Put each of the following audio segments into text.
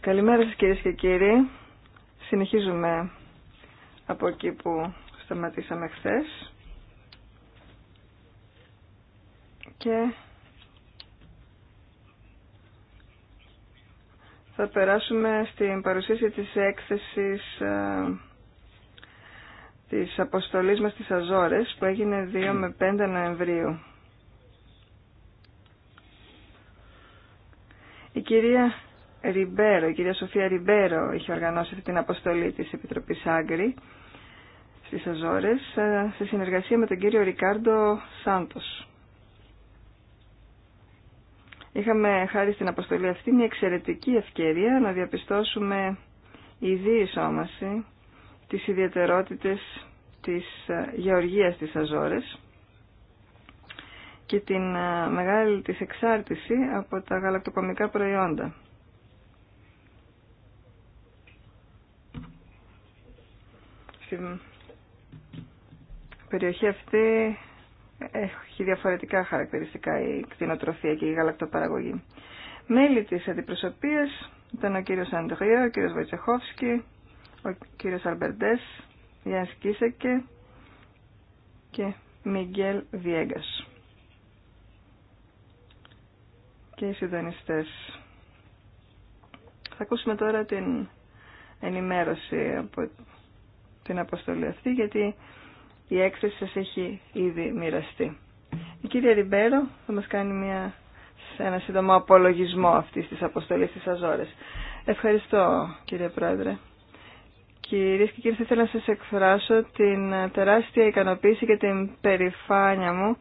Καλημέρα σας κυρίες και κύριοι. Συνεχίζουμε από εκεί που σταματήσαμε χθε. Και θα περάσουμε στην παρουσίαση της έκθεσης ε, της αποστολής μας στις Αζόρες που έγινε 2 με 5 Νοεμβρίου. κυρία Ριμπέρο, η κυρία Σοφία Ριμπέρο είχε οργανώσει αυτή την αποστολή της Επιτροπής Άγκρη στις Αζόρες ε, σε συνεργασία με τον κύριο Ρικάρντο Σάντος. Είχαμε χάρη στην αποστολή αυτή μια εξαιρετική ευκαιρία να διαπιστώσουμε η διεισόμαση τις ιδιαιτερότητες της ε, γεωργίας της Αζόρες και την ε, μεγάλη της εξάρτηση από τα γαλακτοκομικά προϊόντα. Στην περιοχή αυτή ε, έχει διαφορετικά χαρακτηριστικά η κτηνοτροφία και η γαλακτοπαραγωγή. Μέλη της αντιπροσωπείας ήταν ο κύριος Αντρία, ο κύριος Βοητσεχόφσκι, ο κύριος Αλμπερντές, Γιάννης Κίσεκε και Μιγγέλ Βιέγκας. και οι Θα ακούσουμε τώρα την ενημέρωση από την αποστολή αυτή, γιατί η έκθεση σας έχει ήδη μοιραστεί. Η κυρία Ριμπέρο θα μας κάνει μια, ένα σύντομο απολογισμό αυτής της αποστολής της Αζόρες. Ευχαριστώ κύριε Πρόεδρε. Κυρίε και κύριοι, θα ήθελα να σας εκφράσω την τεράστια ικανοποίηση και την περηφάνεια μου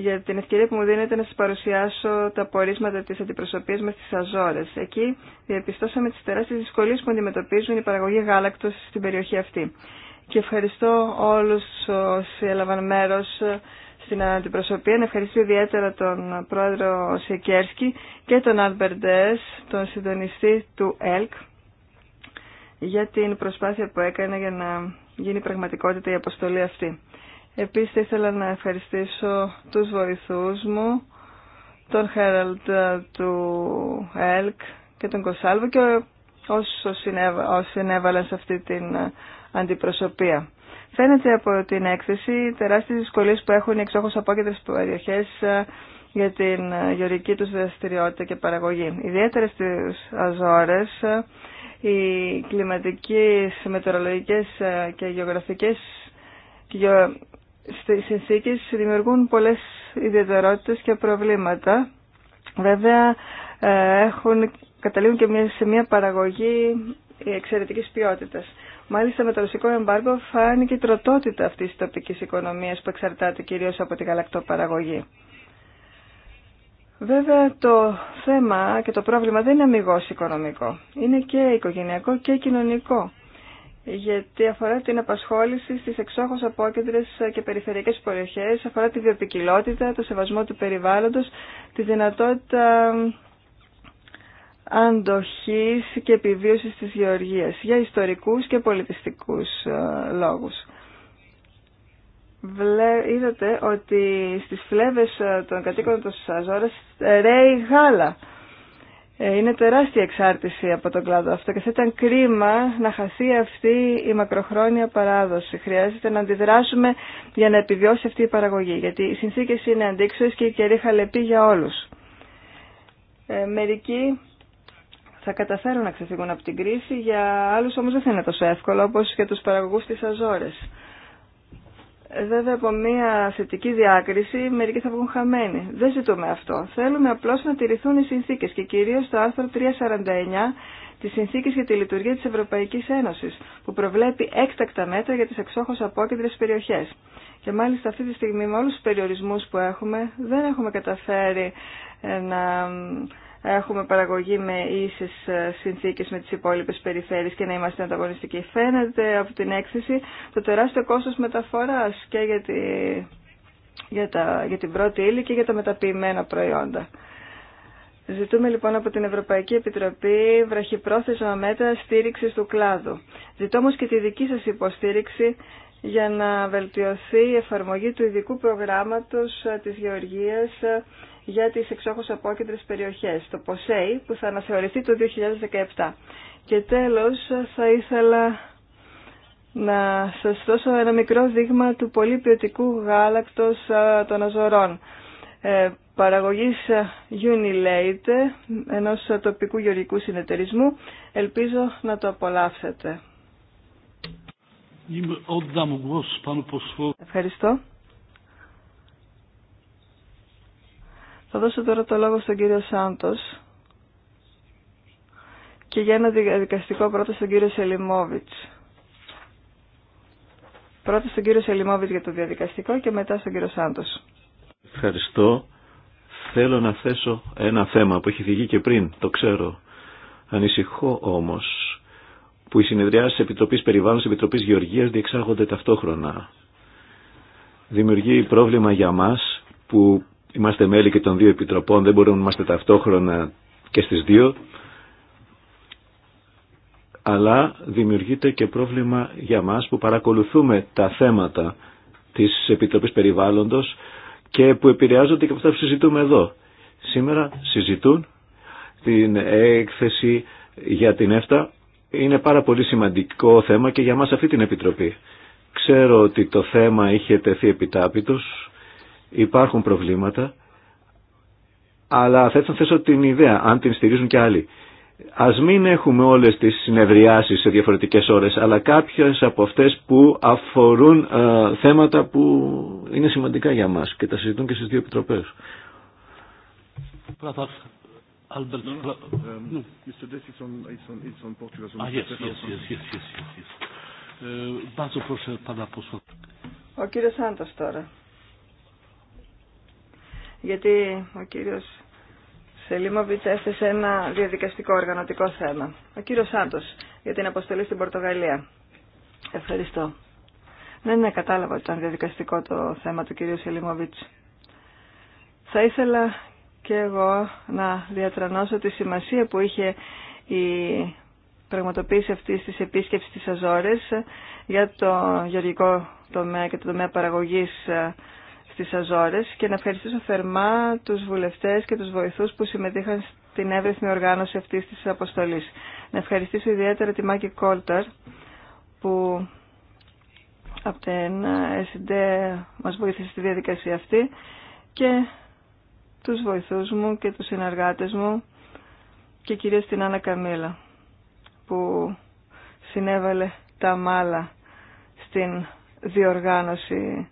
για την ευκαιρία που μου δίνετε να σας παρουσιάσω τα πορίσματα της αντιπροσωπείας μας στις Αζόρες. Εκεί διαπιστώσαμε τις τεράστιες δυσκολίες που αντιμετωπίζουν η παραγωγή γάλακτος στην περιοχή αυτή. Και ευχαριστώ όλους όσοι έλαβαν μέρος στην αντιπροσωπεία. Να ευχαριστώ ιδιαίτερα τον πρόεδρο Σεκέρσκι και τον Αλμπερντές, τον συντονιστή του ΕΛΚ, για την προσπάθεια που έκανε για να γίνει πραγματικότητα η αποστολή αυτή. Επίσης ήθελα να ευχαριστήσω τους βοηθούς μου, τον Χέραλτ ε, του ΕΛΚ και τον Κοσάλβο και όσους συνέβαλαν σε αυτή την ε, αντιπροσωπεία. Φαίνεται από την έκθεση τεράστιες δυσκολίες που έχουν οι εξόχως απόκεντρες περιοχές ε, για την γεωρική τους δραστηριότητα και παραγωγή. Ιδιαίτερα στις Αζόρες οι κλιματικές, μετεωρολογικές και γεωγραφικές στις συνθήκες δημιουργούν πολλές ιδιαιτερότητες και προβλήματα. Βέβαια ε, έχουν, καταλήγουν και μια, σε μια παραγωγή εξαιρετικής ποιότητας. Μάλιστα με το ρωσικό εμπάργο φάνηκε η τροτότητα αυτής της τοπικής οικονομίας που εξαρτάται κυρίως από τη γαλακτοπαραγωγή. Βέβαια το θέμα και το πρόβλημα δεν είναι αμυγός οικονομικό. Είναι και οικογενειακό και κοινωνικό γιατί αφορά την απασχόληση στις εξόχω απόκεντρε και περιφερειακές περιοχέ, αφορά τη βιοπικιλότητα, το σεβασμό του περιβάλλοντος, τη δυνατότητα αντοχής και επιβίωση της γεωργίας για ιστορικούς και πολιτιστικούς ε, λόγους. Είδατε ότι στις φλέβες ε, των κατοίκων των Σαζόρας ε, ρέει γάλα. Ε, είναι τεράστια εξάρτηση από τον κλάδο αυτό και θα ήταν κρίμα να χαθεί αυτή η μακροχρόνια παράδοση. Χρειάζεται να αντιδράσουμε για να επιβιώσει αυτή η παραγωγή, γιατί οι συνθήκες είναι αντίξωες και η καιρή χαλεπή για όλους. Ε, μερικοί θα καταφέρουν να ξεφύγουν από την κρίση, για άλλους όμως δεν θα είναι τόσο εύκολο όπως για τους παραγωγούς της Αζόρες βέβαια από μια θετική διάκριση μερικοί θα βγουν χαμένοι. Δεν ζητούμε αυτό. Θέλουμε απλώς να τηρηθούν οι συνθήκες και κυρίως το άρθρο 349 της Συνθήκης για τη λειτουργία της Ευρωπαϊκής Ένωσης, που προβλέπει έκτακτα μέτρα για τις εξόχως απόκεντρες περιοχές. Και μάλιστα αυτή τη στιγμή με όλους τους περιορισμούς που έχουμε, δεν έχουμε καταφέρει ε, να έχουμε παραγωγή με ίσες ε, συνθήκες με τις υπόλοιπες περιφέρειες και να είμαστε ανταγωνιστικοί. Φαίνεται από την έκθεση το τεράστιο κόστος μεταφοράς και για, τη, για, τα, την πρώτη ύλη και για τα μεταποιημένα προϊόντα. Ζητούμε λοιπόν από την Ευρωπαϊκή Επιτροπή βραχυπρόθεσμα μέτρα στήριξης του κλάδου. Ζητώ όμως και τη δική σας υποστήριξη για να βελτιωθεί η εφαρμογή του ειδικού προγράμματος ε, της Γεωργίας ε, για τις εξόχως απόκεντρες περιοχές, το ΠΟΣΕΙ, που θα αναθεωρηθεί το 2017. Και τέλος, θα ήθελα να σας δώσω ένα μικρό δείγμα του πολύ ποιοτικού γάλακτος των Αζωρών. Ε, παραγωγής Unilate, ενός τοπικού γεωργικού συνεταιρισμού. Ελπίζω να το απολαύσετε. Ευχαριστώ. Θα δώσω τώρα το λόγο στον κύριο Σάντος και για ένα διαδικαστικό πρώτο στον κύριο Σελιμόβιτς. Πρώτα στον κύριο Σελιμόβιτς για το διαδικαστικό και μετά στον κύριο Σάντος. Ευχαριστώ. Θέλω να θέσω ένα θέμα που έχει θυγεί και πριν, το ξέρω. Ανησυχώ όμως που οι συνεδριάσεις Επιτροπής Περιβάλλοντος και Επιτροπής Γεωργίας διεξάγονται ταυτόχρονα. Δημιουργεί πρόβλημα για μας που Είμαστε μέλη και των δύο επιτροπών, δεν μπορούμε να είμαστε ταυτόχρονα και στις δύο. Αλλά δημιουργείται και πρόβλημα για μας που παρακολουθούμε τα θέματα της Επιτροπής Περιβάλλοντος και που επηρεάζονται και από αυτά που συζητούμε εδώ. Σήμερα συζητούν την έκθεση για την ΕΦΤΑ. Είναι πάρα πολύ σημαντικό θέμα και για μας αυτή την Επιτροπή. Ξέρω ότι το θέμα είχε τεθεί επιτάπητος Υπάρχουν προβλήματα, αλλά θα ήθελα να θέσω την ιδέα, αν την στηρίζουν και άλλοι. Ας μην έχουμε όλες τις συνεδριάσεις σε διαφορετικές ώρες, αλλά κάποιε από αυτές που αφορούν ε, θέματα που είναι σημαντικά για μα και τα συζητούν και στι δύο επιτροπέ. Ο κύριος Σάντος τώρα γιατί ο κύριος Σελίμοβιτς έθεσε ένα διαδικαστικό οργανωτικό θέμα. Ο κύριος Σάντος για την αποστολή στην Πορτογαλία. Ευχαριστώ. Ναι, ναι, κατάλαβα ότι ήταν διαδικαστικό το θέμα του κυρίου Σελίμοβιτς. Θα ήθελα και εγώ να διατρανώσω τη σημασία που είχε η πραγματοποίηση αυτή τη επίσκεψη της Αζόρες για το γεωργικό τομέα και το τομέα παραγωγής και να ευχαριστήσω θερμά τους βουλευτές και τους βοηθούς που συμμετείχαν στην εύρυθμη οργάνωση αυτής της αποστολής. Να ευχαριστήσω ιδιαίτερα τη Μάκη Κόλταρ που από την ΕΣΥΝΤΕ μας βοήθησε στη διαδικασία αυτή και τους βοηθούς μου και τους συνεργάτες μου και κυρίω την Άννα Καμίλα που συνέβαλε τα μάλα στην διοργάνωση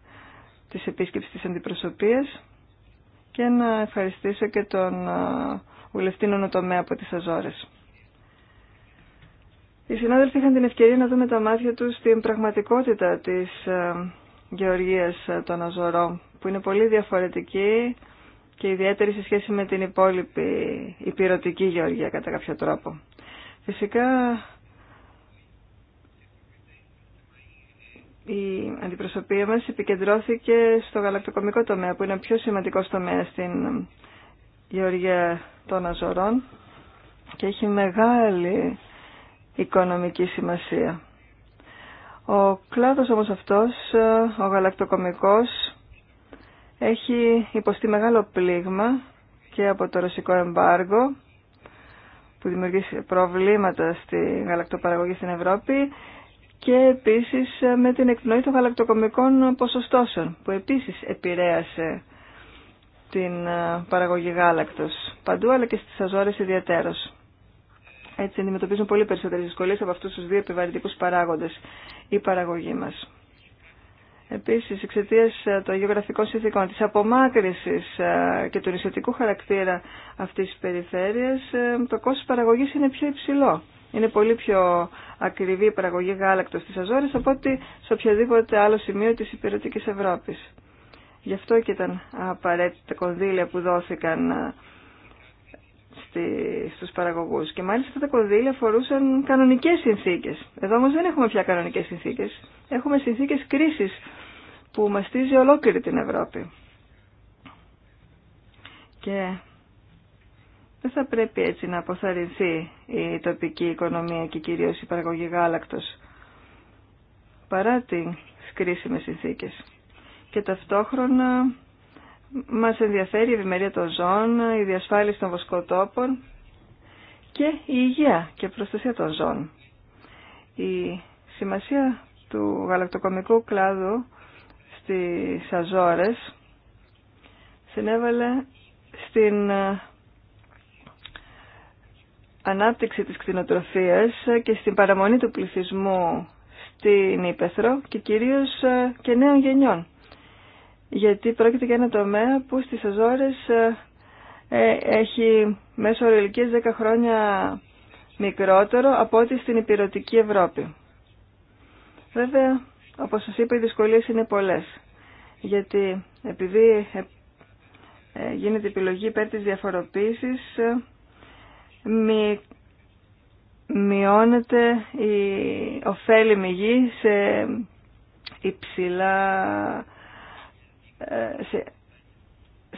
της επίσκεψης της αντιπροσωπείας και να ευχαριστήσω και τον βουλευτή Νονοτομέα από τις Αζόρες. Οι συνάδελφοι είχαν την ευκαιρία να δούμε τα μάτια τους στην πραγματικότητα της γεωργίας των Αζωρών, που είναι πολύ διαφορετική και ιδιαίτερη σε σχέση με την υπόλοιπη υπηρετική γεωργία κατά κάποιο τρόπο. Φυσικά η αντιπροσωπεία μας επικεντρώθηκε στο γαλακτοκομικό τομέα που είναι ο πιο σημαντικός τομέα στην γεωργία των Αζωρών και έχει μεγάλη οικονομική σημασία. Ο κλάδος όμως αυτός, ο γαλακτοκομικός, έχει υποστεί μεγάλο πλήγμα και από το ρωσικό εμπάργο που δημιουργεί προβλήματα στη γαλακτοπαραγωγή στην Ευρώπη και επίσης ε, με την εκπνοή των γαλακτοκομικών ποσοστώσεων που επίσης επηρέασε την ε, παραγωγή γάλακτος παντού αλλά και στις αζόρες ιδιαίτερως. Έτσι αντιμετωπίζουν πολύ περισσότερες δυσκολίες από αυτούς τους δύο επιβαρυντικούς παράγοντες η παραγωγή μας. Επίσης, εξαιτία ε, των γεωγραφικών συνθήκων, της απομάκρυσης και του νησιωτικού χαρακτήρα αυτής της περιφέρειας, το κόστος παραγωγής είναι πιο υψηλό. Είναι πολύ πιο ακριβή η παραγωγή γάλακτος στις Αζόρες από ότι σε οποιοδήποτε άλλο σημείο της υπηρετικής Ευρώπης. Γι' αυτό και ήταν απαραίτητα κονδύλια που δόθηκαν ε, στους παραγωγούς. Και μάλιστα αυτά τα κονδύλια φορούσαν κανονικές συνθήκες. Εδώ όμως δεν έχουμε πια κανονικές συνθήκες. Έχουμε συνθήκες κρίσης που μαστίζει ολόκληρη την Ευρώπη. Δεν θα πρέπει έτσι να αποθαρρυνθεί η τοπική οικονομία και κυρίως η παραγωγή γάλακτος παρά τις κρίσιμες συνθήκες. Και ταυτόχρονα μας ενδιαφέρει η ευημερία των ζώων, η διασφάλιση των βοσκοτόπων και η υγεία και προστασία των ζώων. Η σημασία του γαλακτοκομικού κλάδου στις Αζόρες συνέβαλε στην ανάπτυξη της κτηνοτροφίας και στην παραμονή του πληθυσμού στην Ήπεθρο και κυρίως ε, και νέων γενιών. Γιατί πρόκειται για ένα τομέα που στις Αζόρες ε, ε, έχει μέσω ηλικίας 10 χρόνια μικρότερο από ό,τι στην υπηρετική Ευρώπη. Βέβαια, όπως σας είπα, οι δυσκολίες είναι πολλές. Γιατί επειδή γίνεται επιλογή υπέρ της διαφοροποίησης, μειώνεται η ωφέλιμη γη σε υψηλά ε, σε,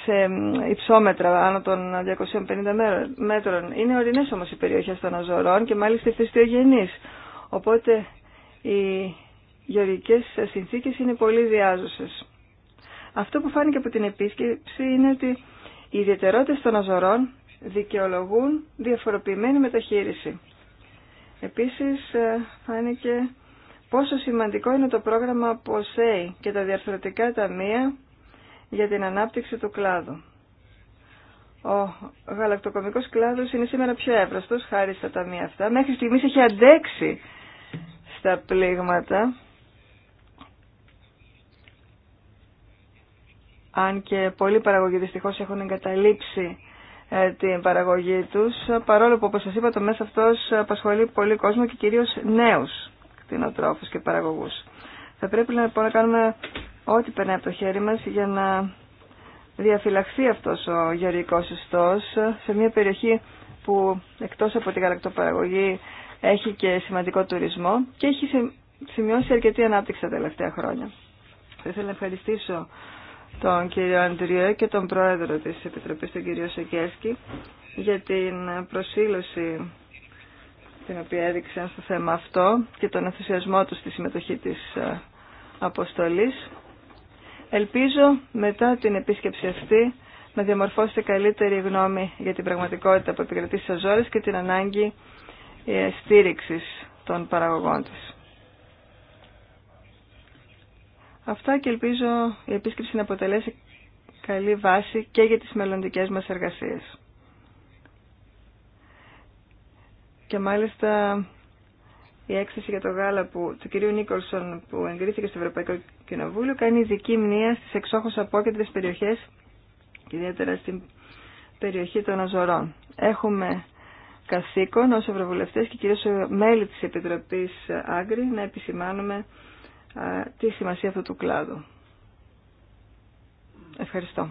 σε υψόμετρα άνω των 250 μέτρων. Είναι ορεινέ όμω οι περιοχέ των Αζωρών και μάλιστα θεστιογενεί. Οπότε οι γεωργικές συνθήκες είναι πολύ διάζωσε. Αυτό που φάνηκε από την επίσκεψη είναι ότι οι ιδιαιτερότητε των Αζωρών δικαιολογούν διαφοροποιημένη μεταχείριση. Επίσης ε, φάνηκε πόσο σημαντικό είναι το πρόγραμμα ΠΟΣΕΙ και τα διαρθρωτικά ταμεία για την ανάπτυξη του κλάδου. Ο γαλακτοκομικός κλάδος είναι σήμερα πιο εύρωστος χάρη στα ταμεία αυτά. Μέχρι στιγμής έχει αντέξει στα πλήγματα. Αν και πολλοί παραγωγοί δυστυχώς έχουν εγκαταλείψει ε, την παραγωγή τους, παρόλο που όπως σας είπα το μέσα αυτός απασχολεί πολύ κόσμο και κυρίως νέους κτηνοτρόφους και παραγωγούς. Θα πρέπει λοιπόν να κάνουμε ό,τι περνάει από το χέρι μας για να διαφυλαχθεί αυτός ο γεωργικός ιστός σε μια περιοχή που εκτός από την γαλακτοπαραγωγή έχει και σημαντικό τουρισμό και έχει σημειώσει αρκετή ανάπτυξη τα τελευταία χρόνια. Θα ήθελα να ευχαριστήσω τον κύριο Αντριέ και τον πρόεδρο της Επιτροπής, τον κύριο Σεκέσκη, για την προσήλωση την οποία έδειξαν στο θέμα αυτό και τον ενθουσιασμό τους στη συμμετοχή της ε, αποστολής. Ελπίζω μετά την επίσκεψη αυτή να διαμορφώσετε καλύτερη γνώμη για την πραγματικότητα που επικρατεί στις και την ανάγκη ε, στήριξης των παραγωγών της. Αυτά και ελπίζω η επίσκεψη να αποτελέσει καλή βάση και για τις μελλοντικές μας εργασίες. Και μάλιστα η έκθεση για το γάλα που, του κυρίου Νίκολσον που εγκρίθηκε στο Ευρωπαϊκό Κοινοβούλιο κάνει ειδική μνήμα στις εξόχως απόκεντρες περιοχές και ιδιαίτερα στην περιοχή των Αζωρών. Έχουμε καθήκον ως ευρωβουλευτές και κυρίως μέλη της Επιτροπής Άγκρη να επισημάνουμε τη σημασία αυτού του κλάδου. Ευχαριστώ.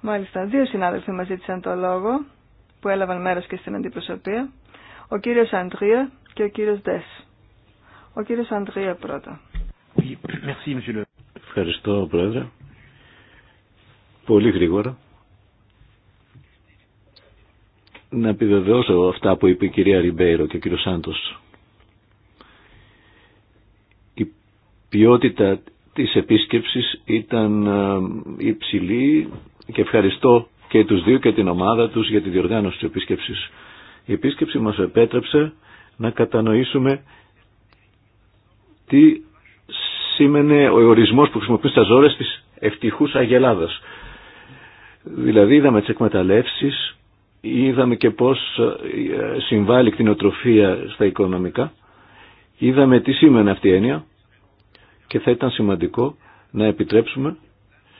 Μάλιστα, δύο συνάδελφοι μας ζήτησαν το λόγο που έλαβαν μέρος και στην αντιπροσωπεία. Ο κύριος Αντρία και ο κύριος Δέσ. Ο κύριος Αντρία πρώτα. Ευχαριστώ, Πρόεδρε. Πολύ γρήγορα να επιβεβαιώσω αυτά που είπε η κυρία Ριμπέιρο και ο κύριος Σάντος. Η ποιότητα της επίσκεψης ήταν ε, υψηλή και ευχαριστώ και τους δύο και την ομάδα τους για τη διοργάνωση της επίσκεψης. Η επίσκεψη μας επέτρεψε να κατανοήσουμε τι σήμαινε ο ορισμός που χρησιμοποιούν στα ζώρες της ευτυχούς αγελάδας. Δηλαδή είδαμε τις εκμεταλλεύσεις είδαμε και πώς ε, συμβάλλει την κτηνοτροφία στα οικονομικά. Είδαμε τι σήμαινε αυτή η έννοια και θα ήταν σημαντικό να επιτρέψουμε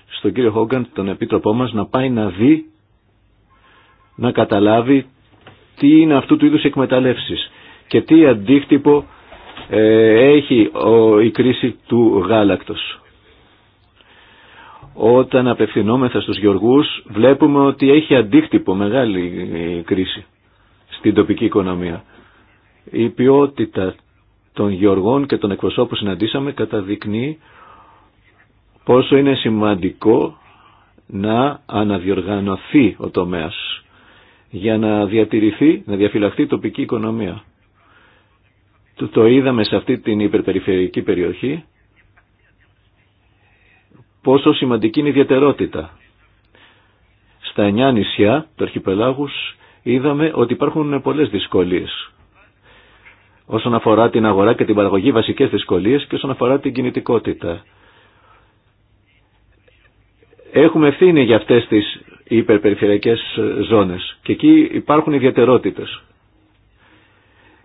στον κύριο Χόγκαν, τον επίτροπό μας, να πάει να δει, να καταλάβει τι είναι αυτού του είδους εκμεταλλεύσεις και τι αντίκτυπο ε, έχει η κρίση του γάλακτος. Όταν απευθυνόμεθα στους γεωργούς βλέπουμε ότι έχει αντίκτυπο μεγάλη ε, κρίση στην τοπική οικονομία. Η ποιότητα των γεωργών και των εκπροσώπων που συναντήσαμε καταδεικνύει πόσο είναι σημαντικό να αναδιοργανωθεί ο τομέας για να διατηρηθεί, να διαφυλαχθεί η τοπική οικονομία. Το, το είδαμε σε αυτή την υπερπεριφερειακή περιοχή πόσο σημαντική είναι η ιδιαιτερότητα. Στα εννιά νησιά του αρχιπελάγους είδαμε ότι υπάρχουν πολλές δυσκολίες όσον αφορά την αγορά και την παραγωγή βασικέ δυσκολίε και όσον αφορά την κινητικότητα. Έχουμε ευθύνη για αυτές τις υπερπεριφερειακές ζώνες και εκεί υπάρχουν ιδιαιτερότητες.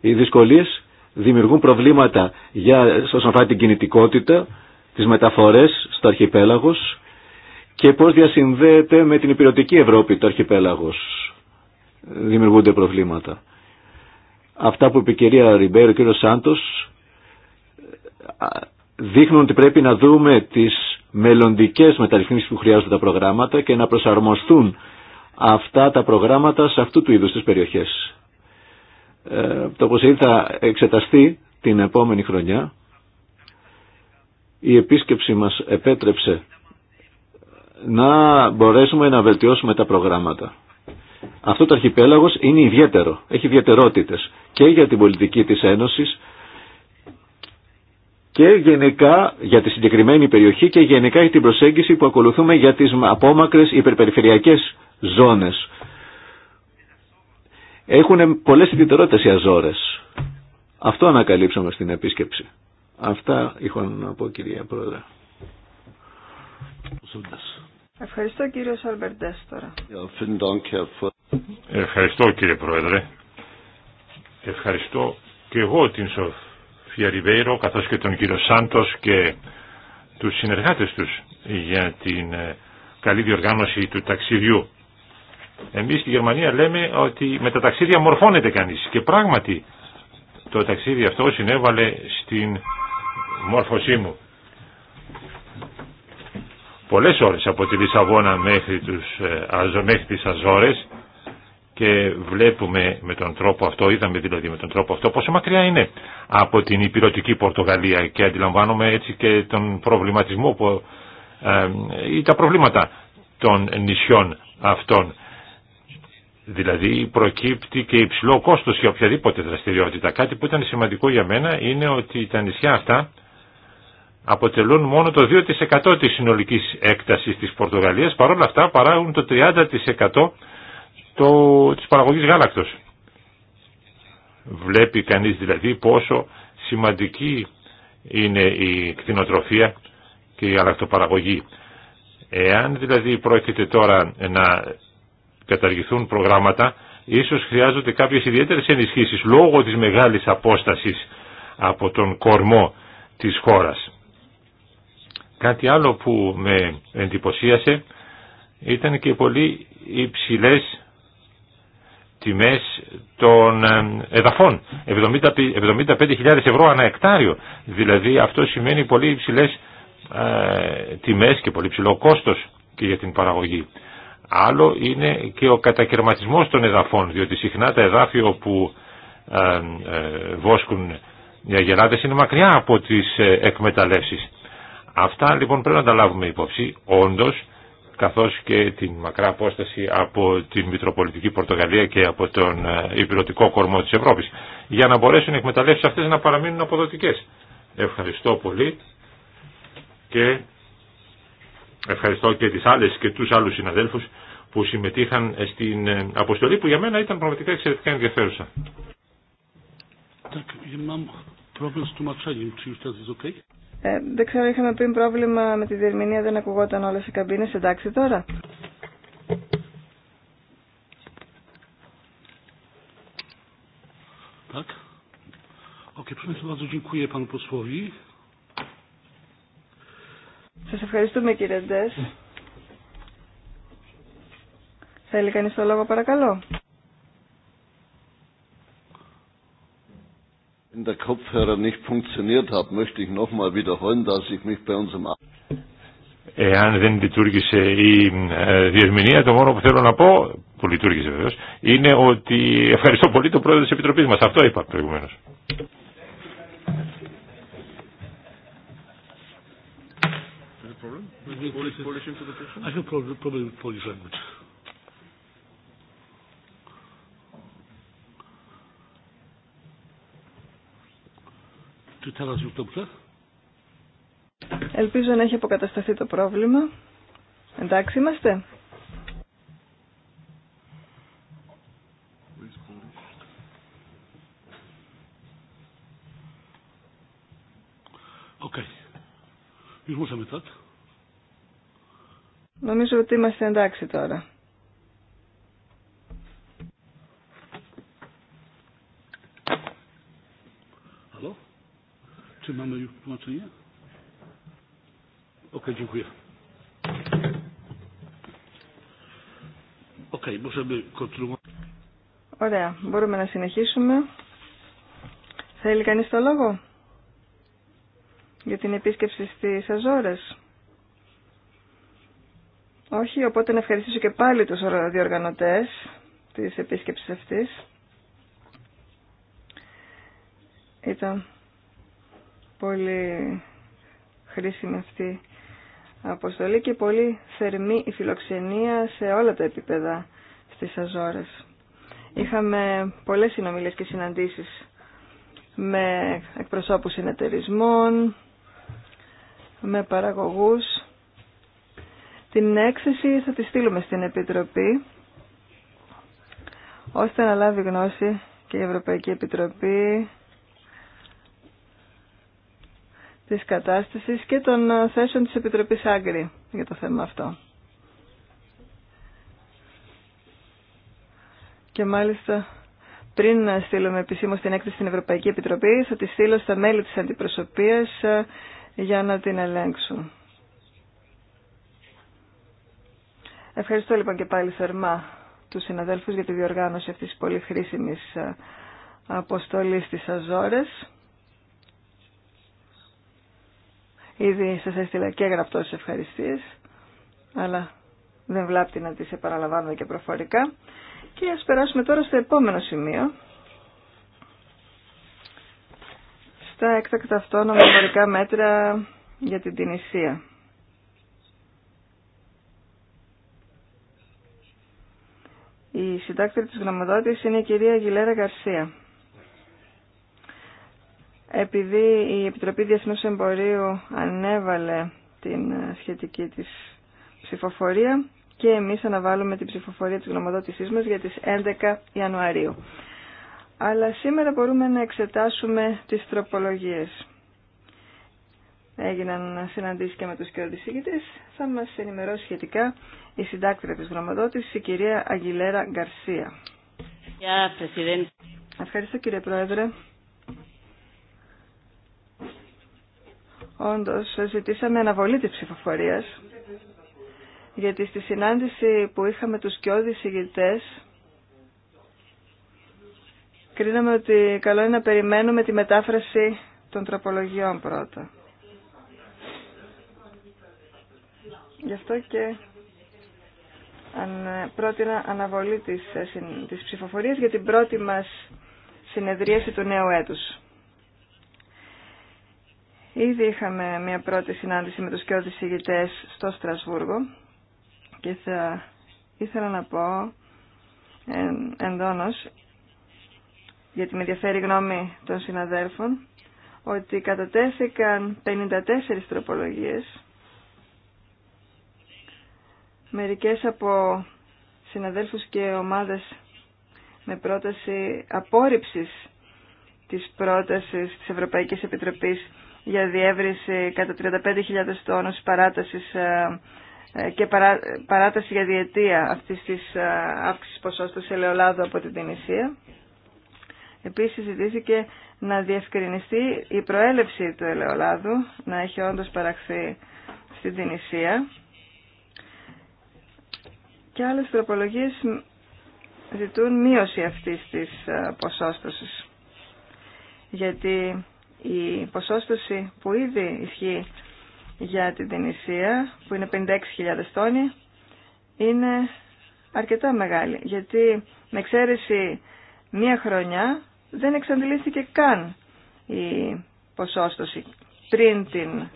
Οι δυσκολίες δημιουργούν προβλήματα για, όσον αφορά την κινητικότητα τις μεταφορές στο αρχιπέλαγος και πώς διασυνδέεται με την υπηρετική Ευρώπη το αρχιπέλαγος. Δημιουργούνται προβλήματα. Αυτά που είπε η κυρία Ριμπέρο και ο κύριος Σάντος δείχνουν ότι πρέπει να δούμε τις μελλοντικές μεταρρυθμίσεις που χρειάζονται τα προγράμματα και να προσαρμοστούν αυτά τα προγράμματα σε αυτού του είδους τις περιοχές. Ε, το πως θα εξεταστεί την επόμενη χρονιά η επίσκεψη μας επέτρεψε να μπορέσουμε να βελτιώσουμε τα προγράμματα. Αυτό το αρχιπέλαγος είναι ιδιαίτερο, έχει ιδιαιτερότητες και για την πολιτική της Ένωσης και γενικά για τη συγκεκριμένη περιοχή και γενικά για την προσέγγιση που ακολουθούμε για τις απόμακρες υπερπεριφερειακές ζώνες. Έχουν πολλές ιδιαιτερότητες οι Αζόρες. Αυτό ανακαλύψαμε στην επίσκεψη. Αυτά είχα να πω κυρία Πρόεδρε. Ευχαριστώ κύριο Αλμπερντές τώρα. Ευχαριστώ κύριε Πρόεδρε. Ευχαριστώ και εγώ την Σοφία Ριβέιρο καθώς και τον κύριο Σάντος και τους συνεργάτες τους για την ε, καλή διοργάνωση του ταξιδιού. Εμείς στη Γερμανία λέμε ότι με τα ταξίδια μορφώνεται κανείς και πράγματι το ταξίδι αυτό συνέβαλε στην μόρφωσή μου πολλές ώρες από τη Λισαβόνα μέχρι, τους, ε, μέχρι τις Αζόρες και βλέπουμε με τον τρόπο αυτό, είδαμε δηλαδή με τον τρόπο αυτό πόσο μακριά είναι από την υπηρετική Πορτογαλία και αντιλαμβάνομαι έτσι και τον προβληματισμό που, ε, ή τα προβλήματα των νησιών αυτών. Δηλαδή προκύπτει και υψηλό κόστος για οποιαδήποτε δραστηριότητα. Κάτι που ήταν σημαντικό για μένα είναι ότι τα νησιά αυτά αποτελούν μόνο το 2% της συνολικής έκτασης της Πορτογαλίας, παρόλα αυτά παράγουν το 30% το, της παραγωγής γάλακτος. Βλέπει κανείς δηλαδή πόσο σημαντική είναι η κτηνοτροφία και η γαλακτοπαραγωγή. Εάν δηλαδή πρόκειται τώρα να καταργηθούν προγράμματα, ίσως χρειάζονται κάποιες ιδιαίτερες ενισχύσεις λόγω της μεγάλης απόστασης από τον κορμό της χώρας. Κάτι άλλο που με εντυπωσίασε ήταν και πολύ υψηλές τιμές των ε, εδαφών. 75.000 ευρώ ανά εκτάριο. Δηλαδή αυτό σημαίνει πολύ υψηλές ε, τιμές και πολύ ψηλό κόστος και για την παραγωγή. Άλλο είναι και ο κατακαιρματισμός των εδαφών, διότι συχνά τα εδάφια που ε, βόσκουν οι αγελάδες είναι μακριά από τις εκμεταλλεύσεις. Αυτά λοιπόν πρέπει να τα λάβουμε υπόψη, όντω καθώς και την μακρά απόσταση από την Μητροπολιτική Πορτογαλία και από τον ε, υπηρετικό κορμό της Ευρώπης, για να μπορέσουν οι εκμεταλλεύσει αυτές να παραμείνουν αποδοτικέ. Ευχαριστώ πολύ και ευχαριστώ και τι άλλε και τους άλλους συναδέλφους που συμμετείχαν στην ε, αποστολή που για μένα ήταν πραγματικά εξαιρετικά ενδιαφέρουσα. Ε, δεν ξέρω, είχαμε πει πρόβλημα με τη διερμηνία, δεν ακουγόταν όλες οι καμπίνες. Εντάξει τώρα. Tak? dziękuję Σας ευχαριστούμε κύριε Ντές. Θέλει κανείς το λόγο παρακαλώ. Wenn der Kopfhörer nicht funktioniert hat, möchte ich nochmal wiederholen, dass ich mich bei unserem Εάν δεν λειτουργήσε η ε, διερμηνία, το μόνο που θέλω να πω, που λειτουργήσε βεβαίω, είναι ότι ευχαριστώ πολύ τον πρόεδρο τη Επιτροπή μα. Αυτό είπα προηγουμένω. I have a problem with Polish language. Ελπίζω να έχει αποκατασταθεί το πρόβλημα. Εντάξει είμαστε. Okay. Νομίζω ότι είμαστε εντάξει τώρα. Ωραία, μπορούμε να συνεχίσουμε. Θέλει κανείς το λόγο για την επίσκεψη στις Αζόρες. Όχι, οπότε να ευχαριστήσω και πάλι τους διοργανωτές της επίσκεψης αυτής. Ήταν πολύ χρήσιμη αυτή αποστολή και πολύ θερμή η φιλοξενία σε όλα τα επίπεδα στις Αζόρες. Είχαμε πολλές συνομιλίες και συναντήσεις με εκπροσώπους συνεταιρισμών, με παραγωγούς. Την έκθεση θα τη στείλουμε στην Επιτροπή, ώστε να λάβει γνώση και η Ευρωπαϊκή Επιτροπή της κατάστασης και των ε, θέσεων της Επιτροπής Άγκρη για το θέμα αυτό. Και μάλιστα πριν να στείλουμε επισήμω την έκθεση στην Ευρωπαϊκή Επιτροπή, θα τη στείλω στα μέλη της αντιπροσωπείας ε, για να την ελέγξουν. Ευχαριστώ λοιπόν και πάλι θερμά τους συναδέλφους για τη διοργάνωση αυτής της πολύ χρήσιμης ε, αποστολής της Αζόρες. Ήδη σας έστειλα και σε ευχαριστίες, αλλά δεν βλάπτει να τις επαναλαμβάνουμε και προφορικά. Και ας περάσουμε τώρα στο επόμενο σημείο. Στα έκτακτα αυτόνομα εμπορικά μέτρα για την Τινησία. Η συντάκτρια της γνωμοδότης είναι η κυρία Γιλέρα Γκαρσία. Επειδή η Επιτροπή Διεθνούς Εμπορίου ανέβαλε την σχετική της ψηφοφορία και εμείς αναβάλουμε την ψηφοφορία της γνωμοδότησής μας για τις 11 Ιανουαρίου. Αλλά σήμερα μπορούμε να εξετάσουμε τις τροπολογίες. Έγιναν συναντήσεις και με τους κερδισήγητες. Θα μας ενημερώσει σχετικά η συντάκτρια της γνωμοδότησης, η κυρία Αγγιλέρα Γκαρσία. Ευχαριστώ κύριε Πρόεδρε. Όντως, ζητήσαμε αναβολή της ψηφοφορίας, γιατί στη συνάντηση που είχαμε τους κοιόδη ηγητέ, κρίναμε ότι καλό είναι να περιμένουμε τη μετάφραση των τροπολογιών πρώτα. Γι' αυτό και πρότεινα αναβολή της, ε, της ψηφοφορίας για την πρώτη μας συνεδρίαση του νέου έτους. Ήδη είχαμε μια πρώτη συνάντηση με τους και ηγητές στο Στρασβούργο και θα ήθελα να πω εν, εντόνως γιατί με ενδιαφέρει η γνώμη των συναδέλφων, ότι κατατέθηκαν 54 τροπολογίες, μερικές από συναδέλφους και ομάδες με πρόταση απόρριψης της πρότασης της Ευρωπαϊκής Επιτροπής για διεύρυνση κατά 35.000 τόνους παράτασης ε, ε, και παράταση για διετία αυτής της ε, αύξησης ποσότητας ελαιολάδου από την Τινησία. Επίσης ζητήθηκε να διευκρινιστεί η προέλευση του ελαιολάδου, να έχει όντως παραχθεί στην Τινησία. Και άλλες τροπολογίες ζητούν μείωση αυτής της ποσότητας, Γιατί η ποσόστοση που ήδη ισχύει για την Τινησία, που είναι 56.000 τόνοι, είναι αρκετά μεγάλη, γιατί με εξαίρεση μία χρονιά δεν εξαντλήθηκε καν η ποσόστοση πριν την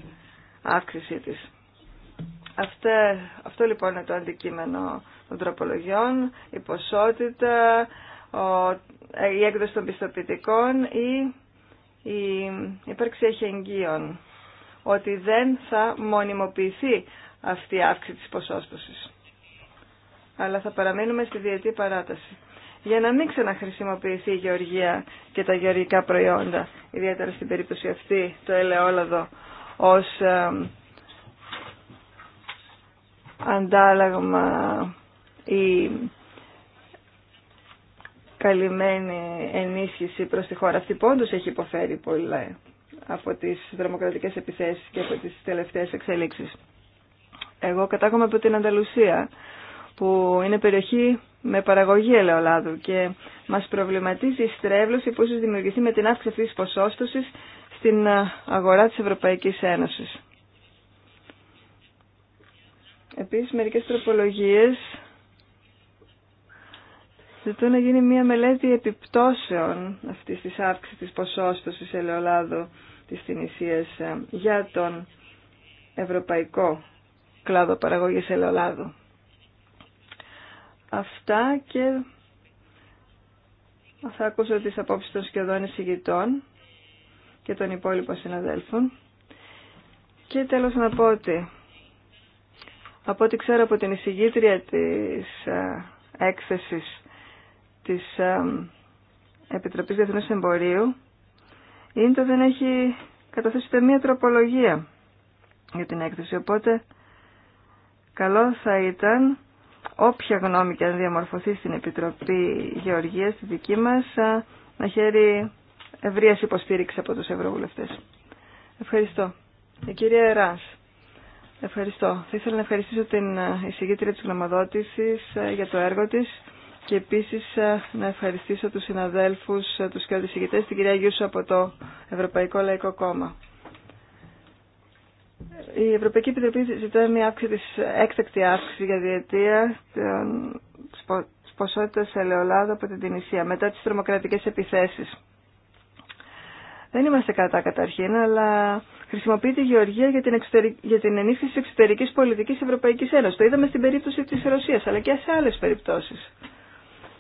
αύξησή της. Αυτό, αυτό λοιπόν είναι το αντικείμενο των τροπολογιών, η ποσότητα, η έκδοση των πιστοποιητικών ή η ύπαρξη εχεγγύων, ότι δεν θα μονιμοποιηθεί αυτή η αύξηση της ποσόστοσης. Αλλά θα παραμείνουμε στη διετή παράταση. Για να μην ξαναχρησιμοποιηθεί η γεωργία και τα γεωργικά προϊόντα, ιδιαίτερα στην περίπτωση αυτή, το ελαιόλαδο, ως αντάλλαγμα ή καλυμμένη ενίσχυση προς τη χώρα αυτή που έχει υποφέρει πολλά από τις δρομοκρατικέ επιθέσεις και από τις τελευταίες εξελίξεις. Εγώ κατάγομαι από την Ανταλουσία που είναι περιοχή με παραγωγή ελαιολάδου και μας προβληματίζει η στρέβλωση που ίσως δημιουργηθεί με την αύξηση τη της στην αγορά της Ευρωπαϊκής Ένωσης. Επίσης μερικές τροπολογίες ζητούν να γίνει μια μελέτη επιπτώσεων αυτής της αύξησης της ποσόστοσης ελαιολάδου της Τινησίας ε, για τον ευρωπαϊκό κλάδο παραγωγής ελαιολάδου. Αυτά και θα ακούσω τις απόψεις των σχεδόν εισηγητών και των υπόλοιπων συναδέλφων. Και τέλος να πω ότι από ό,τι ξέρω από την εισηγήτρια της ε, έκθεσης της Επιτροπής Διεθνούς Εμπορίου, είναι το δεν έχει καταθέσει ούτε μία τροπολογία για την έκθεση. Οπότε, καλό θα ήταν όποια γνώμη και αν διαμορφωθεί στην Επιτροπή Γεωργίας, τη δική μας, ε, να χαίρει ευρείας υποστήριξη από τους ευρωβουλευτές. Ευχαριστώ. Η ε, κυρία Εράς. Ευχαριστώ. Θα ήθελα να ευχαριστήσω την ε, εισηγήτρια της γνωμοδότησης για το έργο της και επίση ε, να ευχαριστήσω του συναδέλφου ε, του και την κυρία Γιούσου από το Ευρωπαϊκό Λαϊκό Κόμμα. Η Ευρωπαϊκή Επιτροπή ζητά μια αύξηση, έκτακτη αύξηση για διετία της ποσότητας ελαιολάδου από την Τινησία μετά τις τρομοκρατικές επιθέσεις. Δεν είμαστε κατά καταρχήν, αλλά χρησιμοποιείται η γεωργία για την, για την ενίσχυση εξωτερικής πολιτικής Ευρωπαϊκής Ένωσης. Το είδαμε στην περίπτωση της Ρωσίας, αλλά και σε άλλες περιπτώσεις.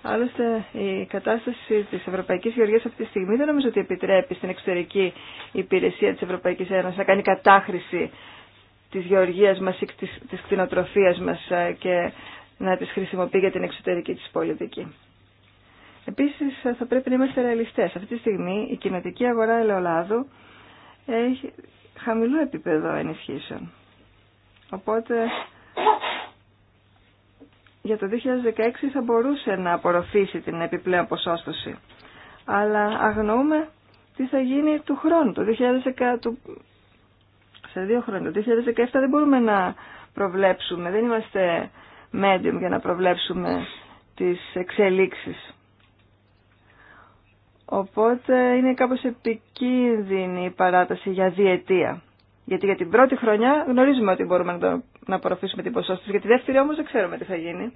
Άλλωστε, η κατάσταση τη Ευρωπαϊκή Γεωργία αυτή τη στιγμή δεν νομίζω ότι επιτρέπει στην εξωτερική υπηρεσία τη Ευρωπαϊκή Ένωση να κάνει κατάχρηση τη γεωργία μα ή τη κτηνοτροφία μα ε, και να τις χρησιμοποιεί για την εξωτερική της πολιτική. Επίσης ε, θα πρέπει να είμαστε ρεαλιστές. Αυτή τη στιγμή η κοινοτική αγορά ελαιολάδου έχει χαμηλό επίπεδο ενισχύσεων. Οπότε για το 2016 θα μπορούσε να απορροφήσει την επιπλέον ποσόστοση. Αλλά αγνοούμε τι θα γίνει του χρόνου, το 2010, σε δύο χρόνια. Το 2017 δεν μπορούμε να προβλέψουμε, δεν είμαστε medium για να προβλέψουμε τις εξελίξεις. Οπότε είναι κάπως επικίνδυνη η παράταση για διετία. Γιατί για την πρώτη χρονιά γνωρίζουμε ότι μπορούμε να το να απορροφήσουμε την ποσότητα Για τη δεύτερη όμως δεν ξέρουμε τι θα γίνει.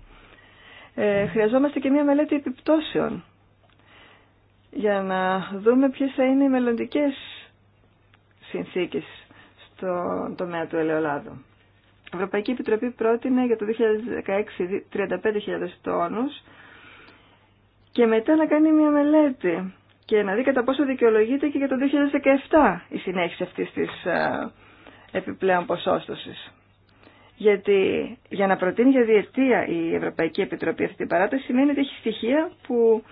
Ε, χρειαζόμαστε και μια μελέτη επιπτώσεων για να δούμε ποιε θα είναι οι μελλοντικέ συνθήκε στον τομέα του ελαιολάδου. Η Ευρωπαϊκή Επιτροπή πρότεινε για το 2016 35.000 τόνους και μετά να κάνει μια μελέτη και να δει κατά πόσο δικαιολογείται και για το 2017 η συνέχιση αυτή της ε, επιπλέον ποσόστοσης. Γιατί για να προτείνει για διετία η Ευρωπαϊκή Επιτροπή αυτή την παράταση σημαίνει ότι έχει στοιχεία που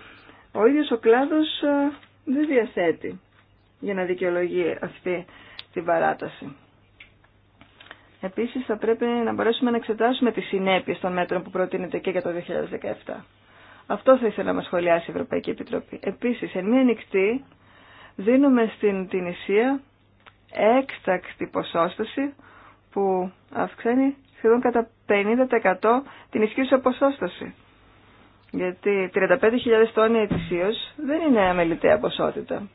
ο ίδιος ο κλάδος ε, δεν διαθέτει για να δικαιολογεί αυτή την παράταση. Επίσης θα πρέπει να μπορέσουμε να εξετάσουμε τις συνέπειες των μέτρων που προτείνεται και για το 2017. Αυτό θα ήθελα να μας σχολιάσει η Ευρωπαϊκή Επιτροπή. Επίσης, εν μία νυχτή δίνουμε στην Τινησία έκτακτη ποσόσταση που αυξάνει σχεδόν κατά 50% την ισχύουσα ποσόστοση. Γιατί 35.000 τόνοι ετησίως δεν είναι αμεληταία ποσότητα.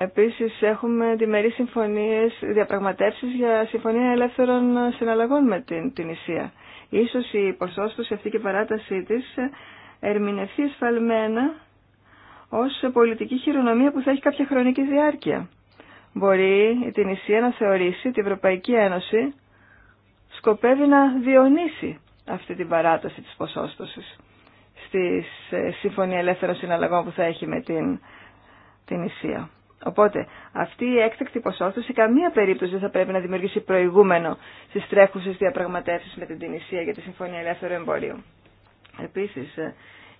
Επίσης έχουμε διμερεί συμφωνίες, διαπραγματεύσεις για συμφωνία ελεύθερων συναλλαγών με την, Τινησία. Ίσως η ποσόστοση αυτή και η παράτασή της ερμηνευθεί εσφαλμένα ως πολιτική χειρονομία που θα έχει κάποια χρονική διάρκεια μπορεί η Τινησία να θεωρήσει ότι η Ευρωπαϊκή Ένωση σκοπεύει να διονύσει αυτή την παράταση της ποσόστοσης στη ε, Σύμφωνη Ελεύθερων Συναλλαγών που θα έχει με την, Τινησία. Οπότε αυτή η έκτακτη ποσόστοση καμία περίπτωση δεν θα πρέπει να δημιουργήσει προηγούμενο στις τρέχουσες διαπραγματεύσεις με την Τινησία για τη Συμφωνία Ελεύθερου Εμπορίου. Επίσης, ε,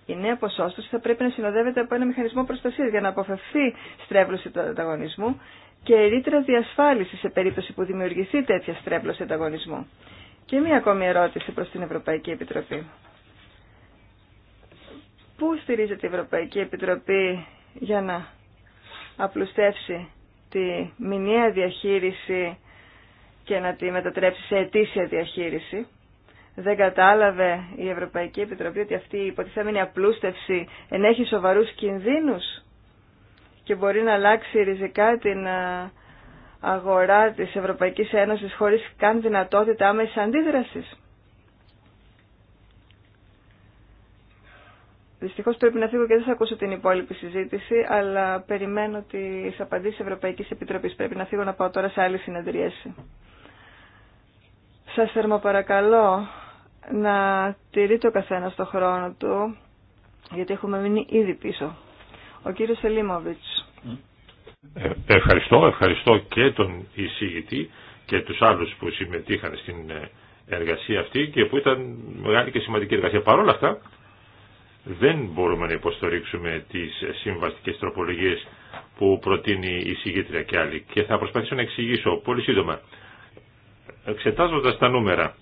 η νέα ποσόστοση θα πρέπει να συνοδεύεται από ένα μηχανισμό προστασίας για να αποφευθεί στρέβλωση του ανταγωνισμού και ρήτρα διασφάλιση σε περίπτωση που δημιουργηθεί τέτοια στρέβλωση ανταγωνισμού. Και μία ακόμη ερώτηση προς την Ευρωπαϊκή Επιτροπή. Πού στηρίζεται η Ευρωπαϊκή Επιτροπή για να απλουστεύσει τη μηνιαία διαχείριση και να τη μετατρέψει σε ετήσια διαχείριση. Δεν κατάλαβε η Ευρωπαϊκή Επιτροπή ότι αυτή η υποτιθέμενη απλούστευση ενέχει σοβαρούς κινδύνους και μπορεί να αλλάξει ριζικά την ε, αγορά της Ευρωπαϊκής Ένωσης χωρίς καν δυνατότητα άμεση αντίδρασης. Δυστυχώς πρέπει να φύγω και δεν θα ακούσω την υπόλοιπη συζήτηση, αλλά περιμένω τις απαντήσεις Ευρωπαϊκής Επιτροπής. Πρέπει να φύγω να πάω τώρα σε άλλη συνεδρίαση. Σας παρακαλώ να τηρείτε ο καθένας το χρόνο του, γιατί έχουμε μείνει ήδη πίσω. Ο κύριος Σελίμοβιτ. Ε, ευχαριστώ, ευχαριστώ και τον εισηγητή και τους άλλους που συμμετείχαν στην ε, εργασία αυτή και που ήταν μεγάλη και σημαντική εργασία. Παρ' όλα αυτά δεν μπορούμε να υποστορίξουμε τις συμβαστικέ τροπολογίες που προτείνει η συγκήτρια και άλλοι και θα προσπαθήσω να εξηγήσω πολύ σύντομα. Εξετάζοντας τα νούμερα,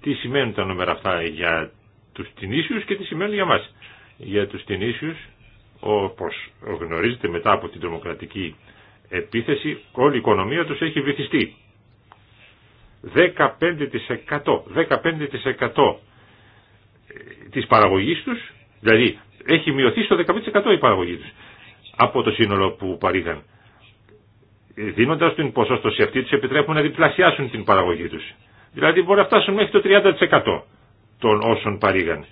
τι σημαίνουν τα νούμερα αυτά για τους τινήσιους και τι σημαίνουν για μας. Για τους τινήσιους όπως γνωρίζετε μετά από την τρομοκρατική επίθεση όλη η οικονομία τους έχει βυθιστεί. 15%, 15 της παραγωγής τους, δηλαδή έχει μειωθεί στο 15% η παραγωγή τους από το σύνολο που παρήγαν. Δίνοντας την ποσόστοση αυτή τους επιτρέπουν να διπλασιάσουν την παραγωγή τους. Δηλαδή μπορεί να φτάσουν μέχρι το 30% των όσων παρήγαν.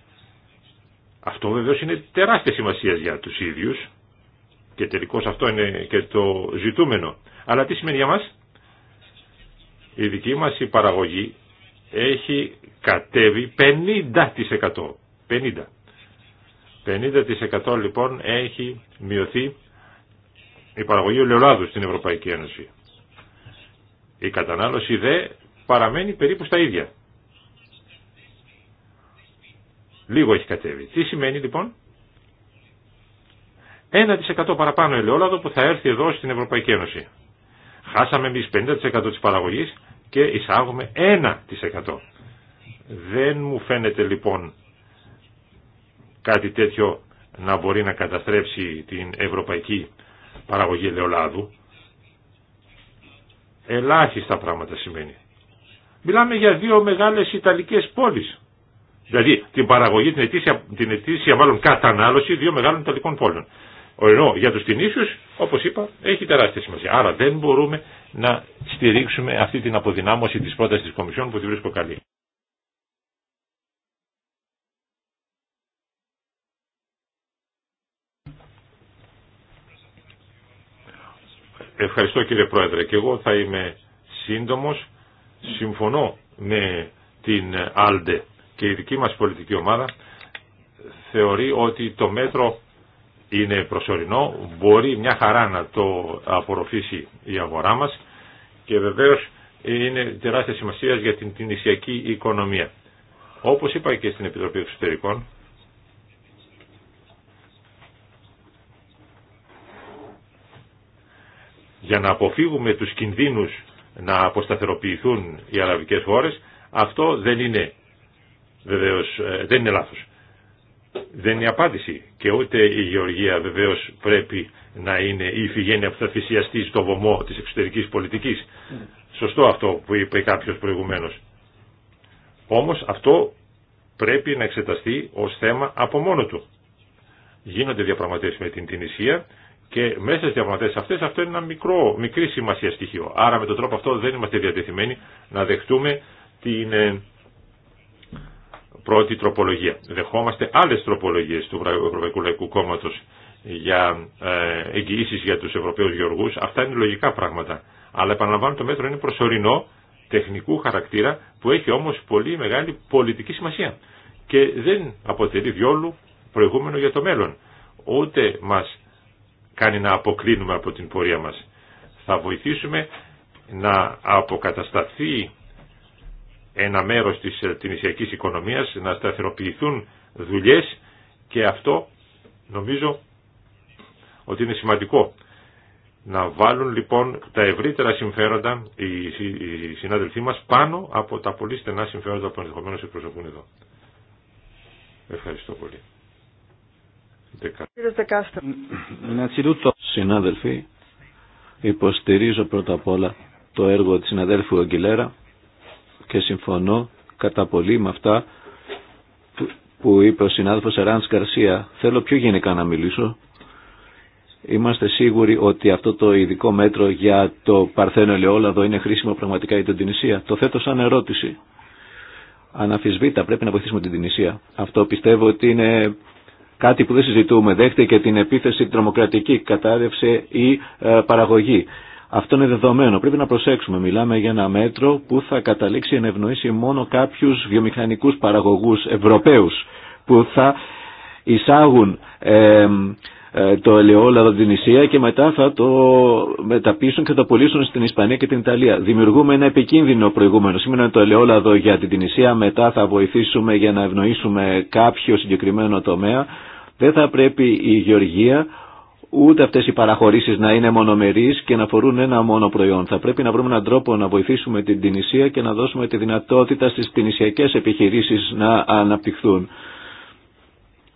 Αυτό βεβαίω είναι τεράστια σημασία για τους ίδιου και τελικώ αυτό είναι και το ζητούμενο. Αλλά τι σημαίνει για μας? Η δική μας η παραγωγή έχει κατέβει 50%. 50%. 50% λοιπόν έχει μειωθεί η παραγωγή ολαιολάδου στην Ευρωπαϊκή Ένωση. Η κατανάλωση δε παραμένει περίπου στα ίδια. Λίγο έχει κατέβει. Τι σημαίνει λοιπόν 1% παραπάνω ελαιόλαδο που θα έρθει εδώ στην Ευρωπαϊκή Ένωση. Χάσαμε εμεί 50% τη παραγωγή και εισάγουμε 1%. Δεν μου φαίνεται λοιπόν κάτι τέτοιο να μπορεί να καταστρέψει την ευρωπαϊκή παραγωγή ελαιολάδου. Ελάχιστα πράγματα σημαίνει. Μιλάμε για δύο μεγάλες Ιταλικές πόλεις δηλαδή την παραγωγή, την αιτήσια την μάλλον κατανάλωση δύο μεγάλων τελικών πόλεων. Ενώ για τους Τινήσιους, όπως είπα, έχει τεράστια σημασία. Άρα δεν μπορούμε να στηρίξουμε αυτή την αποδυνάμωση της πρότασης της Κομισιόν που τη βρίσκω καλή. Ευχαριστώ κύριε Πρόεδρε και εγώ θα είμαι σύντομος. Συμφωνώ με την Άλντε και η δική μας πολιτική ομάδα θεωρεί ότι το μέτρο είναι προσωρινό, μπορεί μια χαρά να το απορροφήσει η αγορά μας και βεβαίως είναι τεράστια σημασία για την νησιακή οικονομία. Όπως είπα και στην Επιτροπή Εξωτερικών, για να αποφύγουμε τους κινδύνους να αποσταθεροποιηθούν οι αραβικές χώρες, αυτό δεν είναι βεβαίως ε, δεν είναι λάθο. Δεν είναι απάντηση και ούτε η γεωργία βεβαίω πρέπει να είναι η ηφηγένεια που θα θυσιαστεί στο βωμό της εξωτερικής πολιτικής. Σωστό αυτό που είπε κάποιο προηγουμένω. Όμω αυτό πρέπει να εξεταστεί ω θέμα από μόνο του. Γίνονται διαπραγματεύσει με την Τινησία και μέσα στι διαπραγματεύσεις αυτέ αυτό είναι ένα μικρό, μικρή σημασία στοιχείο. Άρα με τον τρόπο αυτό δεν είμαστε διατεθειμένοι να δεχτούμε την ε, πρώτη τροπολογία. Δεχόμαστε άλλες τροπολογίες του Ευρωπαϊκού Λαϊκού Κόμματος για ε, εγγυήσεις για τους Ευρωπαίους Γεωργούς. Αυτά είναι λογικά πράγματα. Αλλά επαναλαμβάνω το μέτρο είναι προσωρινό τεχνικού χαρακτήρα που έχει όμως πολύ μεγάλη πολιτική σημασία και δεν αποτελεί διόλου προηγούμενο για το μέλλον. Ούτε μας κάνει να αποκλίνουμε από την πορεία μας. Θα βοηθήσουμε να αποκατασταθεί ένα μέρος της ε, τινησιακής οικονομίας, να σταθεροποιηθούν δουλειές και αυτό νομίζω ότι είναι σημαντικό. Να βάλουν λοιπόν τα ευρύτερα συμφέροντα οι συνάδελφοί μας πάνω από τα πολύ στενά συμφέροντα που ενδεχομένως εκπροσωπούν εδώ. Ευχαριστώ πολύ. Συνάδελφοι, υποστηρίζω πρώτα απ' όλα το έργο της συναδέλφου Αγγιλέρα και συμφωνώ κατά πολύ με αυτά που είπε ο συνάδελφος Εράντς Καρσία. Θέλω πιο γενικά να μιλήσω. Είμαστε σίγουροι ότι αυτό το ειδικό μέτρο για το παρθένο ελαιόλαδο είναι χρήσιμο πραγματικά για την Τινησία. Το θέτω σαν ερώτηση. Αναφισβήτα πρέπει να βοηθήσουμε την Τινησία. Αυτό πιστεύω ότι είναι κάτι που δεν συζητούμε. Δέχτηκε την επίθεση τρομοκρατική, κατάρρευση η ε, παραγωγή. Αυτό είναι δεδομένο. Πρέπει να προσέξουμε. Μιλάμε για ένα μέτρο που θα καταλήξει να ευνοήσει μόνο κάποιου βιομηχανικού παραγωγού Ευρωπαίου που θα εισάγουν ε, το ελαιόλαδο την Ισία και μετά θα το μεταπίσουν και θα το πουλήσουν στην Ισπανία και την Ιταλία. Δημιουργούμε ένα επικίνδυνο προηγούμενο. Σήμερα είναι το ελαιόλαδο για την Ισία. μετά θα βοηθήσουμε για να ευνοήσουμε κάποιο συγκεκριμένο τομέα. Δεν θα πρέπει η γεωργία ούτε αυτέ οι παραχωρήσει να είναι μονομερεί και να φορούν ένα μόνο προϊόν. Θα πρέπει να βρούμε έναν τρόπο να βοηθήσουμε την Τινησία και να δώσουμε τη δυνατότητα στι Τινησιακέ επιχειρήσει να αναπτυχθούν.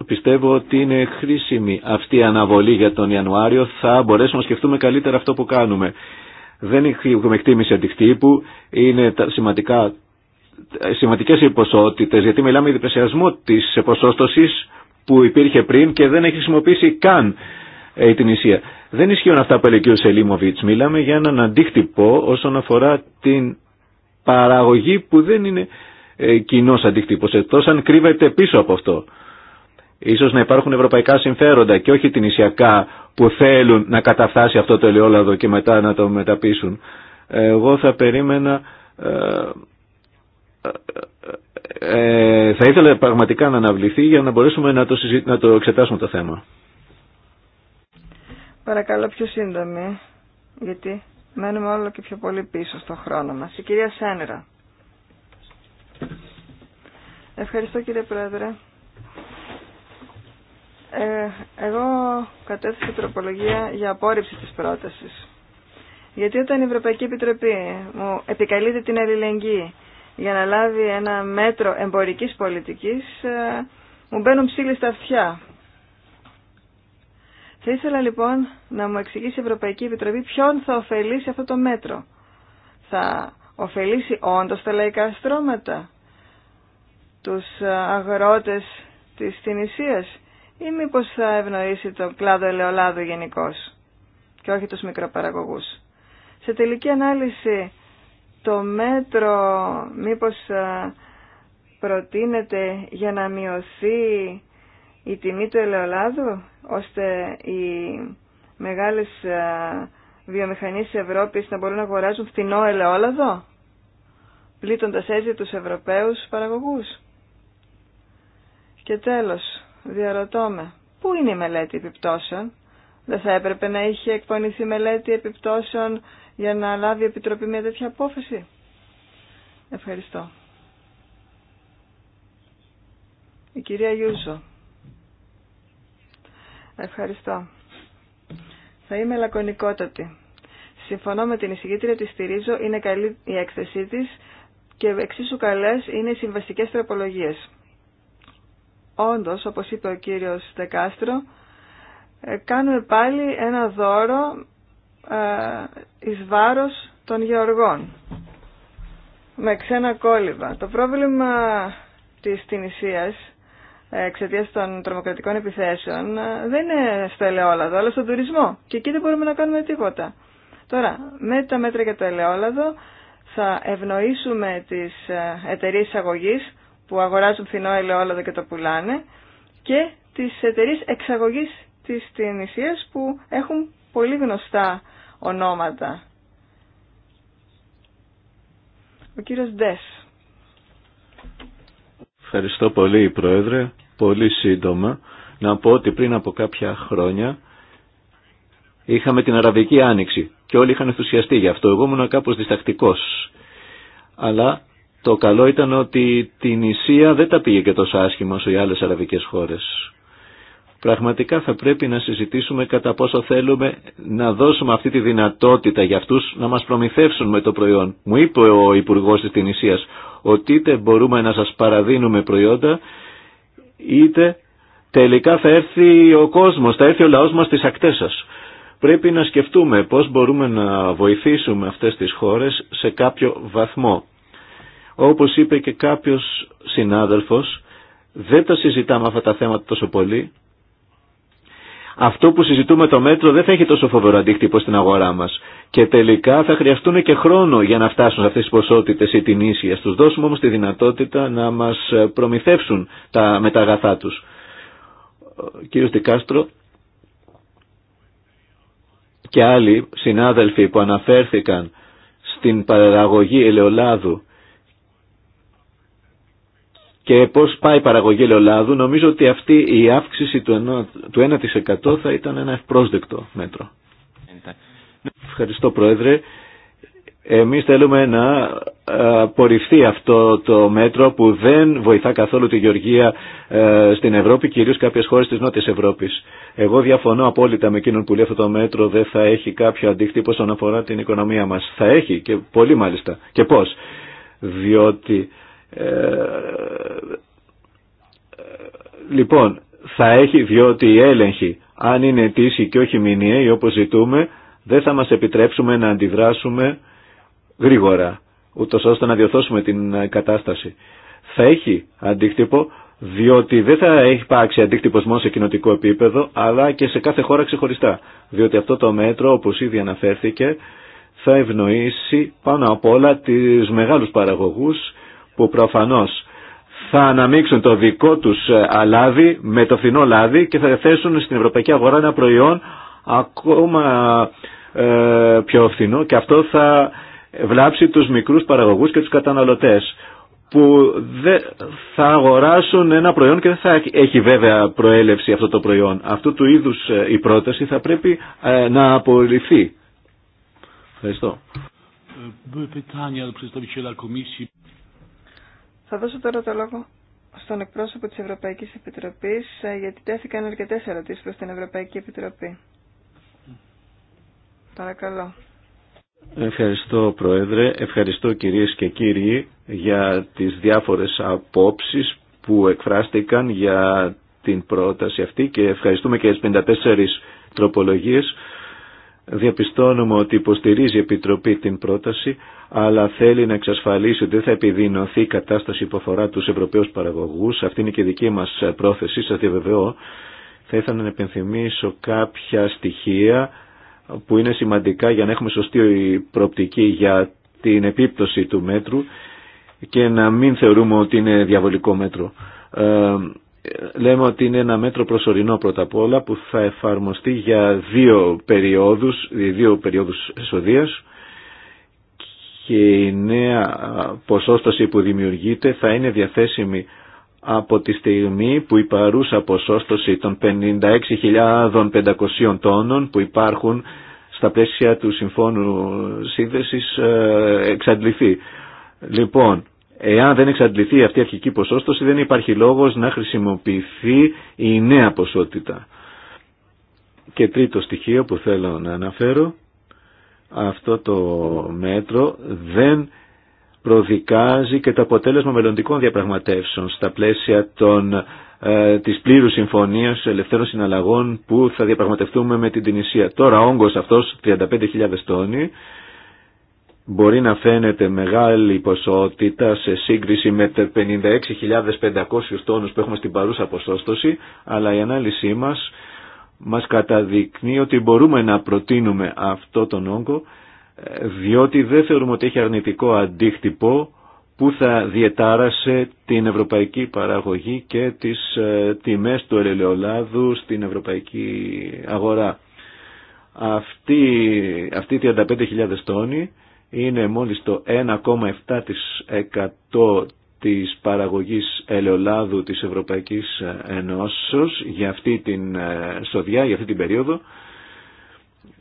Πιστεύω ότι είναι χρήσιμη αυτή η αναβολή για τον Ιανουάριο. Θα μπορέσουμε να σκεφτούμε καλύτερα αυτό που κάνουμε. Δεν έχουμε εκτίμηση αντικτύπου. Είναι σημαντικά, σημαντικές οι ποσότητε, γιατί μιλάμε για διπλασιασμό τη ποσόστοση που υπήρχε πριν και δεν έχει χρησιμοποιήσει καν η Ισία. Δεν ισχύουν αυτά που έλεγε ο Σελίμοβιτ. Μιλάμε για έναν αντίκτυπο όσον αφορά την παραγωγή που δεν είναι ε, κοινό αντίκτυπο, εκτό αν κρύβεται πίσω από αυτό. Ίσως να υπάρχουν ευρωπαϊκά συμφέροντα και όχι την Ισιακά που θέλουν να καταφτάσει αυτό το ελαιόλαδο και μετά να το μεταπίσουν. Εγώ θα περίμενα... Ε, θα ήθελα πραγματικά να αναβληθεί για να μπορέσουμε να το, να το εξετάσουμε το θέμα. Παρακαλώ πιο σύντομη, γιατί μένουμε όλο και πιο πολύ πίσω στο χρόνο μας. Η κυρία Σένερα. Ευχαριστώ κύριε Πρόεδρε. Ε, εγώ κατέθεσα τροπολογία για απόρριψη της πρότασης. Γιατί όταν η Ευρωπαϊκή Επιτροπή μου επικαλείται την αλληλεγγύη για να λάβει ένα μέτρο εμπορικής πολιτικής, ε, μου μπαίνουν ψήλοι στα αυτιά. Θα ήθελα λοιπόν να μου εξηγήσει η Ευρωπαϊκή Επιτροπή ποιον θα ωφελήσει αυτό το μέτρο. Θα ωφελήσει όντως τα λαϊκά στρώματα, τους ε, αγρότες της Τινησίας ή μήπως θα ευνοήσει τον κλάδο ελαιολάδου γενικώ και όχι τους μικροπαραγωγούς. Σε τελική ανάλυση το μέτρο μήπως ε, προτείνεται για να μειωθεί η τιμή του ελαιολάδου, ώστε οι μεγάλες ε, βιομηχανίες της Ευρώπης να μπορούν να αγοράζουν φθηνό ελαιόλαδο, πλήττοντας έτσι τους Ευρωπαίους παραγωγούς. Και τέλος, διαρωτώ με, πού είναι η μελέτη επιπτώσεων. Δεν θα έπρεπε να είχε εκπονηθεί μελέτη επιπτώσεων για να λάβει η Επιτροπή μια τέτοια απόφαση. Ευχαριστώ. Η κυρία Γιούσο. Ευχαριστώ. Θα είμαι λακωνικότατη. Συμφωνώ με την εισηγήτρια, τη στηρίζω, είναι καλή η έκθεσή της και εξίσου καλές είναι οι συμβαστικέ τροπολογίε. Όντω, όπως είπε ο κύριος Δεκάστρο, ε, κάνουμε πάλι ένα δώρο ε, εις βάρος των γεωργών με ξένα κόλληβα. Το πρόβλημα της Τινησίας εξαιτία των τρομοκρατικών επιθέσεων δεν είναι στο ελαιόλαδο, αλλά στον τουρισμό. Και εκεί δεν μπορούμε να κάνουμε τίποτα. Τώρα, με τα μέτρα για το ελαιόλαδο θα ευνοήσουμε τις ε, εταιρείε εισαγωγή που αγοράζουν φθηνό ελαιόλαδο και το πουλάνε και τις εταιρείε εξαγωγή της Τινησίας που έχουν πολύ γνωστά ονόματα. Ο κύριος Ντες. Ευχαριστώ πολύ, Πρόεδρε. Πολύ σύντομα. Να πω ότι πριν από κάποια χρόνια είχαμε την Αραβική Άνοιξη και όλοι είχαν ενθουσιαστεί γι' αυτό. Εγώ ήμουν κάπως διστακτικός. Αλλά το καλό ήταν ότι την Ισία δεν τα πήγε και τόσο άσχημα όσο οι άλλες αραβικές χώρες. Πραγματικά θα πρέπει να συζητήσουμε κατά πόσο θέλουμε να δώσουμε αυτή τη δυνατότητα για αυτούς να μας προμηθεύσουν με το προϊόν. Μου είπε ο Υπουργός της Τινησίας ότι είτε μπορούμε να σας παραδίνουμε προϊόντα, είτε τελικά θα έρθει ο κόσμος, θα έρθει ο λαός μας στις ακτές σας. Πρέπει να σκεφτούμε πώς μπορούμε να βοηθήσουμε αυτές τις χώρες σε κάποιο βαθμό. Όπως είπε και κάποιος συνάδελφος, δεν τα συζητάμε αυτά τα θέματα τόσο πολύ, αυτό που συζητούμε το μέτρο δεν θα έχει τόσο φοβερό αντίκτυπο στην αγορά μας. Και τελικά θα χρειαστούν και χρόνο για να φτάσουν σε αυτές τις ποσότητες ή την ίσια. Στους δώσουμε όμω τη δυνατότητα να μας ε, προμηθεύσουν τα, με τα αγαθά τους. Κύριος Δικάστρο και άλλοι συνάδελφοι που αναφέρθηκαν στην παραγωγή ελαιολάδου και πώς πάει η παραγωγή ελαιολάδου, νομίζω ότι αυτή η αύξηση του 1% θα ήταν ένα ευπρόσδεκτο μέτρο. Ευχαριστώ Πρόεδρε. Εμείς θέλουμε να απορριφθεί αυτό το μέτρο που δεν βοηθά καθόλου τη Γεωργία ε, στην Ευρώπη, κυρίως κάποιες χώρες της Νότιας Ευρώπης. Εγώ διαφωνώ απόλυτα με εκείνον που λέει αυτό το μέτρο δεν θα έχει κάποιο αντίκτυπο όσον αφορά την οικονομία μας. Θα έχει και πολύ μάλιστα. Και πώς. Διότι ε, λοιπόν, θα έχει, διότι η έλεγχη, αν είναι αιτήσιοι και όχι μηνιαίοι όπως ζητούμε, δεν θα μας επιτρέψουμε να αντιδράσουμε γρήγορα, ούτω ώστε να διορθώσουμε την κατάσταση. Θα έχει αντίκτυπο, διότι δεν θα έχει υπάρξει αντίκτυπος μόνο σε κοινοτικό επίπεδο, αλλά και σε κάθε χώρα ξεχωριστά. Διότι αυτό το μέτρο, όπως ήδη αναφέρθηκε, θα ευνοήσει πάνω απ' όλα τις μεγάλους παραγωγούς που προφανώς θα αναμίξουν το δικό τους ε, λάδι με το φθηνό λάδι και θα θέσουν στην ευρωπαϊκή αγορά ένα προϊόν ακόμα ε, πιο φθηνό και αυτό θα βλάψει τους μικρούς παραγωγούς και τους καταναλωτές που δεν θα αγοράσουν ένα προϊόν και δεν θα έχει βέβαια προέλευση αυτό το προϊόν. Αυτού του είδους ε, η πρόταση θα πρέπει να απολυθεί. Ευχαριστώ. Θα δώσω τώρα το λόγο στον εκπρόσωπο της Ευρωπαϊκής Επιτροπής, ε, γιατί τέθηκαν αρκετές ερωτήσεις προς την Ευρωπαϊκή Επιτροπή. Παρακαλώ. Ευχαριστώ Πρόεδρε, ευχαριστώ κυρίες και κύριοι για τις διάφορες απόψεις που εκφράστηκαν για την πρόταση αυτή και ευχαριστούμε και τις 54 τροπολογίες. Διαπιστώνουμε ότι υποστηρίζει η Επιτροπή την πρόταση αλλά θέλει να εξασφαλίσει ότι δεν θα επιδεινωθεί η κατάσταση που αφορά τους Ευρωπαίους παραγωγούς. Αυτή είναι και δική μας πρόθεση, σας διαβεβαιώ. Θα ήθελα να επενθυμίσω κάποια στοιχεία που είναι σημαντικά για να έχουμε σωστή προοπτική για την επίπτωση του μέτρου και να μην θεωρούμε ότι είναι διαβολικό μέτρο. Ε, λέμε ότι είναι ένα μέτρο προσωρινό πρώτα απ' όλα που θα εφαρμοστεί για δύο περιόδους, δύο περιόδους και η νέα ποσόστοση που δημιουργείται θα είναι διαθέσιμη από τη στιγμή που η παρούσα ποσόστοση των 56.500 τόνων που υπάρχουν στα πλαίσια του Συμφώνου Σύνδεσης ε, εξαντληθεί. Λοιπόν, εάν δεν εξαντληθεί αυτή η αρχική ποσόστοση δεν υπάρχει λόγος να χρησιμοποιηθεί η νέα ποσότητα. Και τρίτο στοιχείο που θέλω να αναφέρω αυτό το μέτρο δεν προδικάζει και το αποτέλεσμα μελλοντικών διαπραγματεύσεων στα πλαίσια των, ε, της πλήρους συμφωνίας ελευθέρων συναλλαγών που θα διαπραγματευτούμε με την Τινησία. Τώρα όγκος αυτός 35.000 τόνοι μπορεί να φαίνεται μεγάλη ποσότητα σε σύγκριση με 56.500 τόνους που έχουμε στην παρούσα ποσόστοση αλλά η ανάλυση μας μας καταδεικνύει ότι μπορούμε να προτείνουμε αυτό τον όγκο ε, διότι δεν θεωρούμε ότι έχει αρνητικό αντίκτυπο που θα διετάρασε την ευρωπαϊκή παραγωγή και τις ε, τιμές του ελαιολάδου στην ευρωπαϊκή αγορά. Αυτή, αυτή 35.000 τόνοι είναι μόλις το 1,7% της παραγωγής ελαιολάδου της Ευρωπαϊκής Ενώσεως για αυτή την ε, σοδιά, για αυτή την περίοδο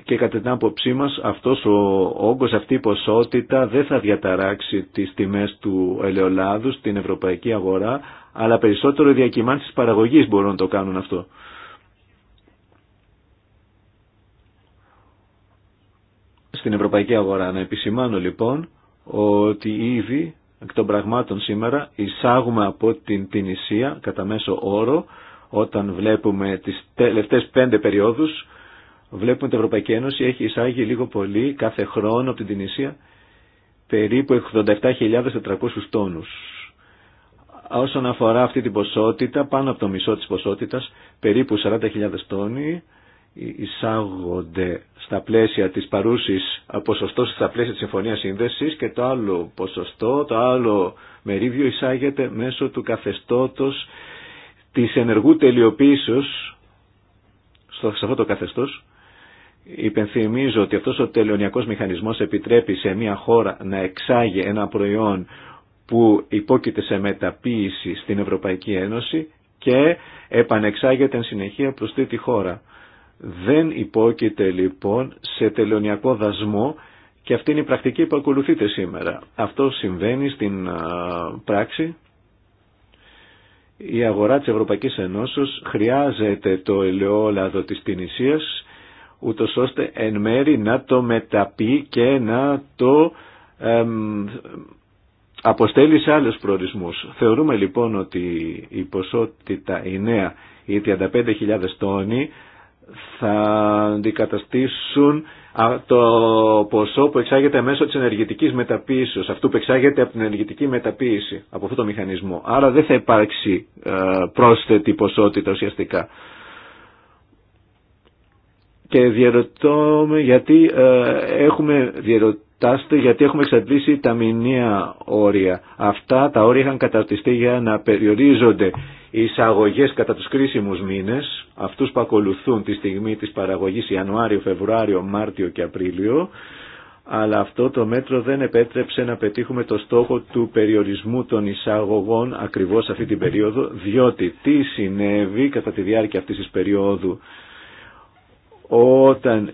και κατά την άποψή μας αυτός ο όγκος, αυτή η ποσότητα δεν θα διαταράξει τις τιμές του ελαιολάδου στην ευρωπαϊκή αγορά αλλά περισσότερο οι διακυμάνσεις παραγωγής μπορούν να το κάνουν αυτό. Στην ευρωπαϊκή αγορά να επισημάνω λοιπόν ότι ήδη εκ των πραγμάτων σήμερα εισάγουμε από την Τινησία κατά μέσο όρο όταν βλέπουμε τις τελευταίες πέντε περιόδους βλέπουμε ότι η Ευρωπαϊκή Ένωση έχει εισάγει λίγο πολύ κάθε χρόνο από την Τινησία περίπου 87.400 τόνους. Όσον αφορά αυτή την ποσότητα, πάνω από το μισό της ποσότητας, περίπου 40.000 τόνοι, εισάγονται στα πλαίσια της παρούσης ποσοστό στα πλαίσια της συμφωνία σύνδεσης και το άλλο ποσοστό, το άλλο μερίδιο εισάγεται μέσω του καθεστώτος της ενεργού τελειοποίησεως στο, σε αυτό το καθεστώς υπενθυμίζω ότι αυτός ο τελειωνιακός μηχανισμός επιτρέπει σε μια χώρα να εξάγει ένα προϊόν που υπόκειται σε μεταποίηση στην Ευρωπαϊκή Ένωση και επανεξάγεται εν συνεχεία προς τρίτη χώρα. Δεν υπόκειται λοιπόν σε τελωνιακό δασμό και αυτή είναι η πρακτική που ακολουθείται σήμερα. Αυτό συμβαίνει στην πράξη. Η αγορά της Ευρωπαϊκής Ενώσεως χρειάζεται το ελαιόλαδο της Τινησίας ούτως ώστε εν μέρη να το μεταπεί και να το εμ, αποστέλει σε άλλους προορισμούς. Θεωρούμε λοιπόν ότι η ποσότητα η νέα, οι 35.000 τόνοι θα αντικαταστήσουν το ποσό που εξάγεται μέσω της ενεργητικής μεταποίησης, αυτού που εξάγεται από την ενεργητική μεταποίηση, από αυτό το μηχανισμό. Άρα δεν θα υπάρξει ε, πρόσθετη ποσότητα ουσιαστικά. Και διαρωτώ γιατί ε, έχουμε διαρωτάστε γιατί έχουμε εξαντλήσει τα μηνύα όρια. Αυτά τα όρια είχαν καταρτιστεί για να περιορίζονται οι εισαγωγέ κατά του κρίσιμου μήνε, αυτού που ακολουθούν τη στιγμή της παραγωγή Ιανουάριο, Φεβρουάριο, Μάρτιο και Απρίλιο, αλλά αυτό το μέτρο δεν επέτρεψε να πετύχουμε το στόχο του περιορισμού των εισαγωγών ακριβώ αυτή την περίοδο, διότι τι συνέβη κατά τη διάρκεια αυτή τη περίοδου όταν,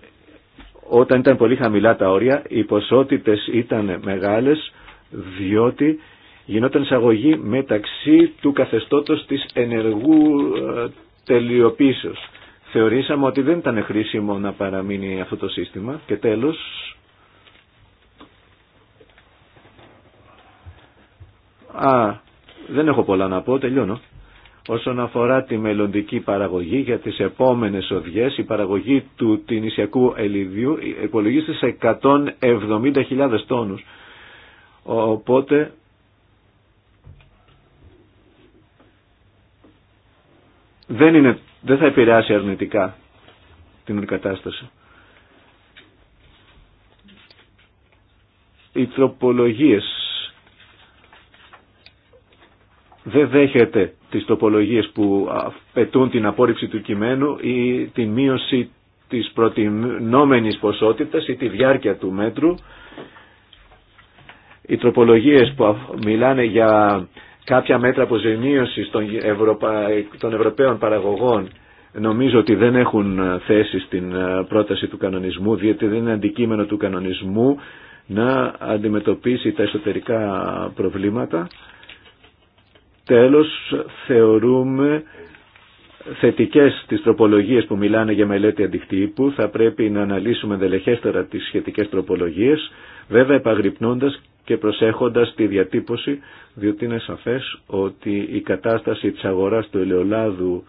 όταν ήταν πολύ χαμηλά τα όρια, οι ποσότητε ήταν μεγάλε διότι γινόταν εισαγωγή μεταξύ του καθεστώτος της ενεργού ε, τελειοποίησεως. Θεωρήσαμε ότι δεν ήταν χρήσιμο να παραμείνει αυτό το σύστημα και τέλος Α, δεν έχω πολλά να πω, τελειώνω. Όσον αφορά τη μελλοντική παραγωγή για τις επόμενες οδιές, η παραγωγή του τυνισιακού ελιδιού υπολογίζεται σε 170.000 τόνους. Οπότε δεν, είναι, δεν θα επηρεάσει αρνητικά την κατάσταση. Οι τροπολογίες δεν δέχεται τις τροπολογίες που απαιτούν την απόρριψη του κειμένου ή τη μείωση της προτινόμενης ποσότητας ή τη διάρκεια του μέτρου. Οι τροπολογίες που μιλάνε για κάποια μέτρα αποζημίωση των, Ευρωπα... των Ευρωπαίων παραγωγών νομίζω ότι δεν έχουν ε, θέση στην ε, πρόταση του κανονισμού, διότι δεν είναι αντικείμενο του κανονισμού να αντιμετωπίσει τα εσωτερικά προβλήματα. Τέλος, θεωρούμε θετικές τις τροπολογίες που μιλάνε για μελέτη αντικτύπου. Θα πρέπει να αναλύσουμε δελεχέστερα τις σχετικές τροπολογίες, βέβαια επαγρυπνώντας και προσέχοντας τη διατύπωση, διότι είναι σαφές ότι η κατάσταση της αγοράς του ελαιολάδου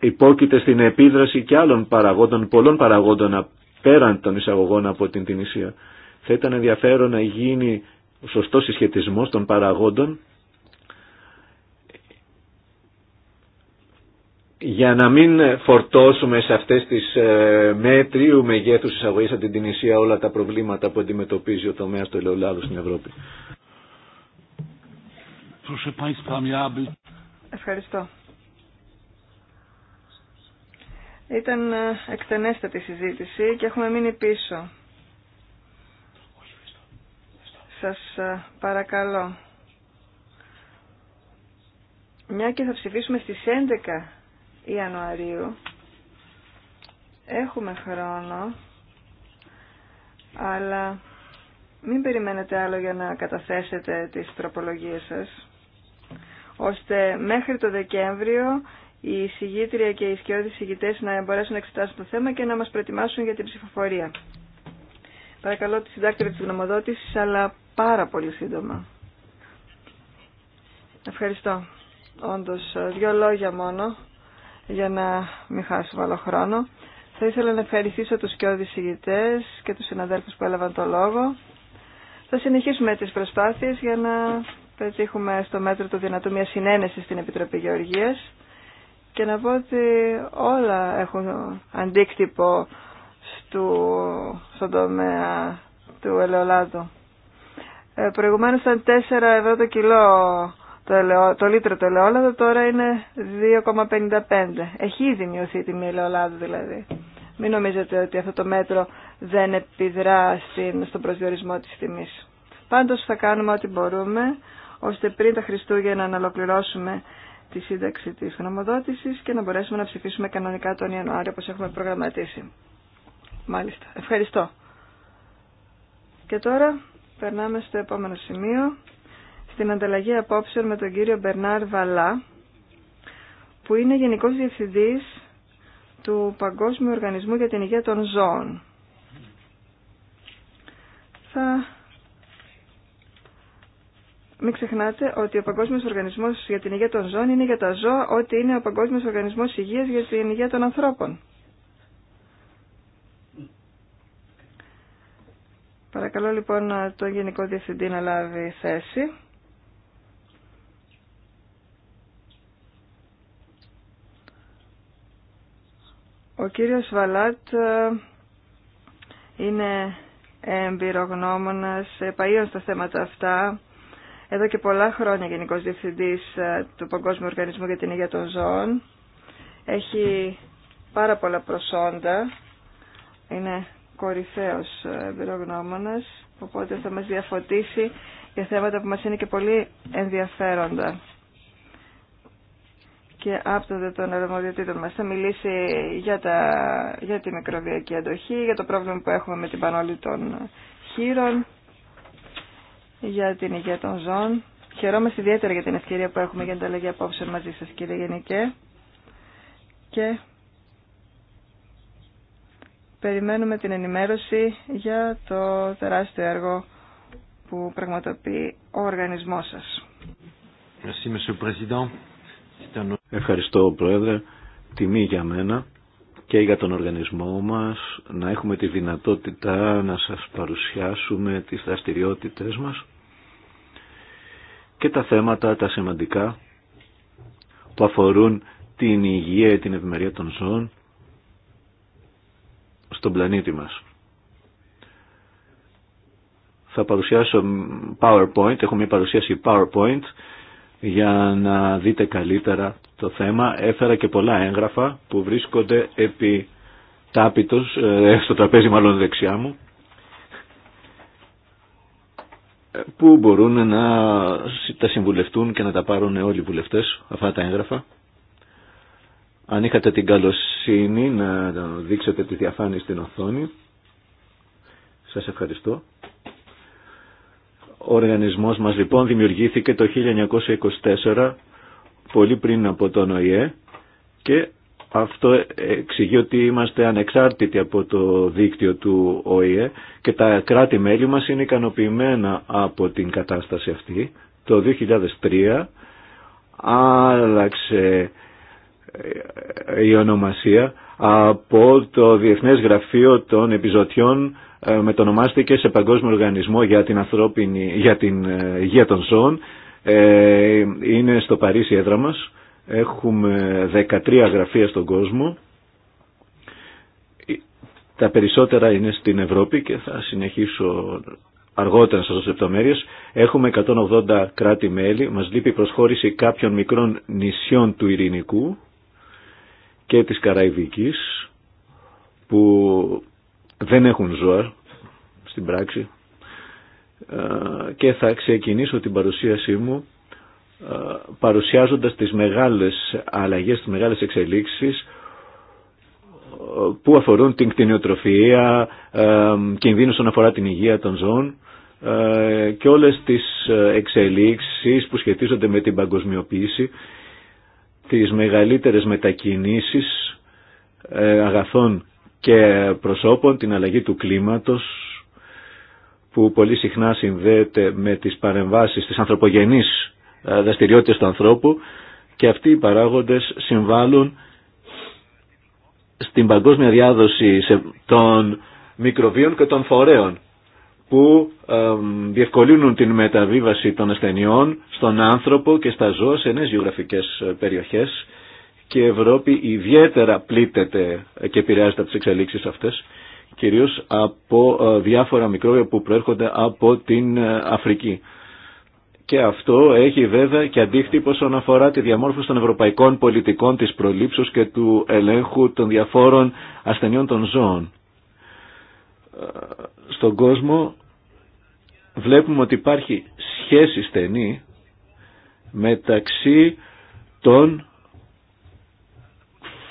υπόκειται στην επίδραση και άλλων παραγόντων, πολλών παραγόντων πέραν των εισαγωγών από την Τινησία. Θα ήταν ενδιαφέρον να γίνει σωστό συσχετισμός των παραγόντων για να μην φορτώσουμε σε αυτές τις ε, μέτριου μεγέθους εισαγωγής από την Τινησία όλα τα προβλήματα που αντιμετωπίζει ο τομέας του ελαιολάδου στην Ευρώπη. Ευχαριστώ. Ήταν ε, εκτενέστατη συζήτηση και έχουμε μείνει πίσω. Σας ε, παρακαλώ. Μια και θα ψηφίσουμε στις 11 Ιανουαρίου έχουμε χρόνο αλλά μην περιμένετε άλλο για να καταθέσετε τις τροπολογίες σας ώστε μέχρι το Δεκέμβριο οι συγγήτρια και οι σκιώδεις συγγητές να μπορέσουν να εξετάσουν το θέμα και να μας προετοιμάσουν για την ψηφοφορία. Παρακαλώ τη συντάκτρια της γνωμοδότησης, αλλά πάρα πολύ σύντομα. Ευχαριστώ. Όντως, δύο λόγια μόνο για να μην χάσουμε άλλο χρόνο. Θα ήθελα να ευχαριστήσω τους και ηγητές και τους συναδέλφους που έλαβαν το λόγο. Θα συνεχίσουμε τις προσπάθειες για να πετύχουμε στο μέτρο του δυνατού μια συνένεση στην Επιτροπή Γεωργίας και να πω ότι όλα έχουν αντίκτυπο στο, στον τομέα του ελαιολάδου. Ε, προηγουμένως ήταν 4 ευρώ το κιλό το, ελαιό, το λίτρο το ελαιόλαδο τώρα είναι 2,55. Έχει ήδη μειωθεί η τιμή ελαιολάδου δηλαδή. Μην νομίζετε ότι αυτό το μέτρο δεν επιδρά στην, στον προσδιορισμό της τιμής. Πάντως θα κάνουμε ό,τι μπορούμε, ώστε πριν τα Χριστούγεννα να ολοκληρώσουμε τη σύνταξη της γνωμοδότησης και να μπορέσουμε να ψηφίσουμε κανονικά τον Ιανουάριο όπως έχουμε προγραμματίσει. Μάλιστα. Ευχαριστώ. Και τώρα περνάμε στο επόμενο σημείο στην ανταλλαγή απόψεων με τον κύριο Μπερνάρ Βαλά, που είναι Γενικός Διευθυντής του Παγκόσμιου Οργανισμού για την Υγεία των Ζώων. Θα... Μην ξεχνάτε ότι ο Παγκόσμιος Οργανισμός για την Υγεία των Ζώων είναι για τα ζώα ό,τι είναι ο Παγκόσμιος Οργανισμός Υγείας για την Υγεία των Ανθρώπων. Παρακαλώ λοιπόν τον Γενικό Διευθυντή να λάβει θέση. Ο κύριος Βαλάτ ε, είναι εμπειρογνώμονας, ε, παίων στα θέματα αυτά. Εδώ και πολλά χρόνια Γενικό Διευθυντή ε, του Παγκόσμιου Οργανισμού για την Υγεία των Ζώων. Έχει πάρα πολλά προσόντα. Είναι κορυφαίος εμπειρογνώμονας, οπότε θα μας διαφωτίσει για θέματα που μας είναι και πολύ ενδιαφέροντα και άπτονται των αρμοδιοτήτων μας. Θα μιλήσει για, τα, για τη μικροβιακή αντοχή, για το πρόβλημα που έχουμε με την πανόλη των χείρων, για την υγεία των ζώων. Χαιρόμαστε ιδιαίτερα για την ευκαιρία που έχουμε για ανταλλαγή απόψεων μαζί σας κύριε Γενικέ. Και περιμένουμε την ενημέρωση για το τεράστιο έργο που πραγματοποιεί ο οργανισμός σας. Merci, Ευχαριστώ Πρόεδρε. Τιμή για μένα και για τον οργανισμό μας να έχουμε τη δυνατότητα να σας παρουσιάσουμε τις δραστηριότητες μας και τα θέματα τα σημαντικά που αφορούν την υγεία και την ευημερία των ζώων στον πλανήτη μας. Θα παρουσιάσω PowerPoint, έχω μια παρουσίαση PowerPoint για να δείτε καλύτερα το θέμα. Έφερα και πολλά έγγραφα που βρίσκονται επί τάπητος, ε, στο τραπέζι μάλλον δεξιά μου, που μπορούν να τα συμβουλευτούν και να τα πάρουν όλοι οι βουλευτές αυτά τα έγγραφα. Αν είχατε την καλοσύνη να δείξετε τη διαφάνεια στην οθόνη. Σας ευχαριστώ. Ο οργανισμός μας λοιπόν δημιουργήθηκε το 1924, πολύ πριν από τον ΟΗΕ και αυτό εξηγεί ότι είμαστε ανεξάρτητοι από το δίκτυο του ΟΗΕ και τα κράτη-μέλη μας είναι ικανοποιημένα από την κατάσταση αυτή. Το 2003 άλλαξε ε, η ονομασία από το Διεθνές Γραφείο των Επιζωτιών ε, μετονομάστηκε σε Παγκόσμιο Οργανισμό για την, ανθρώπινη, για την ε, Υγεία των Ζώων. Ε, είναι στο Παρίσι έδρα μας. Έχουμε 13 γραφεία στον κόσμο. Τα περισσότερα είναι στην Ευρώπη και θα συνεχίσω αργότερα σε λεπτομέρειες. Έχουμε 180 κράτη-μέλη. Μας λείπει η προσχώρηση κάποιων μικρών νησιών του Ειρηνικού και της Καραϊβικής που δεν έχουν ζώα στην πράξη ε, και θα ξεκινήσω την παρουσίασή μου ε, παρουσιάζοντας τις μεγάλες αλλαγές, τις μεγάλες εξελίξεις ε, που αφορούν την κτηνιοτροφία, κινδύνους όσον αφορά την υγεία των ζώων και όλες τις εξελίξεις που σχετίζονται με την παγκοσμιοποίηση, τις μεγαλύτερες μετακινήσεις αγαθών και προσώπων, την αλλαγή του κλίματος που πολύ συχνά συνδέεται με τις παρεμβάσεις της ανθρωπογενής ε, δραστηριότητας του ανθρώπου και αυτοί οι παράγοντες συμβάλλουν στην παγκόσμια διάδοση των μικροβίων και των φορέων που ε, διευκολύνουν την μεταβίβαση των ασθενειών στον άνθρωπο και στα ζώα σε νέες γεωγραφικές ε, περιοχές και η Ευρώπη ιδιαίτερα πλήττεται και επηρεάζεται από τις εξελίξεις αυτές, κυρίως από ε, διάφορα μικρόβια που προέρχονται από την ε, Αφρική. Και αυτό έχει βέβαια και αντίκτυπο όσον αφορά τη διαμόρφωση των ευρωπαϊκών πολιτικών της προλήψεως και του ελέγχου των διαφόρων ασθενειών των ζώων. Ε, στον κόσμο βλέπουμε ότι υπάρχει σχέση στενή μεταξύ των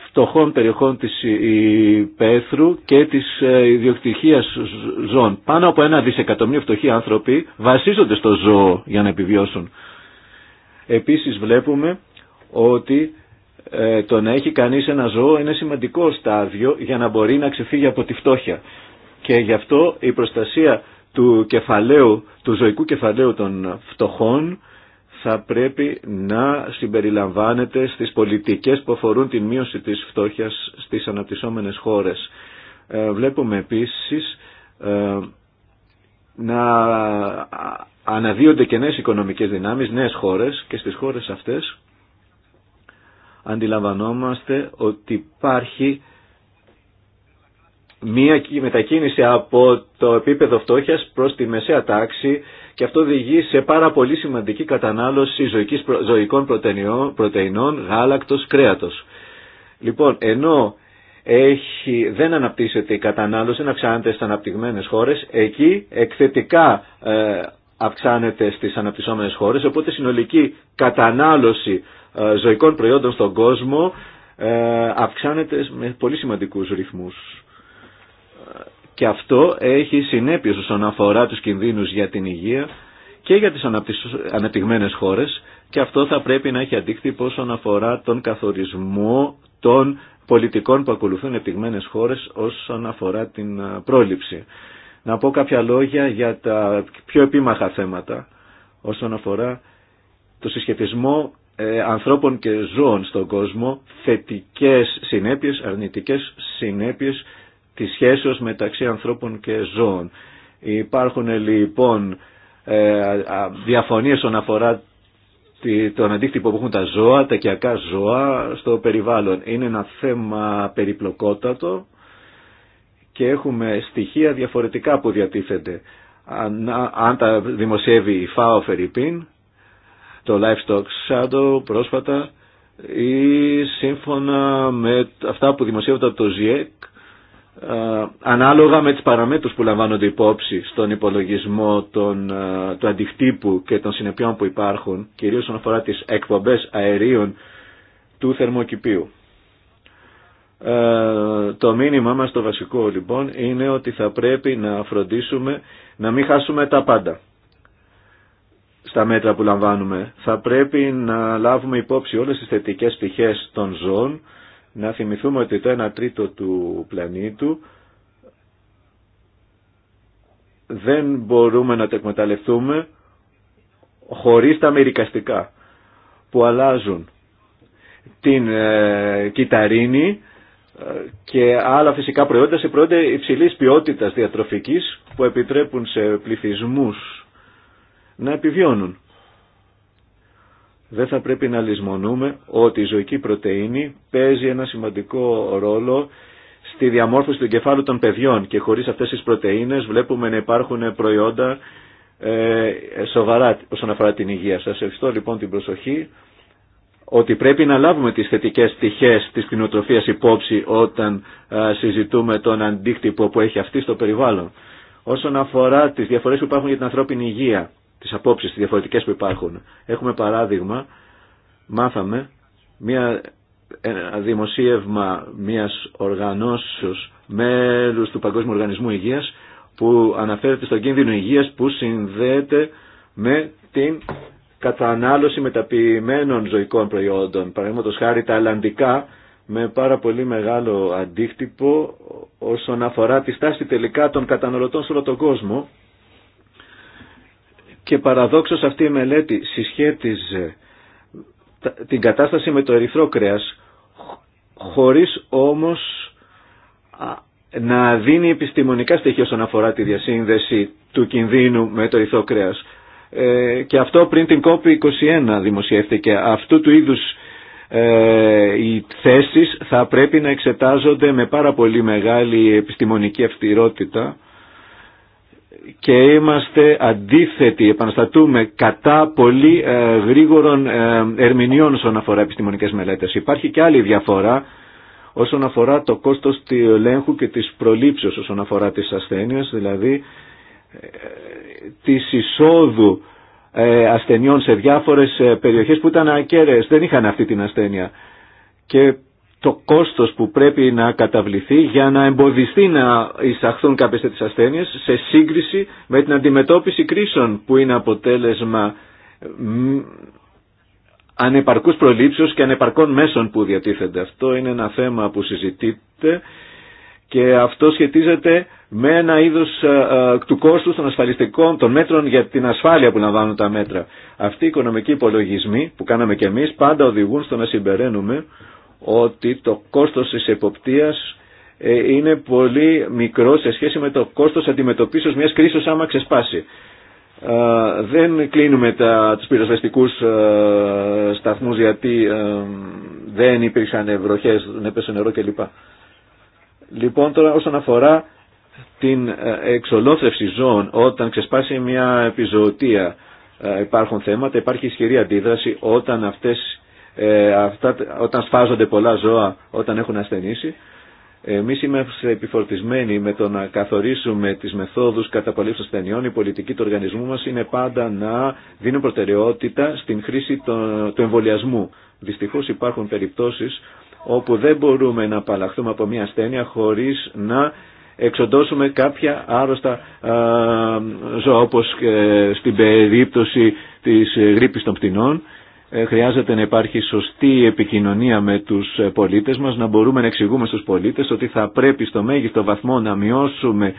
φτωχών περιοχών της Πέθρου και της ε, ιδιοκτησίας ζώων. Πάνω από ένα δισεκατομμύριο φτωχοί άνθρωποι βασίζονται στο ζώο για να επιβιώσουν. Επίσης βλέπουμε ότι ε, το να έχει κανείς ένα ζώο είναι σημαντικό στάδιο για να μπορεί να ξεφύγει από τη φτώχεια. Και γι' αυτό η προστασία του κεφαλαίου, του ζωικού κεφαλαίου των φτωχών θα πρέπει να συμπεριλαμβάνεται στις πολιτικές που αφορούν τη μείωση της φτώχειας στις αναπτυσσόμενες χώρες. Ε, βλέπουμε επίσης ε, να αναδύονται και νέες οικονομικές δυνάμεις, νέες χώρες και στις χώρες αυτές αντιλαμβανόμαστε ότι υπάρχει μία μετακίνηση από το επίπεδο φτώχειας προς τη μεσαία τάξη και αυτό οδηγεί σε πάρα πολύ σημαντική κατανάλωση ζωικής, ζωικών πρωτεϊνών, γάλακτος, κρέατος. Λοιπόν, ενώ έχει, δεν αναπτύσσεται η κατανάλωση, δεν αυξάνεται στις αναπτυγμένες χώρες, εκεί εκθετικά ε, αυξάνεται στις αναπτυσσόμενες χώρες, οπότε συνολική κατανάλωση ε, ζωικών προϊόντων στον κόσμο ε, αυξάνεται με πολύ σημαντικούς ρυθμούς και αυτό έχει συνέπειες όσον αφορά τους κινδύνους για την υγεία και για τις αναπτυγμένες χώρες και αυτό θα πρέπει να έχει αντίκτυπο όσον αφορά τον καθορισμό των πολιτικών που ακολουθούν αναπτυγμένες χώρες όσον αφορά την πρόληψη. Να πω κάποια λόγια για τα πιο επίμαχα θέματα όσον αφορά το συσχετισμό ε, ανθρώπων και ζώων στον κόσμο, θετικές συνέπειες, αρνητικές συνέπειες της σχέσεως μεταξύ ανθρώπων και ζώων. Υπάρχουν λοιπόν ε, διαφωνίες όσον αφορά τον αντίκτυπο που έχουν τα ζώα, τα κιακά ζώα στο περιβάλλον. Είναι ένα θέμα περιπλοκότατο και έχουμε στοιχεία διαφορετικά που διατίθενται. Αν, αν τα δημοσιεύει η ΦΑΟ Φερρυπίν, το Livestock Shadow πρόσφατα ή σύμφωνα με αυτά που δημοσιεύονται από το ΖΙΕΚ ε, ανάλογα με τις παραμέτρους που λαμβάνονται υπόψη στον υπολογισμό των, ε, του αντιχτύπου και των συνεπειών που υπάρχουν, κυρίως όσον αφορά τις εκπομπές αερίων του θερμοκηπίου. Ε, το μήνυμά μας το βασικό λοιπόν είναι ότι θα πρέπει να φροντίσουμε να μην χάσουμε τα πάντα στα μέτρα που λαμβάνουμε. Θα πρέπει να λάβουμε υπόψη όλες τις θετικές πτυχές των ζώων να θυμηθούμε ότι το 1 τρίτο του πλανήτου δεν μπορούμε να το εκμεταλλευτούμε χωρίς τα μερικαστικά που αλλάζουν την ε, κυταρίνη ε, και άλλα φυσικά προϊόντα σε προϊόντα υψηλής ποιότητας διατροφικής που επιτρέπουν σε πληθυσμούς να επιβιώνουν δεν θα πρέπει να λησμονούμε ότι η ζωική πρωτεΐνη παίζει ένα σημαντικό ρόλο στη διαμόρφωση του κεφάλου των παιδιών και χωρίς αυτές τις πρωτεΐνες βλέπουμε να υπάρχουν προϊόντα ε, σοβαρά όσον αφορά την υγεία. Σας ευχαριστώ λοιπόν την προσοχή ότι πρέπει να λάβουμε τις θετικές στοιχές της κτηνοτροφίας υπόψη όταν ε, συζητούμε τον αντίκτυπο που έχει αυτή στο περιβάλλον. Όσον αφορά τις διαφορές που υπάρχουν για την ανθρώπινη υγεία, τις απόψεις, τις διαφορετικές που υπάρχουν. Έχουμε παράδειγμα, μάθαμε, μια δημοσίευμα μιας οργανώσεως μέλους του Παγκόσμιου Οργανισμού Υγείας που αναφέρεται στον κίνδυνο υγείας που συνδέεται με την κατανάλωση μεταποιημένων ζωικών προϊόντων. Παραδείγματος χάρη τα αλλαντικά με πάρα πολύ μεγάλο αντίκτυπο όσον αφορά τη στάση τελικά των καταναλωτών σε όλο τον κόσμο και παραδόξως αυτή η μελέτη συσχέτιζε την κατάσταση με το ερυθρό κρέας χωρίς όμως να δίνει επιστημονικά στοιχεία όσον αφορά τη διασύνδεση του κινδύνου με το ερυθρό κρέας. Ε, και αυτό πριν την COP21 δημοσιεύτηκε. Αυτού του είδους ε, οι θέσεις θα πρέπει να εξετάζονται με πάρα πολύ μεγάλη επιστημονική αυστηρότητα και είμαστε αντίθετοι, επαναστατούμε κατά πολύ ε, γρήγορων ε, ερμηνεών όσον αφορά επιστημονικές μελέτες. Υπάρχει και άλλη διαφορά όσον αφορά το κόστος του ελέγχου και της προλήψεως όσον αφορά τις ασθένειες, δηλαδή ε, της εισόδου ε, ασθενειών σε διάφορες ε, περιοχές που ήταν ακέραιες, δεν είχαν αυτή την ασθένεια. Και το κόστος που πρέπει να καταβληθεί για να εμποδιστεί να εισαχθούν κάποιες τέτοιες ασθένειες σε σύγκριση με την αντιμετώπιση κρίσεων που είναι αποτέλεσμα ανεπαρκούς προλήψεως και ανεπαρκών μέσων που διατίθενται. Αυτό είναι ένα θέμα που συζητείται και αυτό σχετίζεται με ένα είδος ε, ε, του κόστου των ασφαλιστικών, των μέτρων για την ασφάλεια που λαμβάνουν τα μέτρα. Αυτοί οι οικονομικοί υπολογισμοί που κάναμε και εμείς πάντα οδηγούν στο να συμπεραίνουμε ότι το κόστος της εποπτείας ε, είναι πολύ μικρό σε σχέση με το κόστος αντιμετωπίσεως μιας κρίσης άμα ξεσπάσει. δεν κλείνουμε τα, τους πυροσβεστικούς ε, σταθμούς γιατί ε, δεν υπήρχαν βροχές, δεν έπεσε νερό κλπ. Λοιπόν τώρα όσον αφορά την εξολόθρευση ζώων όταν ξεσπάσει μια επιζωοτία υπάρχουν θέματα, υπάρχει ισχυρή αντίδραση όταν αυτές ε, όταν σφάζονται πολλά ζώα, όταν έχουν ασθενήσει. Εμεί είμαστε επιφορτισμένοι με το να καθορίσουμε τι μεθόδου καταπολέμηση ασθενειών. Η πολιτική του οργανισμού μα είναι πάντα να δίνουν προτεραιότητα στην χρήση του εμβολιασμού. Δυστυχώ υπάρχουν περιπτώσει όπου δεν μπορούμε να απαλλαχθούμε από μια ασθένεια χωρί να εξοντώσουμε κάποια άρρωστα ζώα, όπως ε, στην περίπτωση της γρήπη των πτηνών ε, χρειάζεται να υπάρχει σωστή επικοινωνία με τους ε, πολίτες μας, να μπορούμε να εξηγούμε στους πολίτες ότι θα πρέπει στο μέγιστο βαθμό να μειώσουμε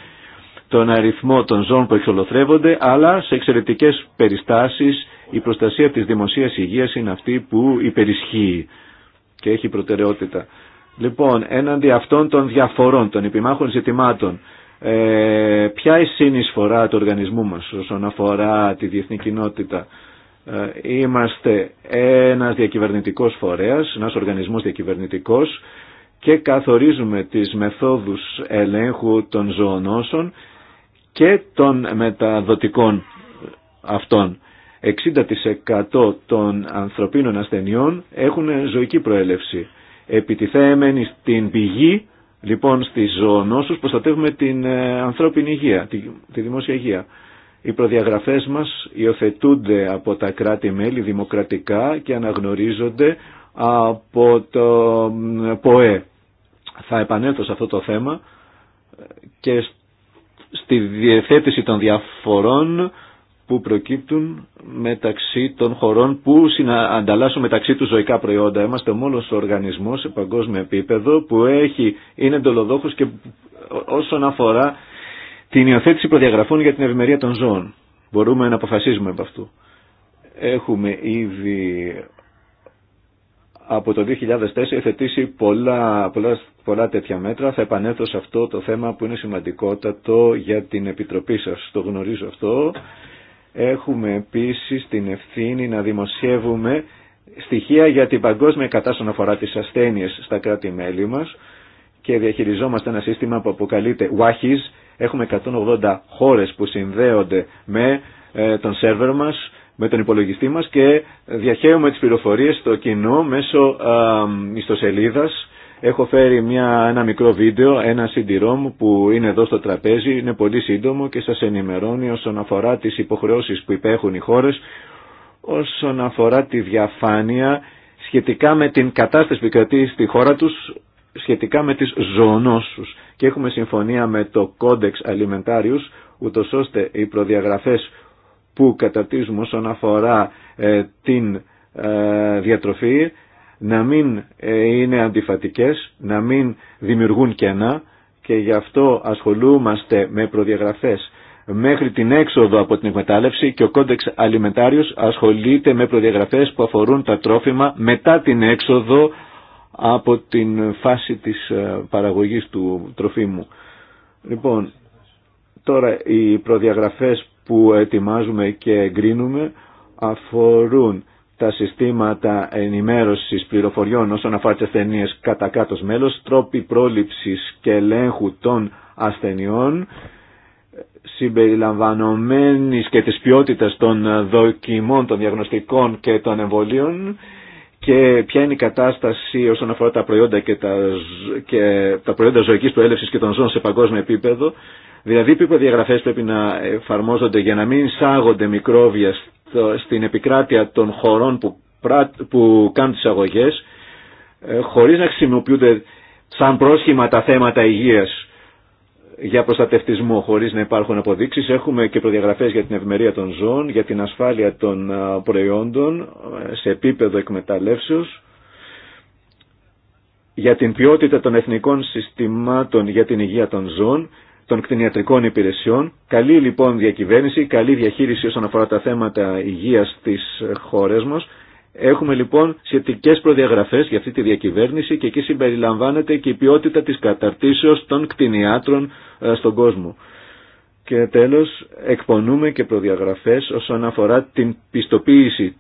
τον αριθμό των ζώων που εξολοθρεύονται, αλλά σε εξαιρετικές περιστάσεις η προστασία της δημοσίας υγείας είναι αυτή που υπερισχύει και έχει προτεραιότητα. Λοιπόν, έναντι αυτών των διαφορών, των επιμάχων ζητημάτων, ε, ποια η συνεισφορά του οργανισμού μας όσον αφορά τη διεθνή κοινότητα, ε, είμαστε ένας διακυβερνητικός φορέας, ένας οργανισμός διακυβερνητικός και καθορίζουμε τις μεθόδους ελέγχου των ζωονόσων και των μεταδοτικών αυτών. 60% των ανθρωπίνων ασθενειών έχουν ζωική προέλευση. Επιτιθέμενοι στην πηγή, λοιπόν, στις ζωονόσους, προστατεύουμε την ε, ανθρώπινη υγεία, τη, τη δημόσια υγεία. Οι προδιαγραφές μας υιοθετούνται από τα κράτη-μέλη δημοκρατικά και αναγνωρίζονται από το ΠΟΕ. Θα επανέλθω σε αυτό το θέμα και στη διεθέτηση των διαφορών που προκύπτουν μεταξύ των χωρών που ανταλλάσσουν μεταξύ τους ζωικά προϊόντα. Είμαστε μόνος ο οργανισμός σε παγκόσμιο επίπεδο που έχει, είναι εντολοδόχος και ε, όσον αφορά την υιοθέτηση προδιαγραφών για την ευημερία των ζώων. Μπορούμε να αποφασίζουμε από αυτού. Έχουμε ήδη από το 2004 εθετήσει πολλά, πολλά, πολλά τέτοια μέτρα. Θα επανέλθω σε αυτό το θέμα που είναι σημαντικότατο για την Επιτροπή σας. Το γνωρίζω αυτό. Έχουμε επίσης την ευθύνη να δημοσιεύουμε στοιχεία για την παγκόσμια κατάσταση αφορά τις ασθένειες στα κράτη-μέλη μας και διαχειριζόμαστε ένα σύστημα που αποκαλείται WAHIS, Έχουμε 180 χώρες που συνδέονται με ε, τον σερβερ μας, με τον υπολογιστή μας και διαχέουμε τις πληροφορίες στο κοινό μέσω ιστοσελίδας. Έχω φέρει μια, ένα μικρό βίντεο, ένα CD-ROM που είναι εδώ στο τραπέζι, είναι πολύ σύντομο και σας ενημερώνει όσον αφορά τις υποχρεώσεις που υπέχουν οι χώρες, όσον αφορά τη διαφάνεια σχετικά με την κατάσταση που κρατεί στη χώρα τους σχετικά με τις ζωονόσους και έχουμε συμφωνία με το Κόντεξ Αλιμεντάριους ούτως ώστε οι προδιαγραφές που καταρτίζουμε όσον αφορά ε, την ε, διατροφή να μην ε, είναι αντιφατικές, να μην δημιουργούν κενά και γι' αυτό ασχολούμαστε με προδιαγραφές μέχρι την έξοδο από την εκμετάλλευση και ο κόντεξ αλιμεντάριος ασχολείται με προδιαγραφές που αφορούν τα τρόφιμα μετά την έξοδο από την φάση της ε, παραγωγής του τροφίμου. Λοιπόν, τώρα οι προδιαγραφές που ετοιμάζουμε και εγκρίνουμε αφορούν τα συστήματα ενημέρωσης πληροφοριών όσον αφορά τις ασθενείες κατά κάτω μέλος, τρόποι πρόληψης και ελέγχου των ασθενειών, συμπεριλαμβανομένης και της ποιότητας των δοκιμών, των διαγνωστικών και των εμβολίων, και ποια είναι η κατάσταση όσον αφορά τα προϊόντα και τα, και τα προϊόντα ζωικής και των ζώων σε παγκόσμιο επίπεδο. Δηλαδή, ποιο διαγραφές πρέπει να εφαρμόζονται για να μην εισάγονται μικρόβια στην επικράτεια των χωρών που, που κάνουν τις αγωγές ε, χωρίς να χρησιμοποιούνται σαν πρόσχημα τα θέματα υγείας για προστατευτισμό χωρίς να υπάρχουν αποδείξεις. Έχουμε και προδιαγραφές για την ευμερία των ζώων, για την ασφάλεια των προϊόντων ε, σε επίπεδο εκμεταλλεύσεως, για την ποιότητα των εθνικών συστημάτων για την υγεία των ζώων, των κτηνιατρικών υπηρεσιών. Καλή λοιπόν διακυβέρνηση, καλή διαχείριση όσον αφορά τα θέματα υγείας στι χώρες μας Έχουμε λοιπόν σχετικέ προδιαγραφές για αυτή τη διακυβέρνηση και εκεί συμπεριλαμβάνεται και η ποιότητα της καταρτήσεως των κτηνιάτρων ε, στον κόσμο. Και τέλος εκπονούμε και προδιαγραφές όσον αφορά την πιστοποίηση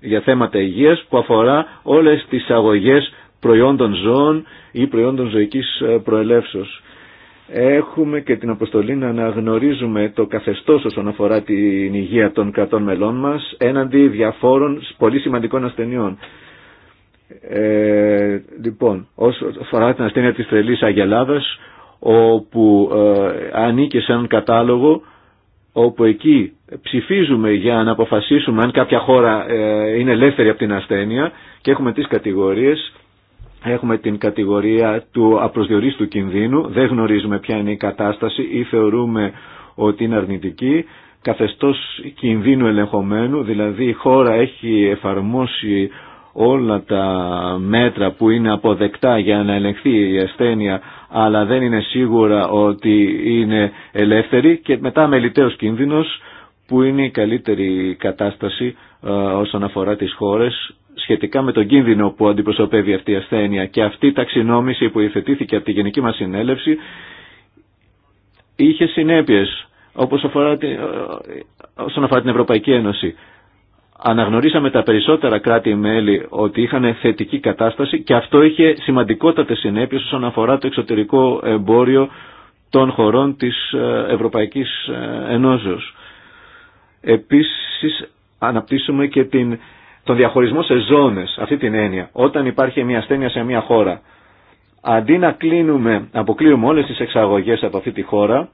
για θέματα υγείας που αφορά όλες τις αγωγέ προϊόντων ζώων ή προϊόντων ζωικής ε, προελεύσεως. Έχουμε και την αποστολή να αναγνωρίζουμε το καθεστώς όσον αφορά την υγεία των κρατών μελών μας έναντι διαφόρων πολύ σημαντικών ασθενειών. Ε, λοιπόν, όσον αφορά την ασθένεια της τρελής αγελάδας, όπου ε, ανήκε σε έναν κατάλογο, όπου εκεί ψηφίζουμε για να αποφασίσουμε αν κάποια χώρα ε, είναι ελεύθερη από την ασθένεια και έχουμε τις κατηγορίες Έχουμε την κατηγορία του απροσδιορίστου κινδύνου, δεν γνωρίζουμε ποια είναι η κατάσταση ή θεωρούμε ότι είναι αρνητική. Καθεστώς κινδύνου ελεγχομένου, δηλαδή η χώρα έχει εφαρμόσει όλα τα μέτρα που είναι αποδεκτά για να ελεγχθεί η ασθένεια αλλά δεν είναι σίγουρα ότι είναι ελεύθερη και μετά μελιτέως κίνδυνος που είναι η καλύτερη κατάσταση ε, όσον αφορά τις χώρες σχετικά με τον κίνδυνο που αντιπροσωπεύει αυτή η ασθένεια και αυτή η ταξινόμηση που υφετήθηκε από τη Γενική μας Συνέλευση είχε συνέπειες όπως αφορά την, όσον αφορά την Ευρωπαϊκή Ένωση. Αναγνωρίσαμε τα περισσότερα κράτη-μέλη ότι είχαν θετική κατάσταση και αυτό είχε σημαντικότατες συνέπειες όσον αφορά το εξωτερικό εμπόριο των χωρών της ε, Ευρωπαϊκής ε, Ενώσεως. Επίσης αναπτύσσουμε και την τον διαχωρισμό σε ζώνες, αυτή την έννοια, όταν υπάρχει μια ασθένεια σε μια χώρα, αντί να αποκλείουμε όλες τις εξαγωγές από αυτή τη χώρα,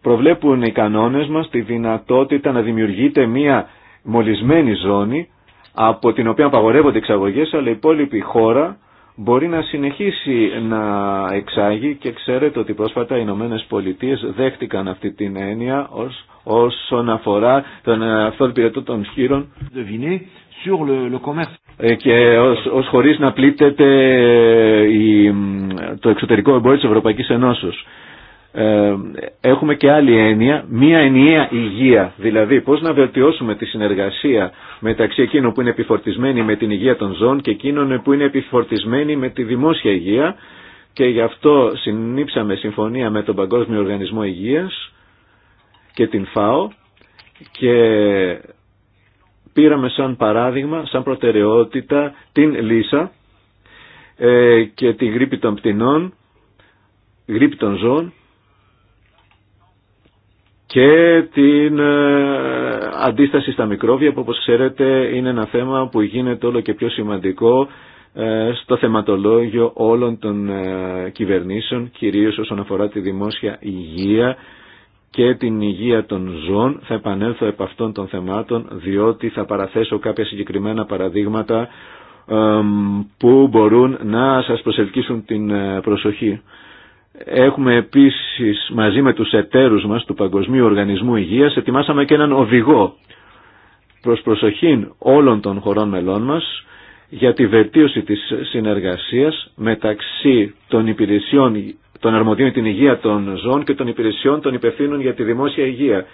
προβλέπουν οι κανόνες μας τη δυνατότητα να δημιουργείται μια μολυσμένη ζώνη από την οποία απαγορεύονται εξαγωγές, αλλά η υπόλοιπη χώρα μπορεί να συνεχίσει να εξάγει και ξέρετε ότι πρόσφατα οι Ηνωμένε Πολιτείε δέχτηκαν αυτή την έννοια ως, όσον αφορά τον αυτό των χείρων ε, και ως, ως χωρίς να πλήττεται ε, το εξωτερικό εμπόριο της Ευρωπαϊκής Ενώσεως. Ε, έχουμε και άλλη έννοια, μία ενιαία υγεία. Δηλαδή πώς να βελτιώσουμε τη συνεργασία μεταξύ εκείνων που είναι επιφορτισμένοι με την υγεία των ζώων και εκείνων που είναι επιφορτισμένοι με τη δημόσια υγεία και γι' αυτό συνήψαμε συμφωνία με τον Παγκόσμιο Οργανισμό Υγείας και την ΦΑΟ και πήραμε σαν παράδειγμα, σαν προτεραιότητα την ΛΙΣΑ ε, και τη γρήπη των πτηνών, γρήπη των ζώων και την ε, αντίσταση στα μικρόβια που όπως ξέρετε είναι ένα θέμα που γίνεται όλο και πιο σημαντικό ε, στο θεματολόγιο όλων των ε, κυβερνήσεων, κυρίως όσον αφορά τη δημόσια υγεία και την υγεία των ζώων. Θα επανέλθω από αυτών των θεμάτων, διότι θα παραθέσω κάποια συγκεκριμένα παραδείγματα που μπορούν να σας προσελκύσουν την προσοχή. Έχουμε επίσης μαζί με τους εταίρους μας του Παγκοσμίου Οργανισμού Υγείας ετοιμάσαμε και έναν οδηγό προς προσοχή όλων των χωρών μελών μας για τη βελτίωση της συνεργασίας μεταξύ των υπηρεσιών των αρμοδίων την υγεία των ζώων και των υπηρεσιών των υπευθύνων για τη δημόσια υγεία.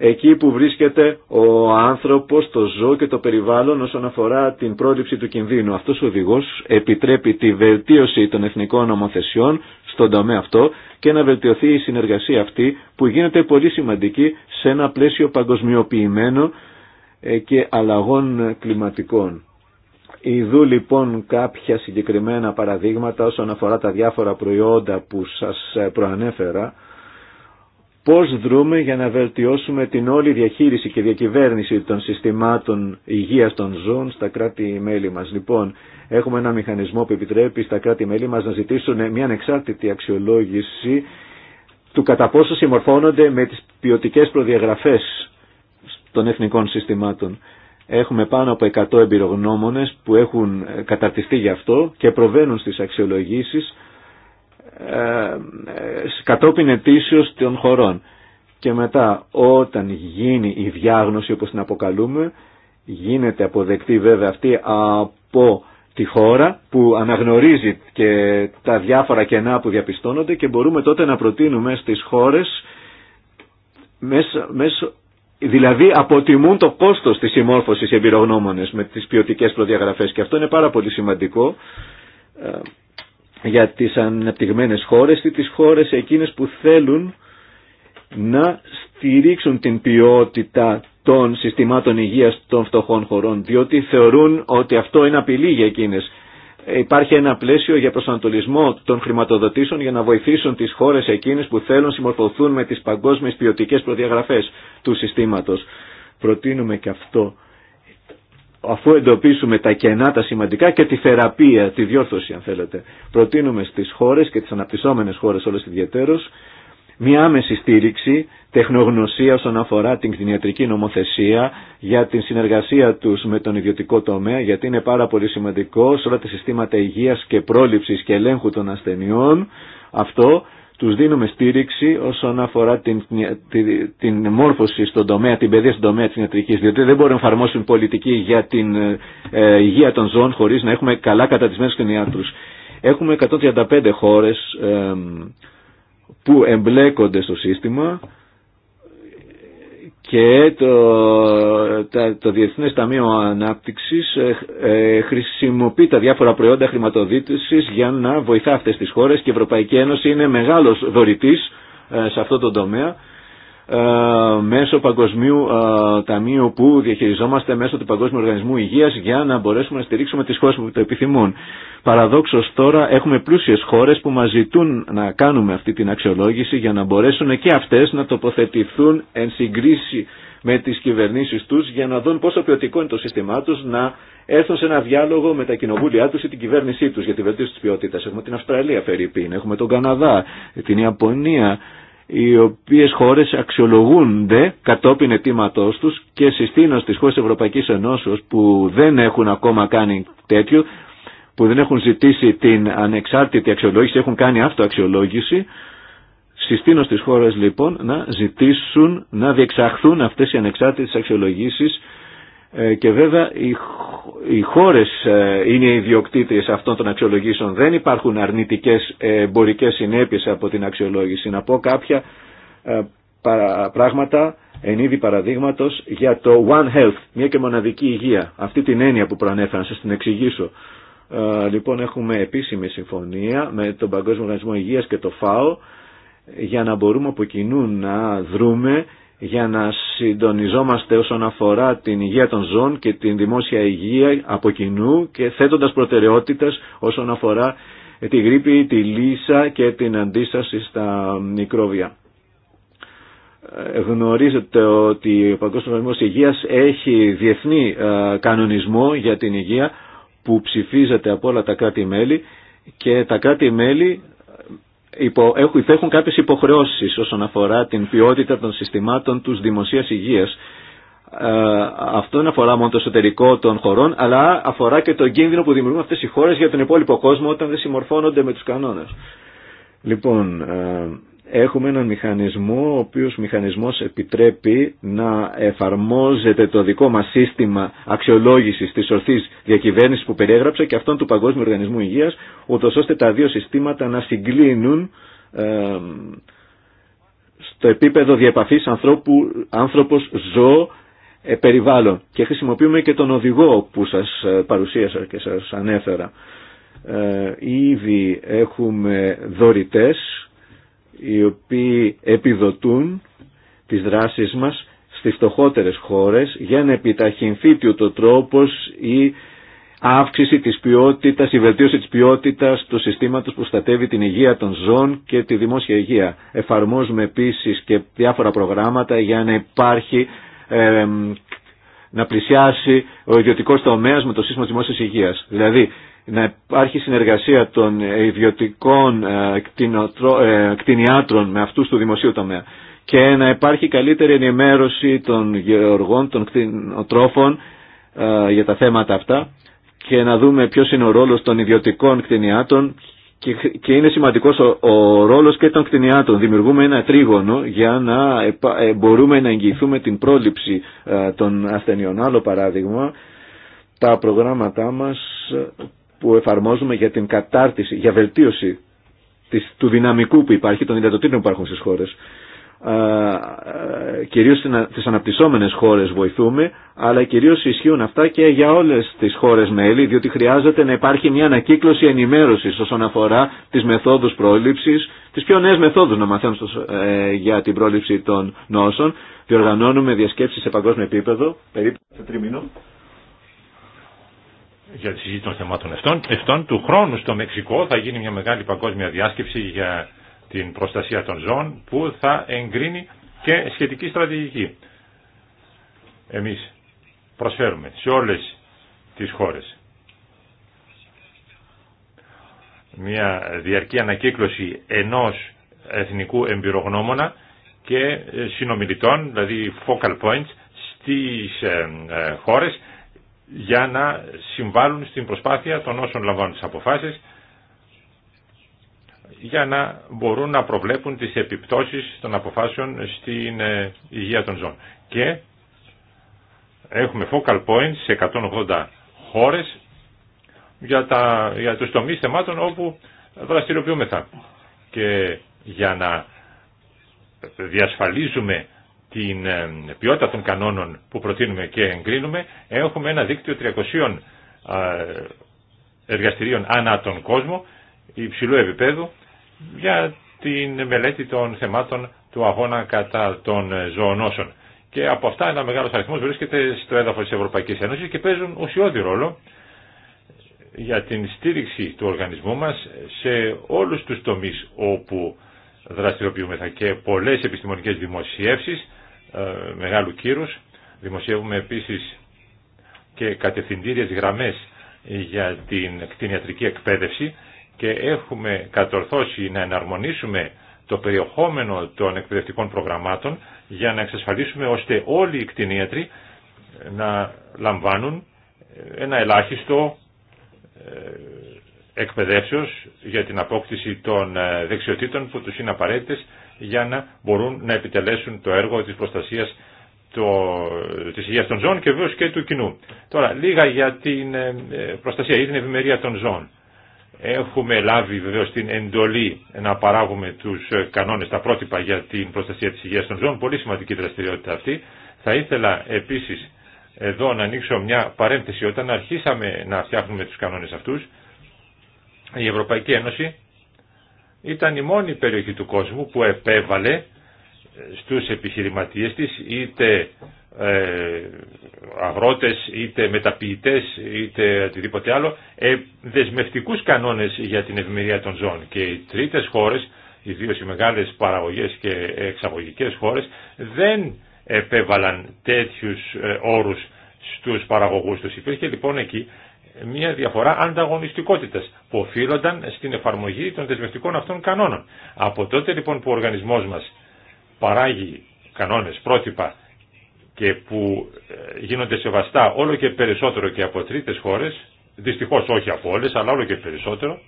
Εκεί που βρίσκεται ο άνθρωπος, το ζώο και το περιβάλλον όσον αφορά την πρόληψη του κινδύνου. Αυτός ο οδηγός επιτρέπει τη βελτίωση των εθνικών νομοθεσιών στον τομέα αυτό και να βελτιωθεί η συνεργασία αυτή που γίνεται πολύ σημαντική σε ένα πλαίσιο παγκοσμιοποιημένο ε, και αλλαγών κλιματικών. Ιδού λοιπόν κάποια συγκεκριμένα παραδείγματα όσον αφορά τα διάφορα προϊόντα που σας ε, προανέφερα πώς δρούμε για να βελτιώσουμε την όλη διαχείριση και διακυβέρνηση των συστημάτων υγείας των ζώων στα κράτη-μέλη μας. Λοιπόν, έχουμε ένα μηχανισμό που επιτρέπει στα κράτη-μέλη μας να ζητήσουν μια ανεξάρτητη αξιολόγηση του κατά πόσο συμμορφώνονται με τις ποιοτικέ προδιαγραφές των εθνικών συστημάτων. Έχουμε πάνω από 100 εμπειρογνώμονες που έχουν καταρτιστεί γι' αυτό και προβαίνουν στις αξιολογήσεις ε, ε, κατόπιν ετήσιος των χωρών. Και μετά όταν γίνει η διάγνωση όπως την αποκαλούμε, γίνεται αποδεκτή βέβαια αυτή από τη χώρα που αναγνωρίζει και τα διάφορα κενά που διαπιστώνονται και μπορούμε τότε να προτείνουμε στις χώρες Δηλαδή αποτιμούν το κόστος της συμμόρφωσης εμπειρογνώμονε με τις ποιοτικέ προδιαγραφές και αυτό είναι πάρα πολύ σημαντικό ε, για τις αναπτυγμένες χώρες ή τις χώρες εκείνες που θέλουν να στηρίξουν την ποιότητα των συστημάτων υγείας των φτωχών χωρών, διότι θεωρούν ότι αυτό είναι απειλή για εκείνες. Υπάρχει ένα πλαίσιο για προσανατολισμό των χρηματοδοτήσεων για να βοηθήσουν τις χώρες εκείνες που θέλουν συμμορφωθούν με τις παγκόσμιες ποιοτικές προδιαγραφές του συστήματος. Προτείνουμε και αυτό αφού εντοπίσουμε τα κενά, τα σημαντικά και τη θεραπεία, τη διόρθωση αν θέλετε. Προτείνουμε στις χώρες και τις αναπτυσσόμενες χώρες όλες ιδιαίτερως μια άμεση στήριξη, τεχνογνωσία όσον αφορά την κτηνιατρική νομοθεσία για την συνεργασία τους με τον ιδιωτικό τομέα γιατί είναι πάρα πολύ σημαντικό σε όλα τα συστήματα υγείας και πρόληψης και ελέγχου των ασθενειών αυτό τους δίνουμε στήριξη όσον αφορά την, την, την μόρφωση στον τομέα, την παιδεία στον τομέα της ιατρικής, διότι δεν μπορούμε να εφαρμόσουν πολιτική για την ε, υγεία των ζώων χωρίς να έχουμε καλά κατατισμένους κτηνιάτρους. Έχουμε 135 χώρες ε, που εμπλέκονται στο σύστημα και το, το Διεθνές Ταμείο Ανάπτυξης ε, ε, χρησιμοποιεί τα διάφορα προϊόντα χρηματοδίτησης για να βοηθά αυτές τις χώρες και η Ευρωπαϊκή Ένωση είναι μεγάλος δωρητής ε, σε αυτό το τομέα ε, μέσω Παγκοσμίου ε, Ταμείου που διαχειριζόμαστε μέσω του Παγκόσμιου Οργανισμού Υγείας για να μπορέσουμε να στηρίξουμε τις χώρες που το επιθυμούν. Παραδόξως τώρα έχουμε πλούσιες χώρες που μας ζητούν να κάνουμε αυτή την αξιολόγηση για να μπορέσουν και αυτές να τοποθετηθούν εν συγκρίση με τις κυβερνήσεις τους για να δουν πόσο ποιοτικό είναι το σύστημά τους να έρθουν σε ένα διάλογο με τα κοινοβούλια τους ή την κυβέρνησή τους για τη βελτίωση της ποιότητας. Έχουμε την Αυστραλία, Φερρυπίν, έχουμε τον Καναδά, την Ιαπωνία, οι οποίες χώρες αξιολογούνται κατόπιν αιτήματός τους και συστήνω στις χώρες Ευρωπαϊκής Ενώσεως που δεν έχουν ακόμα κάνει τέτοιο, που δεν έχουν ζητήσει την ανεξάρτητη αξιολόγηση, έχουν κάνει αυτοαξιολόγηση, συστήνω στις χώρες λοιπόν να ζητήσουν να διεξαχθούν αυτές οι ανεξάρτητες αξιολογήσεις ε, και βέβαια οι χώρες ε, είναι οι διοκτήτες αυτών των αξιολογήσεων. Δεν υπάρχουν αρνητικές ε, εμπορικές συνέπειες από την αξιολόγηση. Να πω κάποια πράγματα εν είδη παραδείγματος για το One Health, μια και μοναδική υγεία. Αυτή την έννοια που προανέφερα, σας την εξηγήσω. Λοιπόν, έχουμε επίσημη συμφωνία με τον Παγκόσμιο Οργανισμό Υγείας και το ΦΑΟ για να μπορούμε από κοινού να δρούμε για να συντονιζόμαστε όσον αφορά την υγεία των ζώων και την δημόσια υγεία από κοινού και θέτοντας προτεραιότητες όσον αφορά τη γρήπη, τη λύσα και την αντίσταση στα μικρόβια. Γνωρίζετε ότι ο Παγκόσμιος Οργανισμός Υγείας έχει διεθνή ε, κανονισμό για την υγεία που ψηφίζεται από όλα τα κράτη-μέλη και τα κράτη-μέλη υπο, υπάρχουν κάποιες υποχρεώσεις όσον αφορά την ποιότητα των συστημάτων τους δημοσίας υγείας. Ε, αυτό δεν αφορά μόνο το εσωτερικό των χωρών, αλλά αφορά και τον κίνδυνο που δημιουργούν αυτές οι χώρες για τον υπόλοιπο κόσμο όταν δεν συμμορφώνονται με τους κανόνες. Λοιπόν, ε, έχουμε έναν μηχανισμό ο οποίος μηχανισμός επιτρέπει να εφαρμόζεται το δικό μας σύστημα αξιολόγησης της ορθής διακυβέρνησης που περιέγραψα και αυτόν του Παγκόσμιου Οργανισμού Υγείας ούτως ώστε τα δύο συστήματα να συγκλίνουν στο επίπεδο διεπαφής ανθρώπου, άνθρωπος ζώο ε, περιβάλλον και χρησιμοποιούμε και τον οδηγό που σας ε, παρουσίασα και σας ανέφερα. Ε, ήδη έχουμε δωρητές οι οποίοι επιδοτούν τις δράσεις μας στις φτωχότερες χώρες για να επιταχυνθεί το τρόπος η αύξηση της ποιότητας, η βελτίωση της ποιότητας του συστήματος που στατεύει την υγεία των ζώων και τη δημόσια υγεία. Εφαρμόζουμε επίσης και διάφορα προγράμματα για να υπάρχει, να πλησιάσει ο ιδιωτικός τομέας με το σύστημα της δημόσιας υγείας. Δηλαδή, να υπάρχει συνεργασία των ιδιωτικών ε, ε, κτηνιάτρων με αυτούς του δημοσίου τομέα και να υπάρχει καλύτερη ενημέρωση των γεωργών, των κτηνοτρόφων ε, για τα θέματα αυτά και να δούμε ποιος είναι ο ρόλος των ιδιωτικών κτηνιάτων και είναι σημαντικός ο ρόλος και των κτηνιάτων. Δημιουργούμε ένα τρίγωνο για να μπορούμε να εγγυηθούμε την πρόληψη των ασθενειών. Άλλο παράδειγμα, τα προγράμματά μας που εφαρμόζουμε για την κατάρτιση, για βελτίωση της, του δυναμικού που υπάρχει, των δυνατοτήτων που υπάρχουν στις χώρες. Ε, κυρίως στις αναπτυσσόμενες χώρες βοηθούμε, αλλά κυρίως ισχύουν αυτά και για όλες τις χώρες μέλη, διότι χρειάζεται να υπάρχει μια ανακύκλωση ενημέρωσης όσον αφορά τις μεθόδους πρόληψης, τις πιο νέες μεθόδους να μαθαίνουμε για την πρόληψη των νόσων. Διοργανώνουμε διασκέψεις σε παγκόσμιο επίπεδο, περίπου σε τριμήνο για τη συζήτηση των θεμάτων αυτών. του χρόνου στο Μεξικό θα γίνει μια μεγάλη παγκόσμια διάσκεψη για την προστασία των ζώων που θα εγκρίνει και σχετική στρατηγική. Εμείς προσφέρουμε σε όλες τις χώρες μια διαρκή ανακύκλωση ενός εθνικού εμπειρογνώμονα και συνομιλητών, δηλαδή focal points, στις ε, ε, χώρες για να συμβάλλουν στην προσπάθεια των όσων λαμβάνουν τις αποφάσεις για να μπορούν να προβλέπουν τις επιπτώσεις των αποφάσεων στην ε, υγεία των ζώων. Και έχουμε focal points σε 180 χώρες για, τα, για τους τομείς θεμάτων όπου δραστηριοποιούμεθα. Και για να διασφαλίζουμε την ε, ποιότητα των κανόνων που προτείνουμε και εγκρίνουμε, έχουμε ένα δίκτυο 300 ε, εργαστηρίων ανά τον κόσμο υψηλού επίπεδου για την μελέτη των θεμάτων του αγώνα κατά των ζωονόσων. Και από αυτά ένα μεγάλος αριθμός βρίσκεται στο έδαφος της Ευρωπαϊκής Ένωσης και παίζουν ουσιώδη ρόλο για την στήριξη του οργανισμού μας σε όλους τους τομείς όπου δραστηριοποιούμεθα και πολλές επιστημονικές δημοσιεύσεις ε, μεγάλου κύρους. Δημοσιεύουμε επίσης και κατευθυντήριες γραμμές για την κτηνιατρική εκπαίδευση και έχουμε κατορθώσει να εναρμονίσουμε το περιεχόμενο των εκπαιδευτικών προγραμμάτων για να εξασφαλίσουμε ώστε όλοι οι κτηνίατροι να λαμβάνουν ένα ελάχιστο ε, εκπαιδεύσεως για την απόκτηση των ε, δεξιοτήτων που τους είναι απαραίτητες για να μπορούν να επιτελέσουν το έργο της προστασίας το, της υγείας των ζώων και βέβαια και του κοινού. Τώρα, λίγα για την ε, προστασία ή την ευημερία των ζώων. Έχουμε λάβει βεβαίω την εντολή να παράγουμε του ε, κανόνε, τα πρότυπα για την προστασία τη υγεία των ζώων. Πολύ σημαντική δραστηριότητα αυτή. Θα ήθελα επίση εδώ να ανοίξω μια παρένθεση. Όταν αρχίσαμε να φτιάχνουμε του κανόνε αυτού, η Ευρωπαϊκή Ένωση ήταν η μόνη περιοχή του κόσμου που επέβαλε στους επιχειρηματίες της είτε ε, αγρότες, είτε μεταποιητές, είτε οτιδήποτε άλλο, ε, δεσμευτικούς κανόνες για την ευημερία των ζώων. Και οι τρίτες χώρες, δύο οι μεγάλες παραγωγές και εξαγωγικές χώρες, δεν επέβαλαν τέτοιους ε, όρους στους παραγωγούς τους. Υπήρχε λοιπόν εκεί μια διαφορά ανταγωνιστικότητας που οφείλονταν στην εφαρμογή των δεσμευτικών αυτών κανόνων. Από τότε λοιπόν που ο οργανισμός μας παράγει κανόνες, πρότυπα και που ε, γίνονται σεβαστά όλο και περισσότερο και από τρίτες χώρες, δυστυχώς όχι από όλες αλλά όλο και περισσότερο,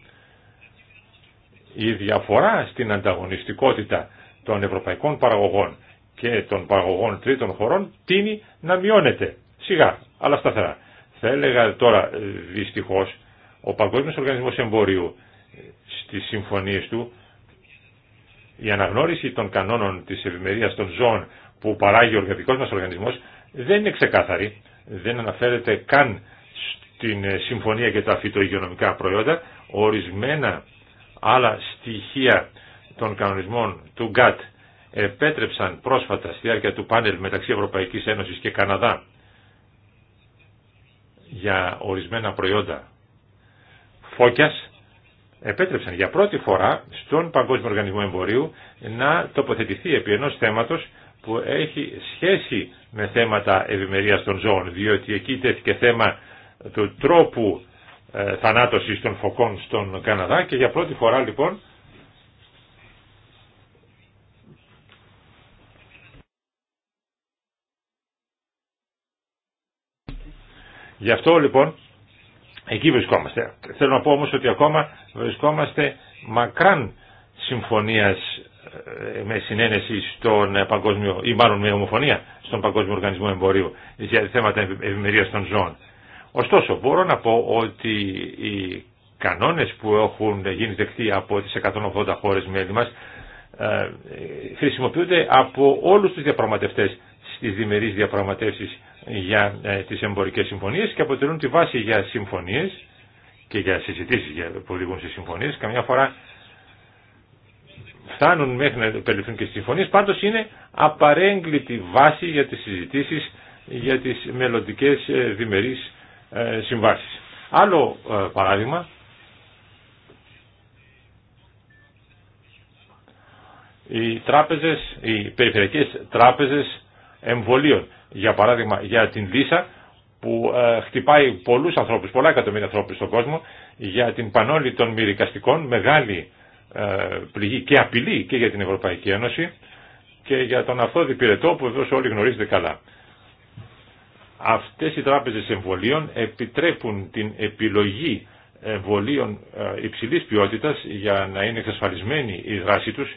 η διαφορά στην ανταγωνιστικότητα των ευρωπαϊκών παραγωγών και των παραγωγών τρίτων χωρών τίνει να μειώνεται σιγά αλλά σταθερά. Θα έλεγα τώρα ε, δυστυχώς ο Παγκόσμιος Οργανισμός Εμπορίου ε, στις συμφωνίες του η αναγνώριση των κανόνων της ευημερίας των ζώων που παράγει ο εργατικός μας οργανισμός δεν είναι ξεκάθαρη, δεν αναφέρεται καν στην ε, συμφωνία για τα φυτοϊγειονομικά προϊόντα, ορισμένα άλλα στοιχεία των κανονισμών του ΓΚΑΤ επέτρεψαν πρόσφατα στη διάρκεια του πάνελ μεταξύ Ευρωπαϊκής Ένωσης και Καναδά για ορισμένα προϊόντα φώκιας επέτρεψαν για πρώτη φορά στον Παγκόσμιο Οργανισμό Εμπορίου να τοποθετηθεί επί ενός θέματος που έχει σχέση με θέματα ευημερία των ζώων, διότι εκεί τέθηκε θέμα του τρόπου ε, θανάτωσης των φωκών στον Καναδά και για πρώτη φορά λοιπόν Γι' αυτό λοιπόν εκεί βρισκόμαστε. Θέλω να πω όμως ότι ακόμα βρισκόμαστε μακράν συμφωνίας ε, με συνένεση στον ε, παγκόσμιο, ή μάλλον με ομοφωνία στον Παγκόσμιο Οργανισμό Εμπορίου για θέματα ευημερία των ζώων. Ωστόσο, μπορώ να πω ότι οι κανόνες που έχουν γίνει δεκτοί από τις 180 χώρες μέλη μας ε, χρησιμοποιούνται από όλους τους διαπραγματευτές στις διμερείς διαπραγματεύσεις για ε, τις εμπορικές συμφωνίες και αποτελούν τη βάση για συμφωνίες και για συζητήσεις που οδηγούν σε συμφωνίες. Καμιά φορά φτάνουν μέχρι να περιληφθούν και στις συμφωνίες, πάντως είναι απαρέγκλητη βάση για τις συζητήσεις για τις μελλοντικέ ε, διμερείς ε, συμβάσεις. Άλλο παράδειγμα, οι τράπεζες, οι περιφερειακές τράπεζες εμβολίων για παράδειγμα για την Δύσα που ε, χτυπάει πολλούς ανθρώπους, πολλά εκατομμύρια ανθρώπους στον κόσμο, για την πανόλη των μυρικαστικών, μεγάλη ε, πληγή και απειλή και για την Ευρωπαϊκή Ένωση και για τον αυτόδη πυρετό που εδώ όλοι γνωρίζετε καλά. Αυτές οι τράπεζες εμβολίων επιτρέπουν την επιλογή εμβολίων ε, υψηλής ποιότητας για να είναι εξασφαλισμένη η δράση τους,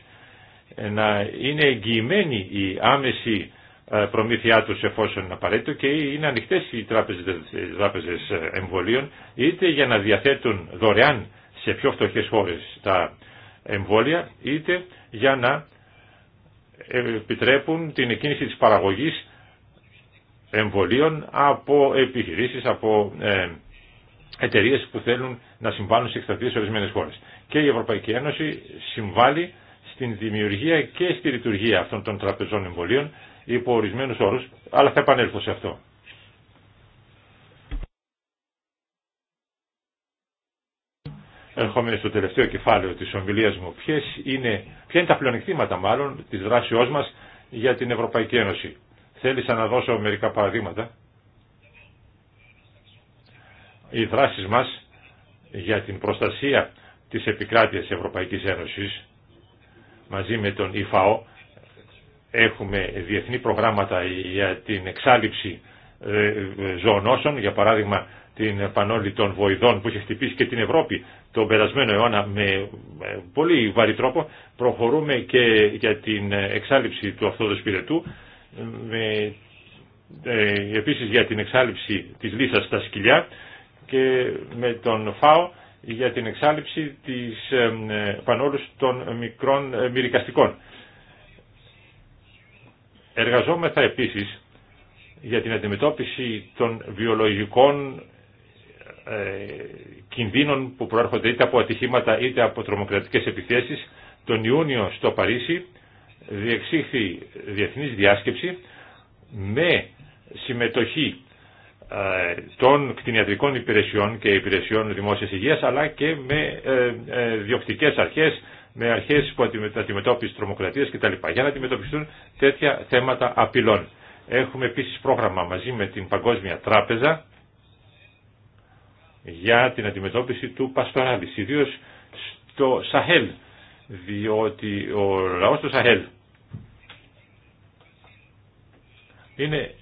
να είναι εγγυημένη η άμεση ε, προμήθειά τους εφόσον είναι απαραίτητο και είναι ανοιχτές οι τράπεζες, ε, εμβολίων είτε για να διαθέτουν δωρεάν σε πιο φτωχές χώρες τα εμβόλια είτε για να επιτρέπουν την εκκίνηση της παραγωγής εμβολίων από επιχειρήσεις, από ε, εταιρείε που θέλουν να συμβάλλουν σε εκστρατείες σε ορισμένε Και η Ευρωπαϊκή Ένωση συμβάλλει στην δημιουργία και στη λειτουργία αυτών των τραπεζών εμβολίων υπό ορισμένου όρου, αλλά θα επανέλθω σε αυτό. Έρχομαι στο τελευταίο κεφάλαιο της ομιλίας μου. Ποιες είναι, ποια είναι τα πλεονεκτήματα μάλλον της δράσεώς μας για την Ευρωπαϊκή Ένωση. Θέλησα να δώσω μερικά παραδείγματα. Οι δράσεις μας για την προστασία της επικράτειας Ευρωπαϊκής Ένωσης μαζί με τον ΙΦΑΟ Έχουμε διεθνή προγράμματα για την εξάλληψη ε, ε, ζωονόσων, για παράδειγμα την πανόλη των βοηδών που είχε χτυπήσει και την Ευρώπη τον περασμένο αιώνα με ε, πολύ βαρύ τρόπο. Προχωρούμε και για την εξάλληψη του αυτόδος πυρετού, με, επίσης για την εξάλληψη της λύσας στα σκυλιά και με τον ΦΑΟ για την εξάλληψη της πανόλους των μικρών μυρικαστικών. Εργαζόμεθα επίσης για την αντιμετώπιση των βιολογικών ε, κινδύνων που προέρχονται είτε από ατυχήματα είτε από τρομοκρατικές επιθέσεις. Τον Ιούνιο στο Παρίσι διεξήχθη διεθνής διάσκεψη με συμμετοχή ε, των κτηνιατρικών υπηρεσιών και υπηρεσιών δημόσιας υγείας αλλά και με ε, διοκτικές αρχές, με αρχές που αντιμετώπιση τρομοκρατία κτλ. Για να αντιμετωπιστούν τέτοια θέματα απειλών. Έχουμε επίσης πρόγραμμα μαζί με την Παγκόσμια Τράπεζα για την αντιμετώπιση του Παστοράδη, ιδίω στο Σαχέλ, διότι ο Λαό του Σαχέλ είναι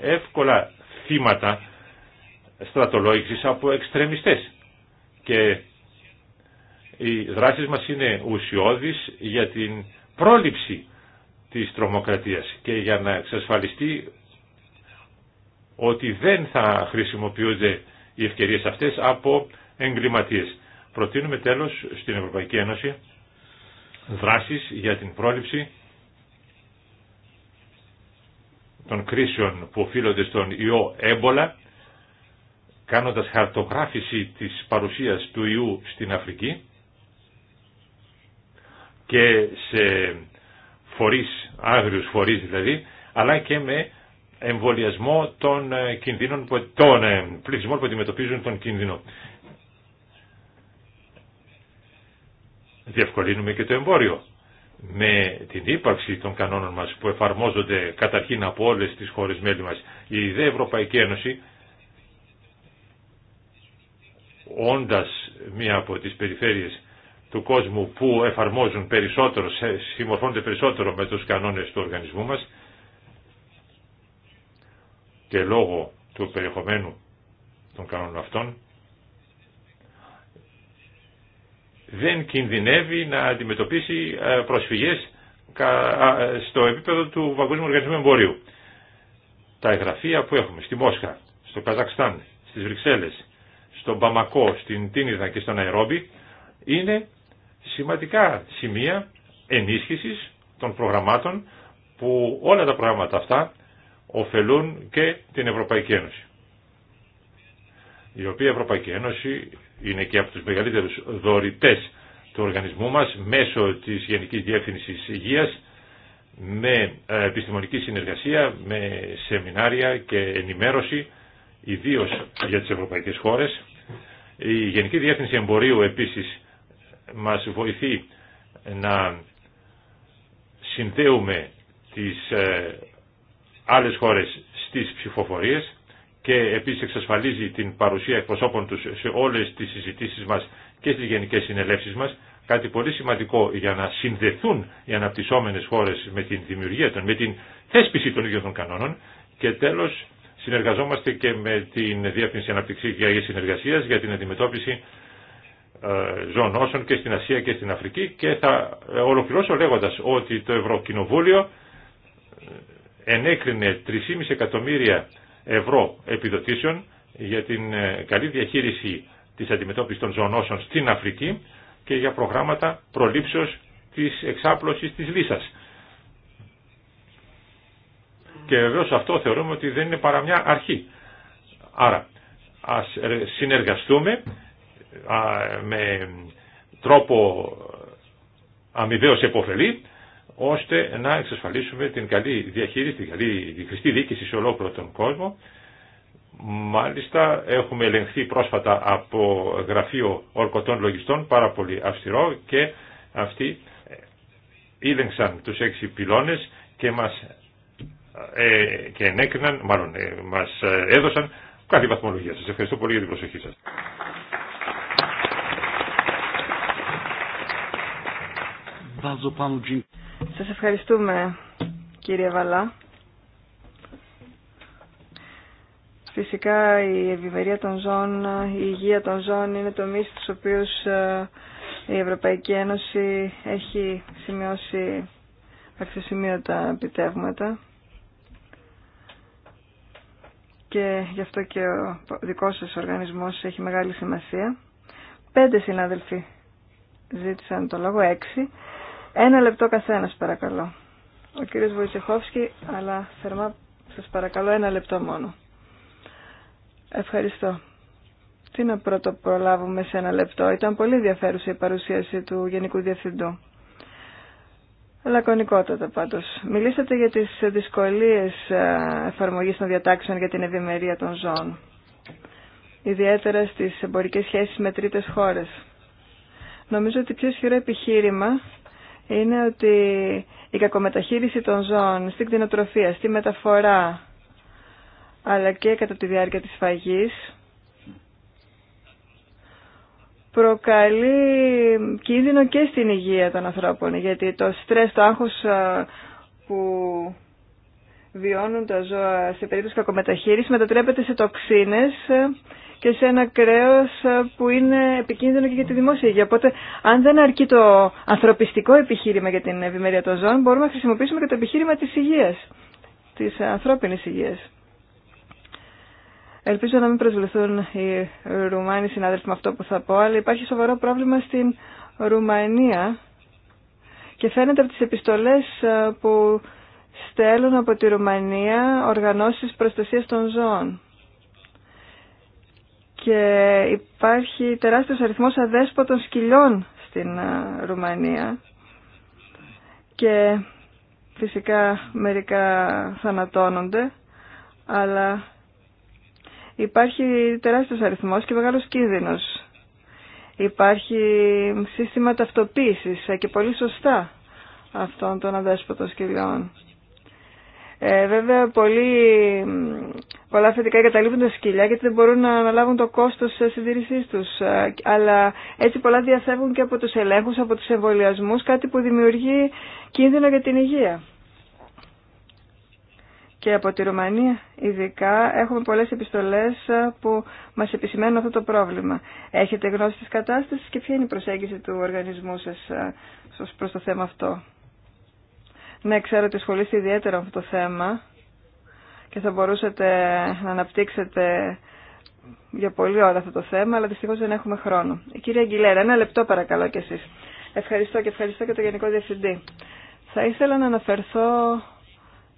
εύκολα θύματα στρατολόγηση από εξτρεμιστές και οι δράσεις μας είναι ουσιώδεις για την πρόληψη της τρομοκρατίας και για να εξασφαλιστεί ότι δεν θα χρησιμοποιούνται οι ευκαιρίες αυτές από εγκληματίες. Προτείνουμε τέλος στην Ευρωπαϊκή Ένωση δράσεις για την πρόληψη των κρίσεων που οφείλονται στον ιό έμπολα, κάνοντας χαρτογράφηση της παρουσίας του ιού στην Αφρική και σε φορείς, άγριους φορείς δηλαδή, αλλά και με εμβολιασμό των, ε, κινδύνων, των ε, πληθυσμών που αντιμετωπίζουν τον κίνδυνο. Διευκολύνουμε και το εμπόριο. Με την ύπαρξη των κανόνων μας που εφαρμόζονται καταρχήν από όλες τις χώρες μέλη μας, η ΔΕ Ευρωπαϊκή Ένωση, όντας μία από τις περιφέρειες του κόσμου που εφαρμόζουν περισσότερο, συμμορφώνονται περισσότερο με τους κανόνες του οργανισμού μας και λόγω του περιεχομένου των κανόνων αυτών δεν κινδυνεύει να αντιμετωπίσει ε, προσφυγές ε, στο επίπεδο του Παγκόσμιου Οργανισμού Εμπορίου. Τα εγγραφεία που έχουμε στη Μόσχα, στο Καζακστάν, στις Βρυξέλλες, στον Παμακό, στην Τίνιδα και στον Αερόμπι είναι σημαντικά σημεία ενίσχυσης των προγραμμάτων που όλα τα προγράμματα αυτά ωφελούν και την Ευρωπαϊκή Ένωση. Η οποία Ευρωπαϊκή Ένωση είναι και από τους μεγαλύτερους δωρητές του οργανισμού μας μέσω της Γενικής Διεύθυνσης Υγείας με ε, επιστημονική συνεργασία, με σεμινάρια και ενημέρωση ιδίως για τις ευρωπαϊκές χώρες. Η Γενική Διεύθυνση Εμπορίου επίσης μας βοηθεί να συνδέουμε τις ε, άλλες χώρες στις ψηφοφορίες και επίσης εξασφαλίζει την παρουσία εκπροσώπων τους σε όλες τις συζητήσεις μας και στις γενικές συνελεύσεις μας, κάτι πολύ σημαντικό για να συνδεθούν οι αναπτυσσόμενες χώρες με την δημιουργία των, με την θέσπιση των ίδιων των κανόνων και τέλος συνεργαζόμαστε και με την Διεύθυνση Αναπτυξιακής Συνεργασίας για την αντιμετώπιση ε, ζωνώσεων και στην Ασία και στην Αφρική και θα ολοκληρώσω λέγοντας ότι το Ευρωκοινοβούλιο ε, ενέκρινε 3,5 εκατομμύρια ευρώ επιδοτήσεων για την ε, καλή διαχείριση της αντιμετώπισης των ζωνώσεων στην Αφρική και για προγράμματα προλήψεως της εξάπλωσης της λύσας. Και βεβαίως αυτό θεωρούμε ότι δεν είναι παρά μια αρχή. Άρα ας συνεργαστούμε με τρόπο αμοιβαίως επωφελή, ώστε να εξασφαλίσουμε την καλή διαχείριση, την καλή τη χρηστή διοίκηση σε ολόκληρο τον κόσμο. Μάλιστα έχουμε ελεγχθεί πρόσφατα από γραφείο ορκωτών λογιστών πάρα πολύ αυστηρό και αυτοί ήλεγξαν τους έξι πυλώνες και μας ε, και ενέκριναν, μάλλον ε, μας ε, έδωσαν κάθε βαθμολογία. Σας ευχαριστώ πολύ για την προσοχή σας. Σας ευχαριστούμε κύριε Βαλά. Φυσικά η ευημερία των ζώων, η υγεία των ζώων είναι το μίσο στους οποίους ε, η Ευρωπαϊκή Ένωση έχει σημειώσει αξιοσημείωτα επιτεύγματα και γι' αυτό και ο δικός σας οργανισμός έχει μεγάλη σημασία. Πέντε συνάδελφοι ζήτησαν το λόγο, έξι. Ένα λεπτό καθένα παρακαλώ. Ο κύριος Βοητσεχόφσκι, αλλά θερμά σας παρακαλώ ένα λεπτό μόνο. Ευχαριστώ. Τι να πρώτο προλάβουμε σε ένα λεπτό. Ήταν πολύ ενδιαφέρουσα η παρουσίαση του Γενικού Διευθυντού. Λακωνικότατα πάντως. Μιλήσατε για τις δυσκολίες ε, εφαρμογής των διατάξεων για την ευημερία των ζώων. Ιδιαίτερα στις εμπορικές σχέσεις με τρίτες χώρες. Νομίζω ότι πιο ισχυρό επιχείρημα είναι ότι η κακομεταχείριση των ζώων στην κτηνοτροφία, στη μεταφορά, αλλά και κατά τη διάρκεια της φαγής, προκαλεί κίνδυνο και στην υγεία των ανθρώπων, γιατί το στρες, το άγχος ε, που βιώνουν τα ζώα σε περίπτωση κακομεταχείριση μετατρέπεται σε τοξίνες ε, και σε ένα κρέος ε, που είναι επικίνδυνο και για τη δημόσια υγεία. Οπότε, αν δεν αρκεί το ανθρωπιστικό επιχείρημα για την ευημερία των ζώων, μπορούμε να χρησιμοποιήσουμε και το επιχείρημα της υγείας, της ανθρώπινης υγείας. Ελπίζω να μην προσβληθούν οι Ρουμάνοι συνάδελφοι με αυτό που θα πω, αλλά υπάρχει σοβαρό πρόβλημα στην Ρουμανία και φαίνεται από τις επιστολές ε, που στέλνουν από τη Ρουμανία οργανώσεις προστασίας των ζώων και υπάρχει τεράστιος αριθμός αδέσποτων σκυλιών στην ε, Ρουμανία και φυσικά μερικά θανατώνονται αλλά υπάρχει τεράστιος αριθμός και μεγάλος κίνδυνος. Υπάρχει σύστημα ταυτοποίησης ε, και πολύ σωστά αυτών των αδέσποτων σκυλιών. Ε, βέβαια, πολύ πολλά θετικά εγκαταλείπουν τα σκυλιά γιατί δεν μπορούν να αναλάβουν το κόστος ε, συντήρησής τους. Ε, αλλά έτσι πολλά διαφεύγουν και από τους ελέγχους, από τους εμβολιασμού, κάτι που δημιουργεί κίνδυνο για την υγεία. Και από τη Ρουμανία ειδικά έχουμε πολλές επιστολές ε, που μας επισημαίνουν αυτό το πρόβλημα. Έχετε γνώση της κατάστασης και ποια είναι η προσέγγιση του οργανισμού σας προς το θέμα αυτό. Ναι, ξέρω ότι ασχολείστε ιδιαίτερα αυτό το θέμα και θα μπορούσατε να αναπτύξετε για πολλή ώρα αυτό το θέμα, αλλά δυστυχώς δεν έχουμε χρόνο. Η ε, κυρία Αγγιλέρα, ένα λεπτό παρακαλώ κι εσείς. Ευχαριστώ και ευχαριστώ και το Γενικό Διευθυντή. Θα ήθελα να αναφερθώ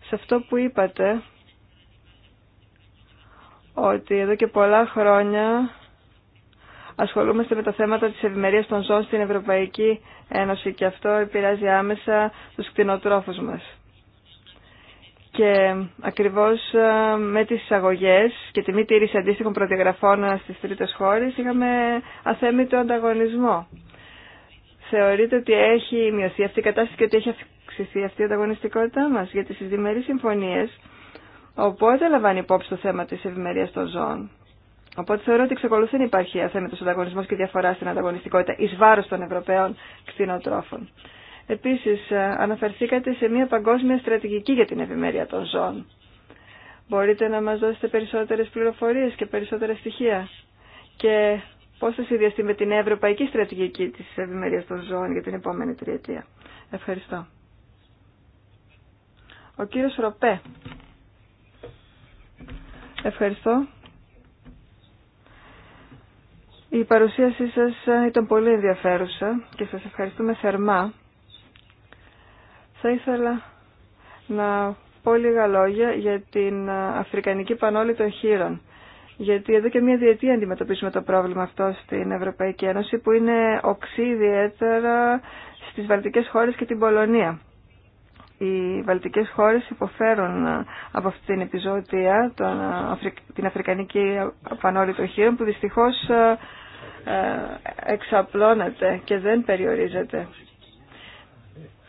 σε αυτό που είπατε, ότι εδώ και πολλά χρόνια ασχολούμαστε με τα θέματα της ευημερίας των ζώων στην Ευρωπαϊκή Ένωση και αυτό επηρεάζει άμεσα τους κτηνοτρόφους μας. Και ακριβώς ε, με τις εισαγωγές και τη μη τήρηση αντίστοιχων προδιαγραφών στις τρίτες χώρες είχαμε αθέμητο ανταγωνισμό. Θεωρείτε ότι έχει μειωθεί αυτή η κατάσταση και ότι έχει αυξηθεί αυτή η ανταγωνιστικότητά μας γιατί στις διμερείς συμφωνίες οπότε λαμβάνει υπόψη το θέμα της ευημερίας των ζώων. Οπότε θεωρώ ότι εξακολουθεί να υπάρχει αθέμητο ανταγωνισμό και διαφορά στην ανταγωνιστικότητα ει βάρο των Ευρωπαίων κτηνοτρόφων. Επίση, ε, αναφερθήκατε σε μια παγκόσμια στρατηγική για την ευημερία των ζώων. Μπορείτε να μας δώσετε περισσότερες πληροφορίες και περισσότερα στοιχεία. Και πώ θα συνδυαστεί με την ευρωπαϊκή στρατηγική τη ευημερία των ζώων για την επόμενη τριετία. Ευχαριστώ. Ο κύριος Ροπέ. Ευχαριστώ. Η παρουσίασή σας ε, ήταν πολύ ενδιαφέρουσα και σας ευχαριστούμε θερμά. Θα ήθελα να πω λίγα λόγια για την ε, Αφρικανική Πανόλη των Χείρων. Γιατί εδώ και μια διετία αντιμετωπίζουμε το πρόβλημα αυτό στην Ευρωπαϊκή Ένωση που είναι οξύ ιδιαίτερα στις βαλτικές χώρες και την Πολωνία. Οι βαλτικές χώρες υποφέρουν ε, από αυτή την επιζώτια, την Αφρικανική Πανόλη των Χείρων που δυστυχώς ε, εξαπλώνεται και δεν περιορίζεται.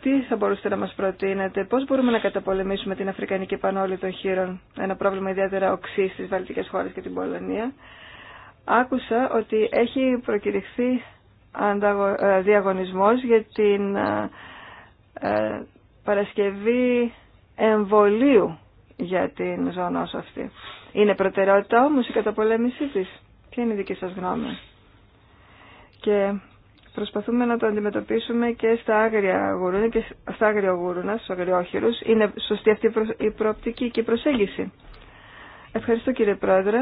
Τι θα μπορούσατε να μας προτείνετε, πώς μπορούμε να καταπολεμήσουμε την Αφρικανική Πανόλη των Χείρων, ένα πρόβλημα ιδιαίτερα οξύ στις Βαλτικές χώρες και την Πολωνία. Άκουσα ότι έχει προκηρυχθεί ε, διαγωνισμός για την ε, Παρασκευή εμβολίου για την ζώνη αυτή. Είναι προτεραιότητα όμως η καταπολέμησή της. Ποια είναι η δική σας γνώμη και προσπαθούμε να το αντιμετωπίσουμε και στα άγρια γουρούνα και στα άγρια γουρούνα, στους αγριόχειρους. Είναι σωστή αυτή η προοπτική και η προσέγγιση. Ευχαριστώ κύριε Πρόεδρε.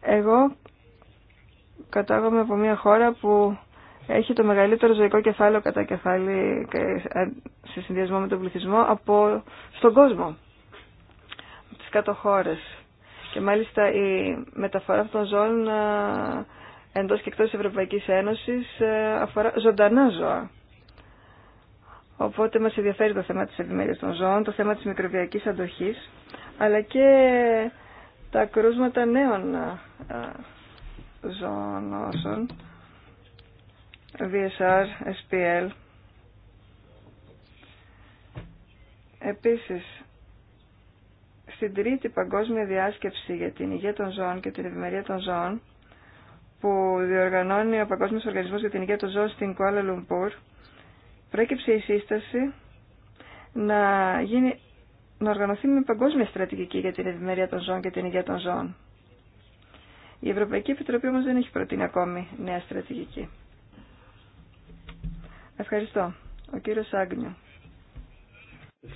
Εγώ κατάγομαι από μια χώρα που έχει το μεγαλύτερο ζωικό κεφάλαιο κατά κεφάλι ε, σε συνδυασμό με τον πληθυσμό από στον κόσμο, τις κάτω χώρες. Και μάλιστα η μεταφορά αυτών των ζώων ε, εντός και εκτός της Ευρωπαϊκής Ένωσης ε, αφορά ζωντανά ζώα. Οπότε μας ενδιαφέρει το θέμα της ευημερίας των ζώων, το θέμα της μικροβιακής αντοχής, αλλά και τα κρούσματα νέων ε, ζώων όσων, VSR, SPL. Επίσης, στην τρίτη παγκόσμια διάσκεψη για την υγεία των ζώων και την ευημερία των ζώων, που διοργανώνει ο Παγκόσμιος Οργανισμός για την Υγεία των Ζώων στην Κουάλα Λουμπούρ, προέκυψε η σύσταση να, γίνει, να οργανωθεί με παγκόσμια στρατηγική για την ευημερία των ζώων και την υγεία των ζώων. Η Ευρωπαϊκή Επιτροπή όμως δεν έχει προτείνει ακόμη νέα στρατηγική. Ευχαριστώ. Ο κύριος Άγνιο.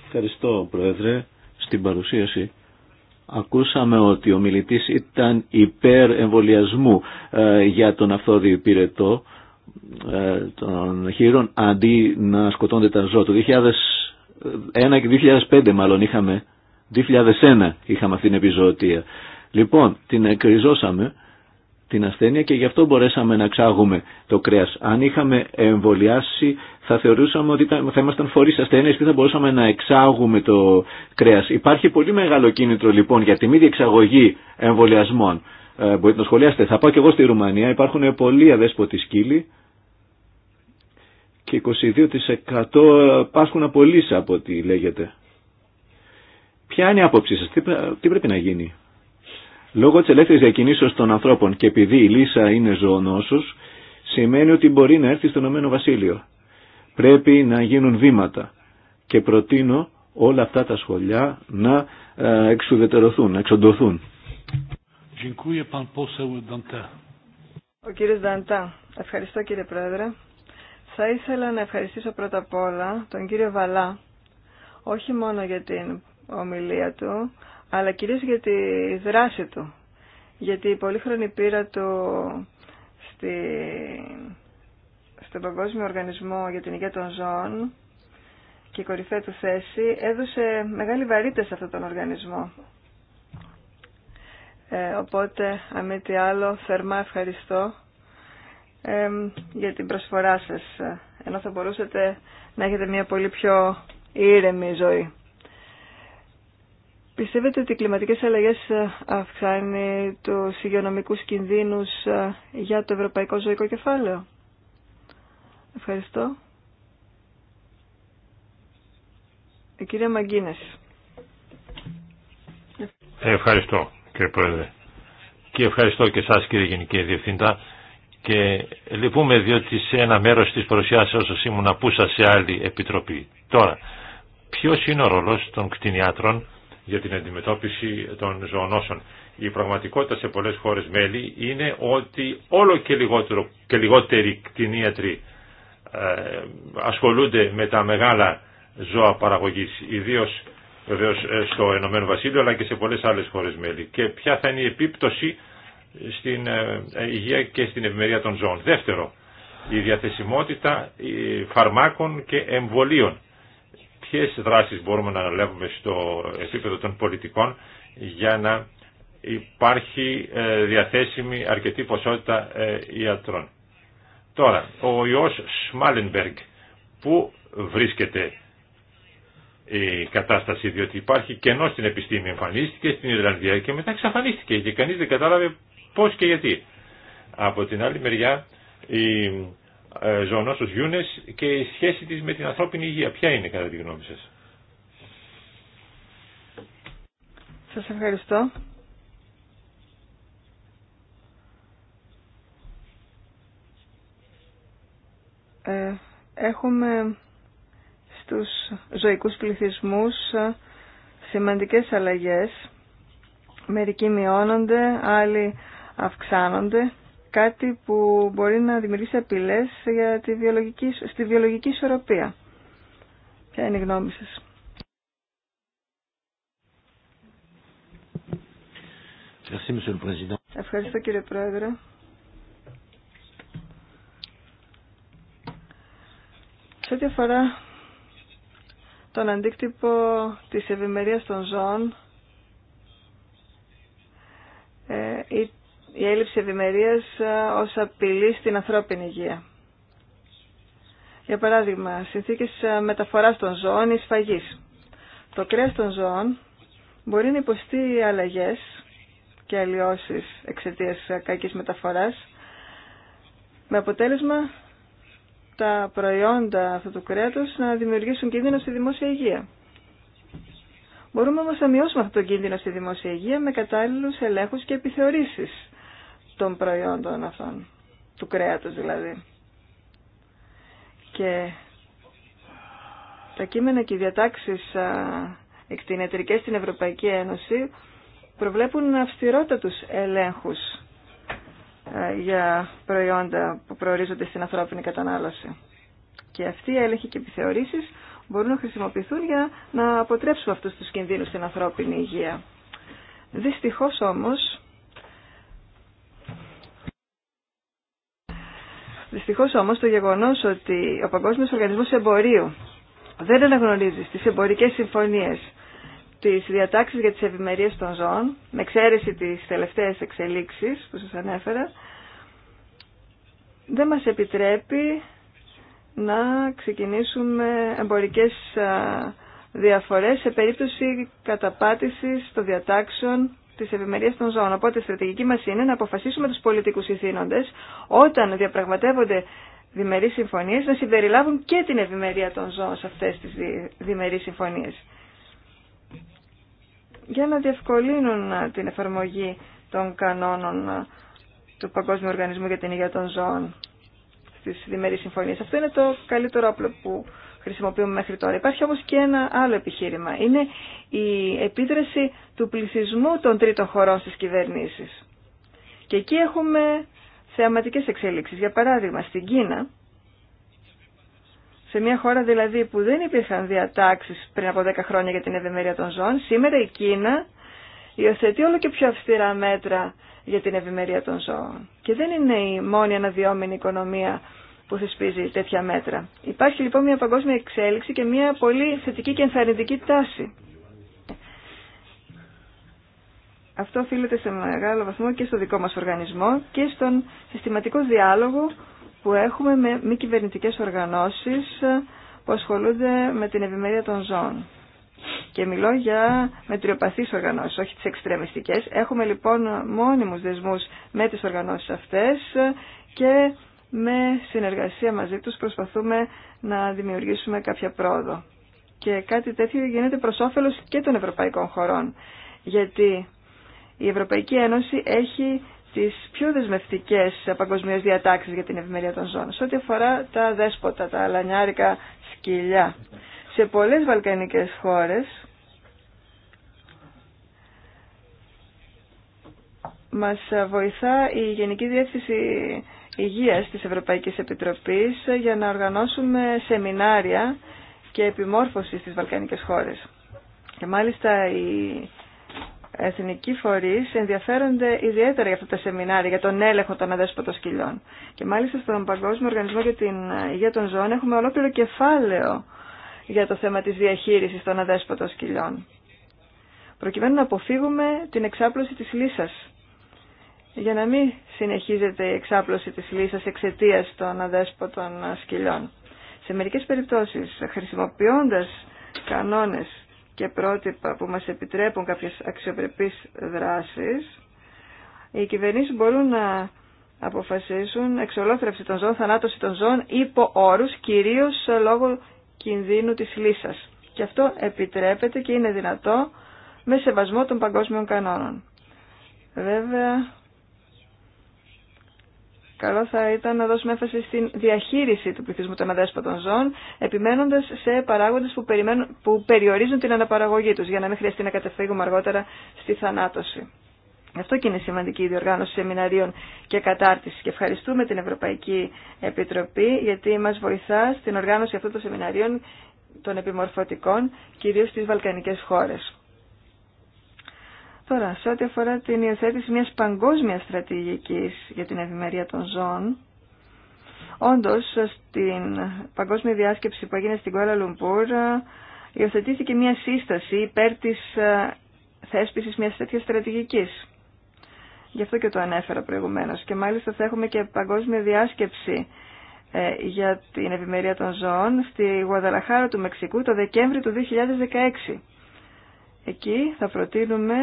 Ευχαριστώ, Πρόεδρε, στην παρουσίαση Ακούσαμε ότι ο μιλητής ήταν υπέρ εμβολιασμού ε, για τον αυθόδη πυρετό ε, των χείρων αντί να σκοτώνται τα ζώα. Το 2001 και 2005 μάλλον είχαμε, 2001 είχαμε αυτή την επιζωτία. Λοιπόν, την εκριζώσαμε την ασθένεια και γι' αυτό μπορέσαμε να εξάγουμε το κρέας. Αν είχαμε εμβολιάσει θα θεωρούσαμε ότι θα ήμασταν φορείς ασθένειας και θα μπορούσαμε να εξάγουμε το κρέας. Υπάρχει πολύ μεγάλο κίνητρο λοιπόν για τη μη διεξαγωγή εμβολιασμών. Ε, μπορείτε να σχολιάσετε. Θα πάω και εγώ στη Ρουμανία. Υπάρχουν πολλοί αδέσποτοι σκύλοι και 22% πάσχουν απολύσει από ό,τι λέγεται. Ποια είναι η άποψή σα, τι, τι πρέπει να γίνει. Λόγω της ελεύθερης διακινήσεως των ανθρώπων και επειδή η λύσα είναι ζωονόσος, σημαίνει ότι μπορεί να έρθει στο Ηνωμένο Βασίλειο. Πρέπει να γίνουν βήματα και προτείνω όλα αυτά τα σχολιά να ε, εξουδετερωθούν, να εξοντωθούν. Ο κύριος Δαντά. Ευχαριστώ κύριε Πρόεδρε. Θα ήθελα να ευχαριστήσω πρώτα απ' όλα τον κύριο Βαλά, όχι μόνο για την ομιλία του, αλλά κυρίως για τη δράση του. Γιατί η πολύχρονη πείρα του στη, στον Παγκόσμιο Οργανισμό για την Υγεία των Ζώων και η κορυφαία του θέση έδωσε μεγάλη βαρύτητα σε αυτόν τον οργανισμό. Ε, οπότε, αν μη τι άλλο, θερμά ευχαριστώ για την προσφορά σας, ε, ενώ θα μπορούσατε να έχετε μια πολύ πιο ήρεμη ζωή. Πιστεύετε ότι οι κλιματικές αλλαγές ε, αυξάνει τους υγειονομικούς κινδύνους ε, για το ευρωπαϊκό ζωικό κεφάλαιο. Ευχαριστώ. Η κυρία Μαγκίνες. Ευχαριστώ κύριε Πρόεδρε. Και ευχαριστώ και εσάς κύριε Γενική Διευθύντα. Και λυπούμε διότι σε ένα μέρος της παρουσιάσεως σας ήμουν πούσα σε άλλη επιτροπή. Τώρα, ποιος είναι ο ρόλος των κτηνιάτρων για την αντιμετώπιση των ζωονόσων. Η πραγματικότητα σε πολλές χώρες μέλη είναι ότι όλο και, λιγότερο, και λιγότεροι κτηνίατροι ε, ασχολούνται με τα μεγάλα ζώα παραγωγής, ιδίως βεβαίως ε, στο Ενωμένο Βασίλειο αλλά και σε πολλές άλλες χώρες μέλη. Και ποια θα είναι η επίπτωση στην ε, υγεία και στην ευημερία των ζώων. Δεύτερο, η διαθεσιμότητα φαρμάκων και εμβολίων ποιες δράσεις μπορούμε να αναλάβουμε στο επίπεδο των πολιτικών για να υπάρχει ε, διαθέσιμη αρκετή ποσότητα ε, ιατρών. Τώρα, ο ιός Σμάλενμπεργκ, πού βρίσκεται η κατάσταση, διότι υπάρχει κενό στην επιστήμη, εμφανίστηκε στην Ιρλανδία και μετά εξαφανίστηκε και κανείς δεν κατάλαβε πώς και γιατί. Από την άλλη μεριά, η ε, ζωονόσους γιούνες και η σχέση της με την ανθρώπινη υγεία. Ποια είναι κατά τη γνώμη σας. Σας ευχαριστώ. Ε, έχουμε στους ζωικούς πληθυσμούς σημαντικές αλλαγές. Μερικοί μειώνονται, άλλοι αυξάνονται κάτι που μπορεί να δημιουργήσει απειλές για βιολογική, στη βιολογική ισορροπία. Ποια είναι η γνώμη σας. Ευχαριστώ κύριε Πρόεδρε. Σε ό,τι αφορά τον αντίκτυπο της ευημερία των ζώων ή ε, η έλλειψη ευημερία ε, ως απειλή στην ανθρώπινη υγεία. Για παράδειγμα, συνθήκες ε, μεταφοράς των ζώων ή σφαγής. Το κρέας των ζώων μπορεί να υποστεί αλλαγές και αλλοιώσεις εξαιτίας ε, κακής μεταφοράς με αποτέλεσμα τα προϊόντα αυτού του κρέατος να δημιουργήσουν κίνδυνο στη δημόσια υγεία. Μπορούμε όμως να μειώσουμε αυτό τον κίνδυνο στη δημόσια υγεία με κατάλληλους ελέγχους και επιθεωρήσεις των προϊόντων αυτών, του κρέατος δηλαδή. Και τα κείμενα και οι διατάξεις εκτινετρικές στην Ευρωπαϊκή Ένωση προβλέπουν αυστηρότατους ελέγχους για προϊόντα που προορίζονται στην ανθρώπινη κατανάλωση. Και αυτοί οι έλεγχοι και επιθεωρήσεις μπορούν να χρησιμοποιηθούν για να αποτρέψουν αυτούς τους κινδύνους στην ανθρώπινη υγεία. Δυστυχώς όμως Δυστυχώ όμως το γεγονός ότι ο Παγκόσμιο Οργανισμό Εμπορίου δεν αναγνωρίζει τι εμπορικές συμφωνίες τι διατάξει για τις ευημερίε των ζώων, με εξαίρεση τι τελευταίε εξελίξεις που σας ανέφερα, δεν μας επιτρέπει να ξεκινήσουμε εμπορικές διαφορές σε περίπτωση καταπάτησης των διατάξεων Τη ευημερία των ζώων. Οπότε η στρατηγική μα είναι να αποφασίσουμε τους πολιτικούς ηθήνοντε όταν διαπραγματεύονται διμερεί συμφωνίε να συμπεριλάβουν και την ευημερία των ζώων σε αυτές τις διμερείς συμφωνίε. Για να διευκολύνουν την εφαρμογή των κανόνων του Παγκόσμιου Οργανισμού για την Υγεία των Ζώων στις διμερείς συμφωνίες. Αυτό είναι το καλύτερο όπλο που χρησιμοποιούμε μέχρι τώρα. Υπάρχει όμως και ένα άλλο επιχείρημα. Είναι η επίδραση του πληθυσμού των τρίτων χωρών στις κυβερνήσεις. Και εκεί έχουμε θεαματικές εξέλιξεις. Για παράδειγμα, στην Κίνα, σε μια χώρα δηλαδή που δεν υπήρχαν διατάξεις πριν από 10 χρόνια για την ευημερία των ζώων, σήμερα η Κίνα υιοθετεί όλο και πιο αυστηρά μέτρα για την ευημερία των ζώων. Και δεν είναι η μόνη αναδυόμενη οικονομία που θεσπίζει τέτοια μέτρα. Υπάρχει λοιπόν μια παγκόσμια εξέλιξη και μια πολύ θετική και ενθαρρυντική τάση. Αυτό οφείλεται σε μεγάλο βαθμό και στο δικό μας οργανισμό και στον συστηματικό διάλογο που έχουμε με μη κυβερνητικέ οργανώσεις που ασχολούνται με την ευημερία των ζώων. Και μιλώ για μετριοπαθείς οργανώσεις, όχι τις εξτρεμιστικές. Έχουμε λοιπόν μόνιμους δεσμούς με τις οργανώσεις αυτές και με συνεργασία μαζί τους προσπαθούμε να δημιουργήσουμε κάποια πρόοδο. Και κάτι τέτοιο γίνεται προς όφελος και των ευρωπαϊκών χωρών. Γιατί η Ευρωπαϊκή Ένωση έχει τις πιο δεσμευτικές παγκοσμίω διατάξεις για την ευημερία των ζώνων. Σε ό,τι αφορά τα δέσποτα, τα λανιάρικα σκυλιά. Σε πολλές βαλκανικές χώρες μας βοηθά η Γενική Διεύθυνση Υγεία της Ευρωπαϊκής Επιτροπής για να οργανώσουμε σεμινάρια και επιμόρφωση στις Βαλκανικές χώρες. Και μάλιστα οι εθνικοί φορείς ενδιαφέρονται ιδιαίτερα για αυτά τα σεμινάρια, για τον έλεγχο των αδέσποτων σκυλιών. Και μάλιστα στον Παγκόσμιο Οργανισμό για την Υγεία των Ζώων έχουμε ολόκληρο κεφάλαιο για το θέμα της διαχείρισης των αδέσποτων σκυλιών. Προκειμένου να αποφύγουμε την εξάπλωση της λύσας για να μην συνεχίζεται η εξάπλωση της λύσας εξαιτία των αδέσποτων σκυλιών. Σε μερικές περιπτώσεις, χρησιμοποιώντας κανόνες και πρότυπα που μας επιτρέπουν κάποιες αξιοπρεπείς δράσεις, οι κυβερνήσεις μπορούν να αποφασίσουν εξολόθρευση των ζώων, θανάτωση των ζώων υπό όρους, κυρίως λόγω κινδύνου της λύσας. Και αυτό επιτρέπεται και είναι δυνατό με σεβασμό των παγκόσμιων κανόνων. Βέβαια, καλό θα ήταν να δώσουμε έμφαση στην διαχείριση του πληθυσμού των αδέσποτων ζώων, επιμένοντα σε παράγοντε που, που περιορίζουν την αναπαραγωγή του για να μην χρειαστεί να κατεφύγουμε αργότερα στη θανάτωση. Αυτό και είναι σημαντική η διοργάνωση σεμιναρίων και κατάρτιση. Και ευχαριστούμε την Ευρωπαϊκή Επιτροπή γιατί μα βοηθά στην οργάνωση αυτών των σεμιναρίων των επιμορφωτικών, κυρίω στι Βαλκανικέ χώρε. Τώρα, σε ό,τι αφορά την υιοθέτηση μιας παγκόσμιας στρατηγικής για την ευημερία των ζώων, όντως στην παγκόσμια διάσκεψη που έγινε στην Κουάλα Λουμπούρ υιοθετήθηκε μια σύσταση υπέρ της ε, θέσπισης μιας τέτοιας στρατηγικής. Γι' αυτό και το ανέφερα προηγουμένως. Και μάλιστα θα έχουμε και παγκόσμια διάσκεψη ε, για την ευημερία των ζώων στη Γουαδαλαχάρα του Μεξικού το Δεκέμβρη του 2016. Εκεί θα προτείνουμε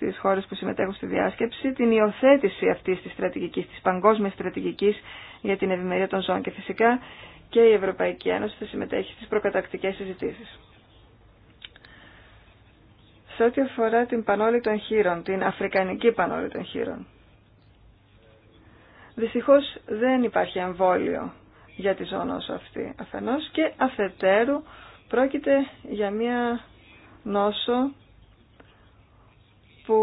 στις χώρες που συμμετέχουν στη διάσκεψη την υιοθέτηση αυτής της στρατηγικής, της παγκόσμιας στρατηγικής για την ευημερία των ζώων και φυσικά και η Ευρωπαϊκή Ένωση θα συμμετέχει στις προκατακτικές συζητήσεις. Σε ό,τι αφορά την πανόλη των χείρων, την αφρικανική πανόλη των χείρων, δυστυχώς δεν υπάρχει εμβόλιο για τη ζώνος αυτή αφενός και αφετέρου πρόκειται για μία νόσο που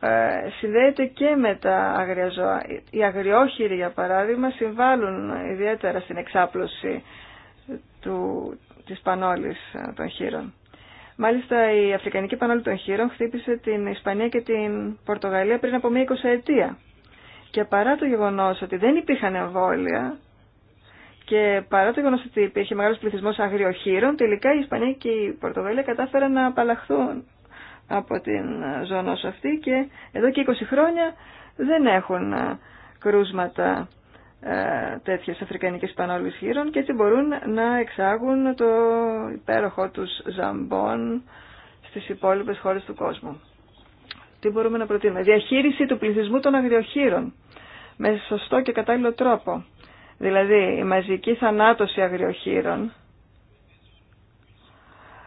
ε, συνδέεται και με τα αγρία Οι αγριόχειροι, για παράδειγμα, συμβάλλουν ιδιαίτερα στην εξάπλωση του, της πανόλης ε, των χείρων. Μάλιστα, η Αφρικανική Πανόλη των Χείρων χτύπησε την Ισπανία και την Πορτογαλία πριν από μία εικοσαετία. Και παρά το γεγονός ότι δεν υπήρχαν εμβόλια και παρά το γεγονός ότι υπήρχε μεγάλος πληθυσμός αγριοχείρων, τελικά η Ισπανία και η Πορτογαλία κατάφεραν να απαλλαχθούν από την ζώνη αυτή και εδώ και 20 χρόνια δεν έχουν ε, κρούσματα ε, τέτοιες αφρικανικές πανόλης χείρων και έτσι μπορούν να εξάγουν το υπέροχό τους ζαμπόν στις υπόλοιπες χώρες του κόσμου. Τι μπορούμε να προτείνουμε. Διαχείριση του πληθυσμού των αγριοχείρων με σωστό και κατάλληλο τρόπο. Δηλαδή η μαζική θανάτωση αγριοχείρων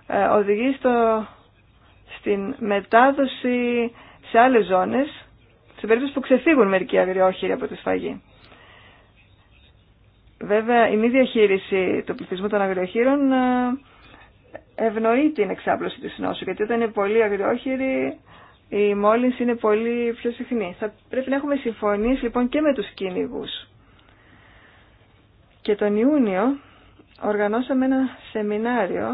ε, οδηγεί στο στην μετάδοση σε άλλες ζώνες, σε περίπτωση που ξεφύγουν μερικοί αγριόχειροι από τη σφαγή. Βέβαια, η μη διαχείριση του πληθυσμού των αγριοχείρων ε, ευνοεί την εξάπλωση της νόσου, γιατί όταν είναι πολύ αγριόχειροι η μόλυνση είναι πολύ πιο συχνή. Θα πρέπει να έχουμε συμφωνίες λοιπόν και με τους κυνηγούς. Και τον Ιούνιο οργανώσαμε ένα σεμινάριο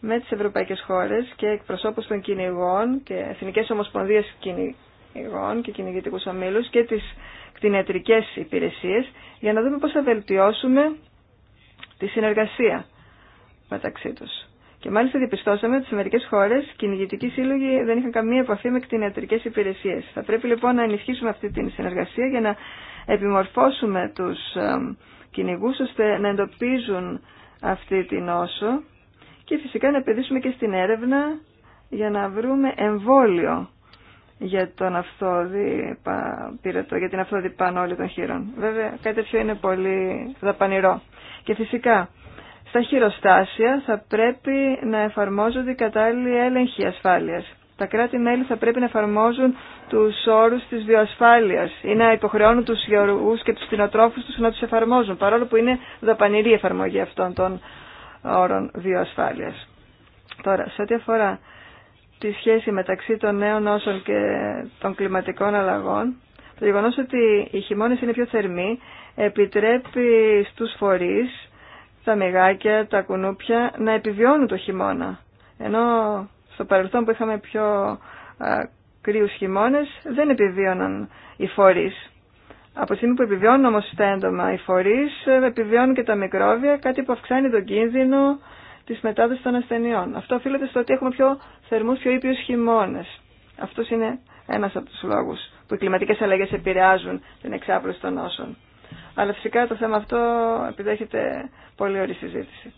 με τις ευρωπαϊκές χώρες και εκπροσώπους των κυνηγών και εθνικές ομοσπονδίες κυνηγών και κυνηγητικούς ομίλους και τις κτηνιατρικές υπηρεσίες για να δούμε πώς θα βελτιώσουμε τη συνεργασία μεταξύ τους. Και μάλιστα διαπιστώσαμε ότι σε μερικέ χώρε κυνηγητικοί σύλλογοι δεν είχαν καμία επαφή με κτηνιατρικέ υπηρεσίε. Θα πρέπει λοιπόν να ενισχύσουμε αυτή την συνεργασία για να επιμορφώσουμε του κυνηγού ώστε να εντοπίζουν αυτή την όσο και φυσικά να επενδύσουμε και στην έρευνα για να βρούμε εμβόλιο για, τον αυθόδη, πυρετό, για την αυθόδη των χείρων. Βέβαια, κάτι τέτοιο είναι πολύ δαπανηρό. Και φυσικά, στα χειροστάσια θα πρέπει να εφαρμόζονται κατάλληλοι έλεγχοι ασφάλειας. Τα κράτη-μέλη θα πρέπει να εφαρμόζουν τους όρους της βιοασφάλειας ή να υποχρεώνουν τους γεωργούς και τους κτηνοτρόφους τους να τους εφαρμόζουν, παρόλο που είναι δαπανηρή εφαρμογή αυτών των όρων βιοασφάλειας. Τώρα, σε ό,τι αφορά τη σχέση μεταξύ των νέων όσων και των κλιματικών αλλαγών, το γεγονός ότι οι χειμώνες είναι πιο θερμοί επιτρέπει στους φορείς, τα μεγάκια, τα κουνούπια, να επιβιώνουν το χειμώνα. Ενώ στο παρελθόν που είχαμε πιο κρύους χειμώνες δεν επιβίωναν οι φορείς. Από τη στιγμή που επιβιώνουν όμως τα έντομα οι φορείς, επιβιώνουν και τα μικρόβια, κάτι που αυξάνει τον κίνδυνο της μετάδοσης των ασθενειών. Αυτό οφείλεται στο ότι έχουμε πιο θερμούς, πιο ήπιους χειμώνες. Αυτός είναι ένας από τους λόγους που οι κλιματικές αλλαγές επηρεάζουν την εξάπλωση των νόσων. Αλλά φυσικά το θέμα αυτό επιδέχεται πολύ ωραία συζήτηση.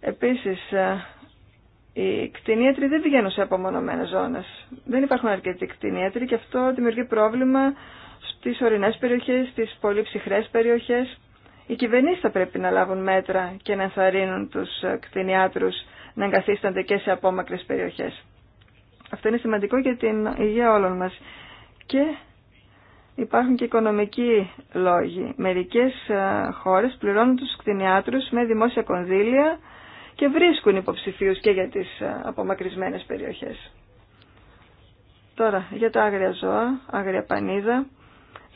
Επίσης, ε, οι κτηνίατροι δεν πηγαίνουν σε απομονωμένες ζώνες. Δεν υπάρχουν αρκετοί κτηνίατροι και αυτό δημιουργεί πρόβλημα τις ορεινές περιοχές, τις πολύ ψυχρές περιοχές. Οι κυβερνήσεις θα πρέπει να λάβουν μέτρα και να ενθαρρύνουν τους ε, κτηνιάτρους να εγκαθίστανται και σε απόμακρες περιοχές. Αυτό είναι σημαντικό για την υγεία όλων μας. Και υπάρχουν και οικονομικοί λόγοι. Μερικές ε, χώρες πληρώνουν τους κτηνιάτρους με δημόσια κονδύλια και βρίσκουν υποψηφίους και για τις ε, απομακρυσμένες περιοχές. Τώρα, για τα άγρια ζώα, άγρια πανίδα,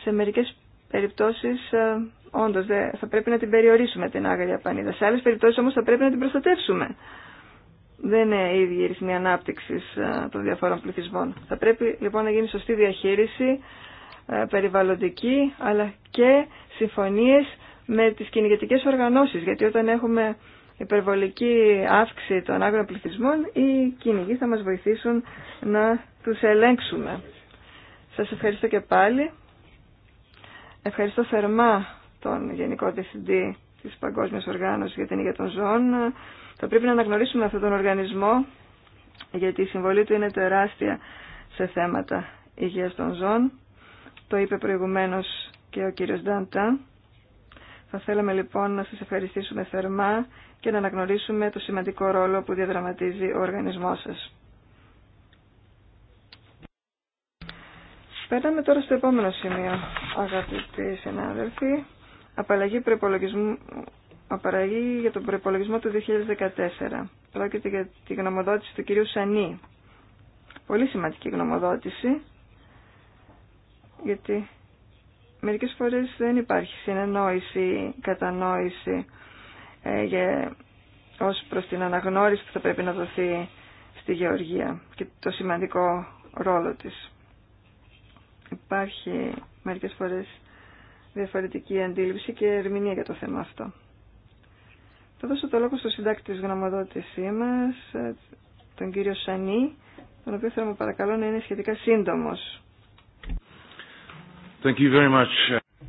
σε μερικές περιπτώσεις ε, όντως θα πρέπει να την περιορίσουμε την άγρια πανίδα. Σε άλλες περιπτώσεις όμως θα πρέπει να την προστατεύσουμε. Δεν είναι η ίδια η ρυθμή ανάπτυξη ε, των διαφόρων πληθυσμών. Θα πρέπει λοιπόν να γίνει σωστή διαχείριση, ε, περιβαλλοντική, αλλά και συμφωνίες με τις κυνηγετικές οργανώσεις, γιατί όταν έχουμε υπερβολική αύξηση των άγρων πληθυσμών, οι κυνηγοί θα μας βοηθήσουν να τους ελέγξουμε. Σας ευχαριστώ και πάλι. Ευχαριστώ θερμά τον Γενικό Διευθυντή της Παγκόσμιας Οργάνωσης για την Υγεία των Ζώων. Θα πρέπει να αναγνωρίσουμε αυτόν τον οργανισμό γιατί η συμβολή του είναι τεράστια σε θέματα υγείας των ζώων. Το είπε προηγουμένως και ο κύριος Ντάντα. Θα θέλαμε λοιπόν να σας ευχαριστήσουμε θερμά και να αναγνωρίσουμε το σημαντικό ρόλο που διαδραματίζει ο οργανισμός σας. Περνάμε τώρα στο επόμενο σημείο αγαπητοί συνάδελφοι. Απαλλαγή, απαλλαγή για τον προπολογισμό του 2014. Πρόκειται για τη γνωμοδότηση του κυρίου Σανή. Πολύ σημαντική γνωμοδότηση, γιατί μερικές φορές δεν υπάρχει συνεννόηση, κατανόηση ε, για, ως προς την αναγνώριση που θα πρέπει να δοθεί στη Γεωργία και το σημαντικό ρόλο της. Υπάρχει μερικές φορές διαφορετική αντίληψη και ερμηνεία για το θέμα αυτό. Θα δώσω το λόγο στο συντάκτη της γνωμοδότησή μας, τον κύριο Σανί, τον οποίο θέλω να παρακαλώ να είναι σχετικά σύντομος.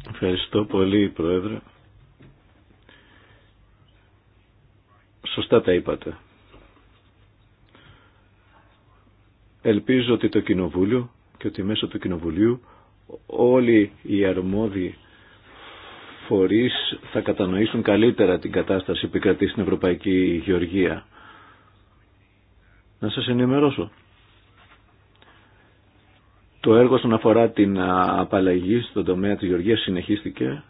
Ευχαριστώ πολύ, Πρόεδρε. Σωστά τα είπατε. Ελπίζω ότι το Κοινοβούλιο και ότι μέσω του Κοινοβουλίου όλοι οι αρμόδιοι φορείς θα κατανοήσουν καλύτερα την κατάσταση που κρατεί στην Ευρωπαϊκή Γεωργία. Να σας ενημερώσω. Το έργο στον αφορά την απαλλαγή στον τομέα της Γεωργίας συνεχίστηκε.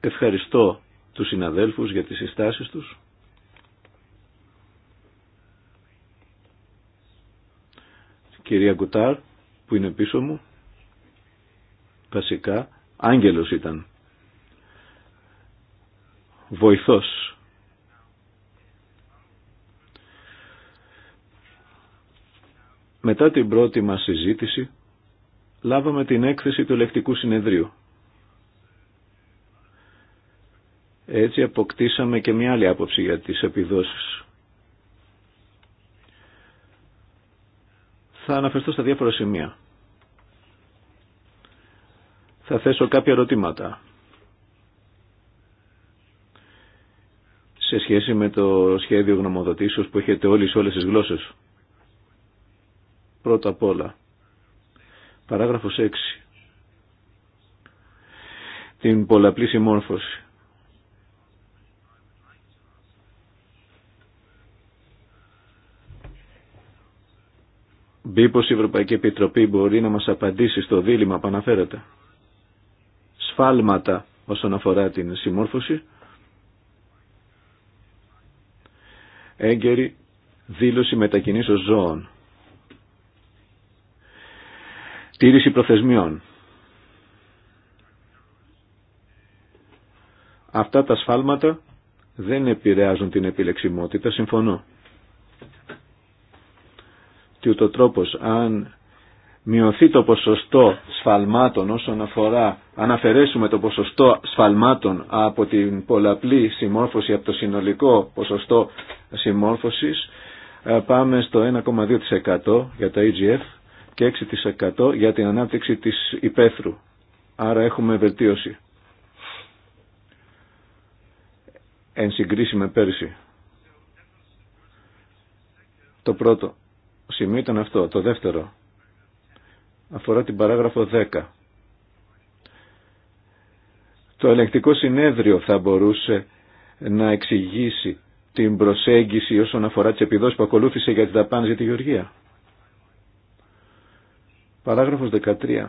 Ευχαριστώ τους συναδέλφους για τις συστάσεις τους. κυρία Κουτάρ που είναι πίσω μου. Βασικά, άγγελος ήταν. Βοηθός. Μετά την πρώτη μας συζήτηση, λάβαμε την έκθεση του λεκτικού συνεδρίου. Έτσι αποκτήσαμε και μια άλλη άποψη για τις επιδόσεις. Θα αναφερθώ στα διάφορα σημεία. Θα θέσω κάποια ερωτήματα. σε σχέση με το σχέδιο γνωμοδοτήσεως που έχετε όλοι σε όλες τις γλώσσες. Πρώτα απ' όλα, παράγραφος 6. Την πολλαπλή συμμόρφωση. Μήπω η Ευρωπαϊκή Επιτροπή μπορεί να μας απαντήσει στο δίλημα που αναφέρεται. Σφάλματα όσον αφορά την συμμόρφωση. Έγκαιρη δήλωση μετακινήσεως ζώων. Τήρηση προθεσμιών. Αυτά τα σφάλματα δεν επηρεάζουν την επιλεξιμότητα, συμφωνώ. Τι ούτω τρόπος αν μειωθεί το ποσοστό σφαλμάτων όσον αφορά, αν αφαιρέσουμε το ποσοστό σφαλμάτων από την πολλαπλή συμμόρφωση, από το συνολικό ποσοστό συμμόρφωσης, ε, πάμε στο 1,2% για τα EGF και 6% για την ανάπτυξη της υπαίθρου. Άρα έχουμε βελτίωση. Εν συγκρίση με πέρσι. Το πρώτο σημείο ήταν αυτό. Το δεύτερο αφορά την παράγραφο 10. Το ελεγκτικό συνέδριο θα μπορούσε να εξηγήσει την προσέγγιση όσον αφορά τις επιδόσεις που ακολούθησε για τις δαπάνες για τη Γεωργία. Παράγραφος 13.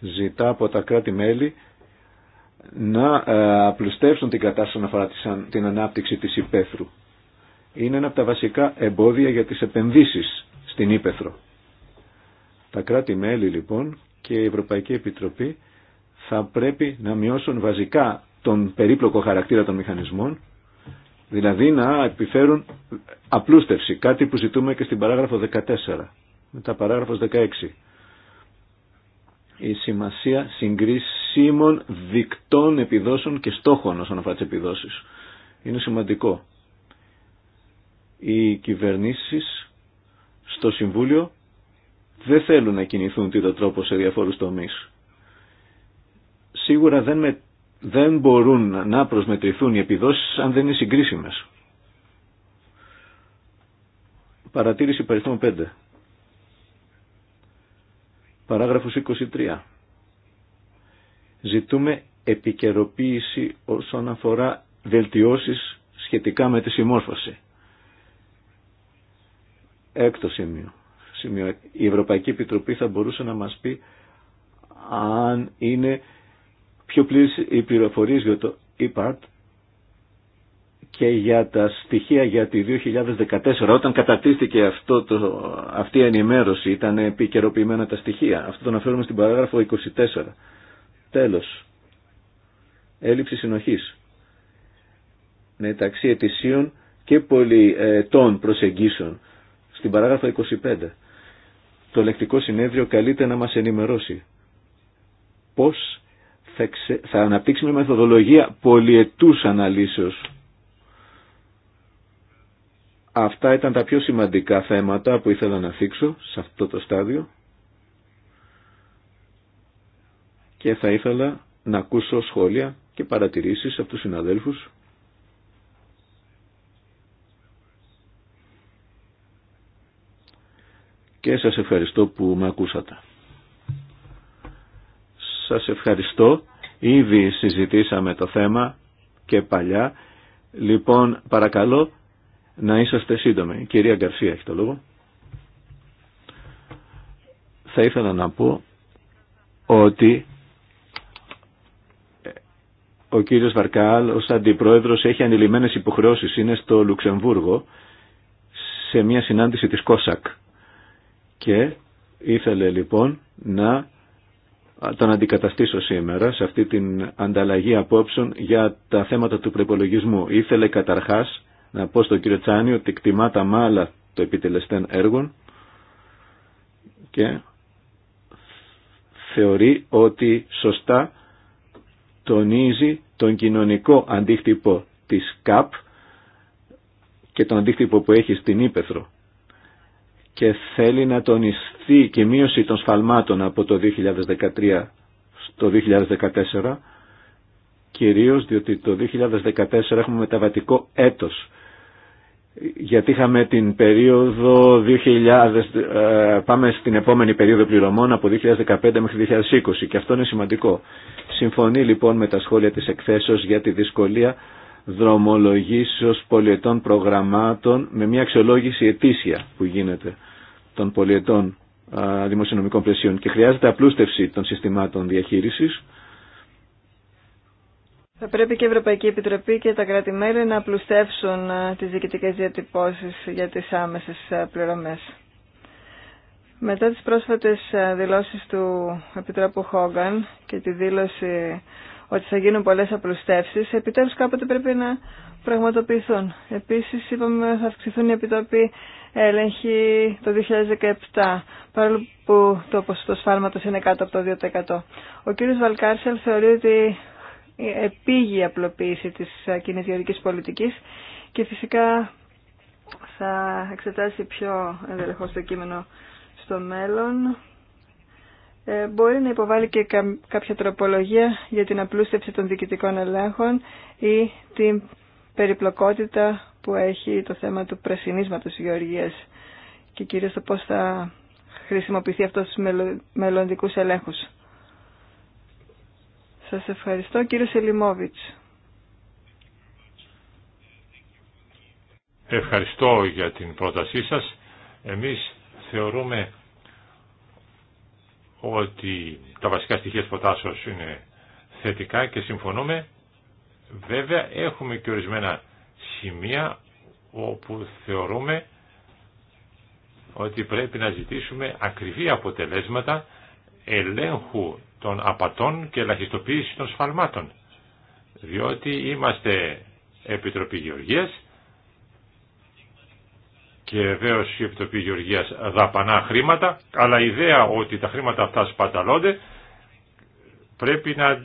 Ζητά από τα κράτη-μέλη να ε, απλουστεύσουν την κατάσταση αφορά την ανάπτυξη της υπαίθρου είναι ένα από τα βασικά εμπόδια για τις επενδύσεις στην Ήπεθρο. Τα κράτη-μέλη λοιπόν και η Ευρωπαϊκή Επιτροπή θα πρέπει να μειώσουν βασικά τον περίπλοκο χαρακτήρα των μηχανισμών, δηλαδή να επιφέρουν απλούστευση, κάτι που ζητούμε και στην παράγραφο 14, μετά παράγραφος 16. Η σημασία συγκρίσιμων δικτών επιδόσεων και στόχων όσον αφορά τις επιδόσεις. Είναι σημαντικό οι κυβερνήσεις στο Συμβούλιο δεν θέλουν να κινηθούν τίτο τρόπο σε διαφόρους τομείς. Σίγουρα δεν, με, δεν μπορούν να προσμετρηθούν οι επιδόσεις αν δεν είναι συγκρίσιμες. Παρατήρηση παριθμών 5. Παράγραφος 23. Ζητούμε επικαιροποίηση όσον αφορά βελτιώσεις σχετικά με τη συμμόρφωση. Έκτο σημείο. σημείο. Η Ευρωπαϊκή Επιτροπή θα μπορούσε να μας πει αν είναι πιο πλήρες οι πληροφορίες για το ΕΠΑΡΤ και για τα στοιχεία για τη 2014. Όταν κατατίστηκε αυτό το, αυτή η ενημέρωση ήταν επικαιροποιημένα τα στοιχεία. Αυτό το αναφέρουμε στην παράγραφο 24. Τέλος. Έλλειψη συνοχής. Μεταξύ ετησίων και πολυετών προσεγγίσεων στην παράγραφο 25. Το λεκτικό συνέδριο καλείται να μας ενημερώσει πώς θα, θα αναπτύξει μια μεθοδολογία πολιετούς αναλύσεως. Αυτά ήταν τα πιο σημαντικά θέματα που ήθελα να θίξω σε αυτό το στάδιο και θα ήθελα να ακούσω σχόλια και παρατηρήσεις από τους συναδέλφους και σας ευχαριστώ που με ακούσατε. Σας ευχαριστώ. Ήδη συζητήσαμε το θέμα και παλιά. Λοιπόν, παρακαλώ να είσαστε σύντομοι. Κυρία Γκαρσία έχει το λόγο. Θα ήθελα να πω ότι ο κύριος Βαρκάλ ως αντιπρόεδρος έχει ανηλυμένες υποχρεώσεις. Είναι στο Λουξεμβούργο σε μια συνάντηση της ΚΟΣΑΚ και ήθελε λοιπόν να τον αντικαταστήσω σήμερα σε αυτή την ανταλλαγή απόψεων για τα θέματα του προπολογισμού. Ήθελε καταρχάς να πω στον κύριο Τσάνι ότι εκτιμά τα μάλα το επιτελεστέν έργων και θεωρεί ότι σωστά τονίζει τον κοινωνικό αντίκτυπο της ΚΑΠ και τον αντίκτυπο που έχει στην Ήπεθρο και θέλει να τονιστεί και μείωση των σφαλμάτων από το 2013 στο 2014 κυρίως διότι το 2014 έχουμε μεταβατικό έτος γιατί είχαμε την περίοδο 2000, ε, πάμε στην επόμενη περίοδο πληρωμών από 2015 μέχρι 2020 και αυτό είναι σημαντικό. Συμφωνεί λοιπόν με τα σχόλια της εκθέσεως για τη δυσκολία δρομολογήσεως πολιετών προγραμμάτων με μια αξιολόγηση ετήσια που γίνεται των πολιετών δημοσιονομικών πλαισίων και χρειάζεται απλούστευση των συστημάτων διαχείρισης. Θα πρέπει και η Ευρωπαϊκή Επιτροπή και τα κράτη-μέλη να απλουστεύσουν τις διοικητικές διατυπώσεις για τις άμεσες πληρωμές. Μετά τις πρόσφατες δηλώσεις του Επιτρόπου Χόγκαν και τη δήλωση ότι θα γίνουν πολλές απλουστεύσεις, επιτέλους κάποτε πρέπει να πραγματοποιηθούν. Επίσης είπαμε θα αυξηθούν οι επιτόποι έλεγχοι το 2017, παρόλο που το ποσοστό σφάλματο είναι κάτω από το 2%. Ο κύριος Βαλκάρσελ θεωρεί ότι η απλοποίηση τη κοινή πολιτική πολιτικής και φυσικά θα εξετάσει πιο ενδελεχώς το κείμενο στο μέλλον. Ε, μπορεί να υποβάλει και κάποια τροπολογία για την απλούστευση των διοικητικών ελέγχων ή την περιπλοκότητα που έχει το θέμα του πρασινίσματος γεωργίας και κυρίως το πώς θα χρησιμοποιηθεί αυτός στους μελλοντικούς ελέγχους. Σας ευχαριστώ κύριε Σελιμόβιτς. Ευχαριστώ για την πρότασή σας. Εμείς θεωρούμε ότι τα βασικά στοιχεία της προτάσεως είναι θετικά και συμφωνούμε. Βέβαια έχουμε και ορισμένα σημεία όπου θεωρούμε ότι πρέπει να ζητήσουμε ακριβή αποτελέσματα ελέγχου των απατών και ελαχιστοποίηση των σφαλμάτων. Διότι είμαστε Επιτροπή Γεωργίας και βεβαίω η Επιτροπή Γεωργίας δαπανά χρήματα, αλλά η ιδέα ότι τα χρήματα αυτά σπαταλώνται πρέπει να,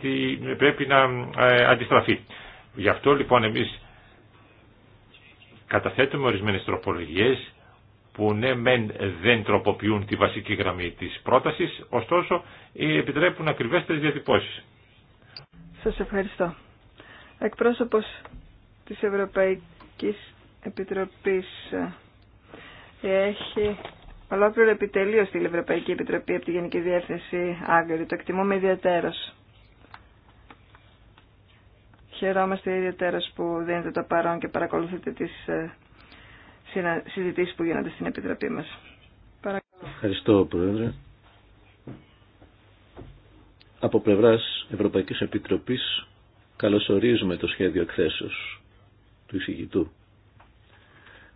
πρέπει να ε, αντιστραφεί. Γι' αυτό λοιπόν εμείς καταθέτουμε ορισμένες τροπολογίες που ναι μεν δεν τροποποιούν τη βασική γραμμή της πρότασης, ωστόσο ε, επιτρέπουν ακριβέστερες διατυπώσεις. Σας ευχαριστώ. Εκπρόσωπος της Ευρωπαϊκής Επιτροπής ε, έχει ολόκληρο επιτελείο στην Ευρωπαϊκή Επιτροπή από τη Γενική Διεύθυνση Άγκρη. Το εκτιμούμε ιδιαίτερος. Χαιρόμαστε ιδιαίτερα που δίνετε το παρόν και παρακολουθείτε τις ε, συζητήσει που γίνονται στην Επιτροπή μας. Ευχαριστώ, Πρόεδρε. Από πλευράς Ευρωπαϊκής Επιτροπής καλωσορίζουμε το σχέδιο εκθέσεω του εισηγητού.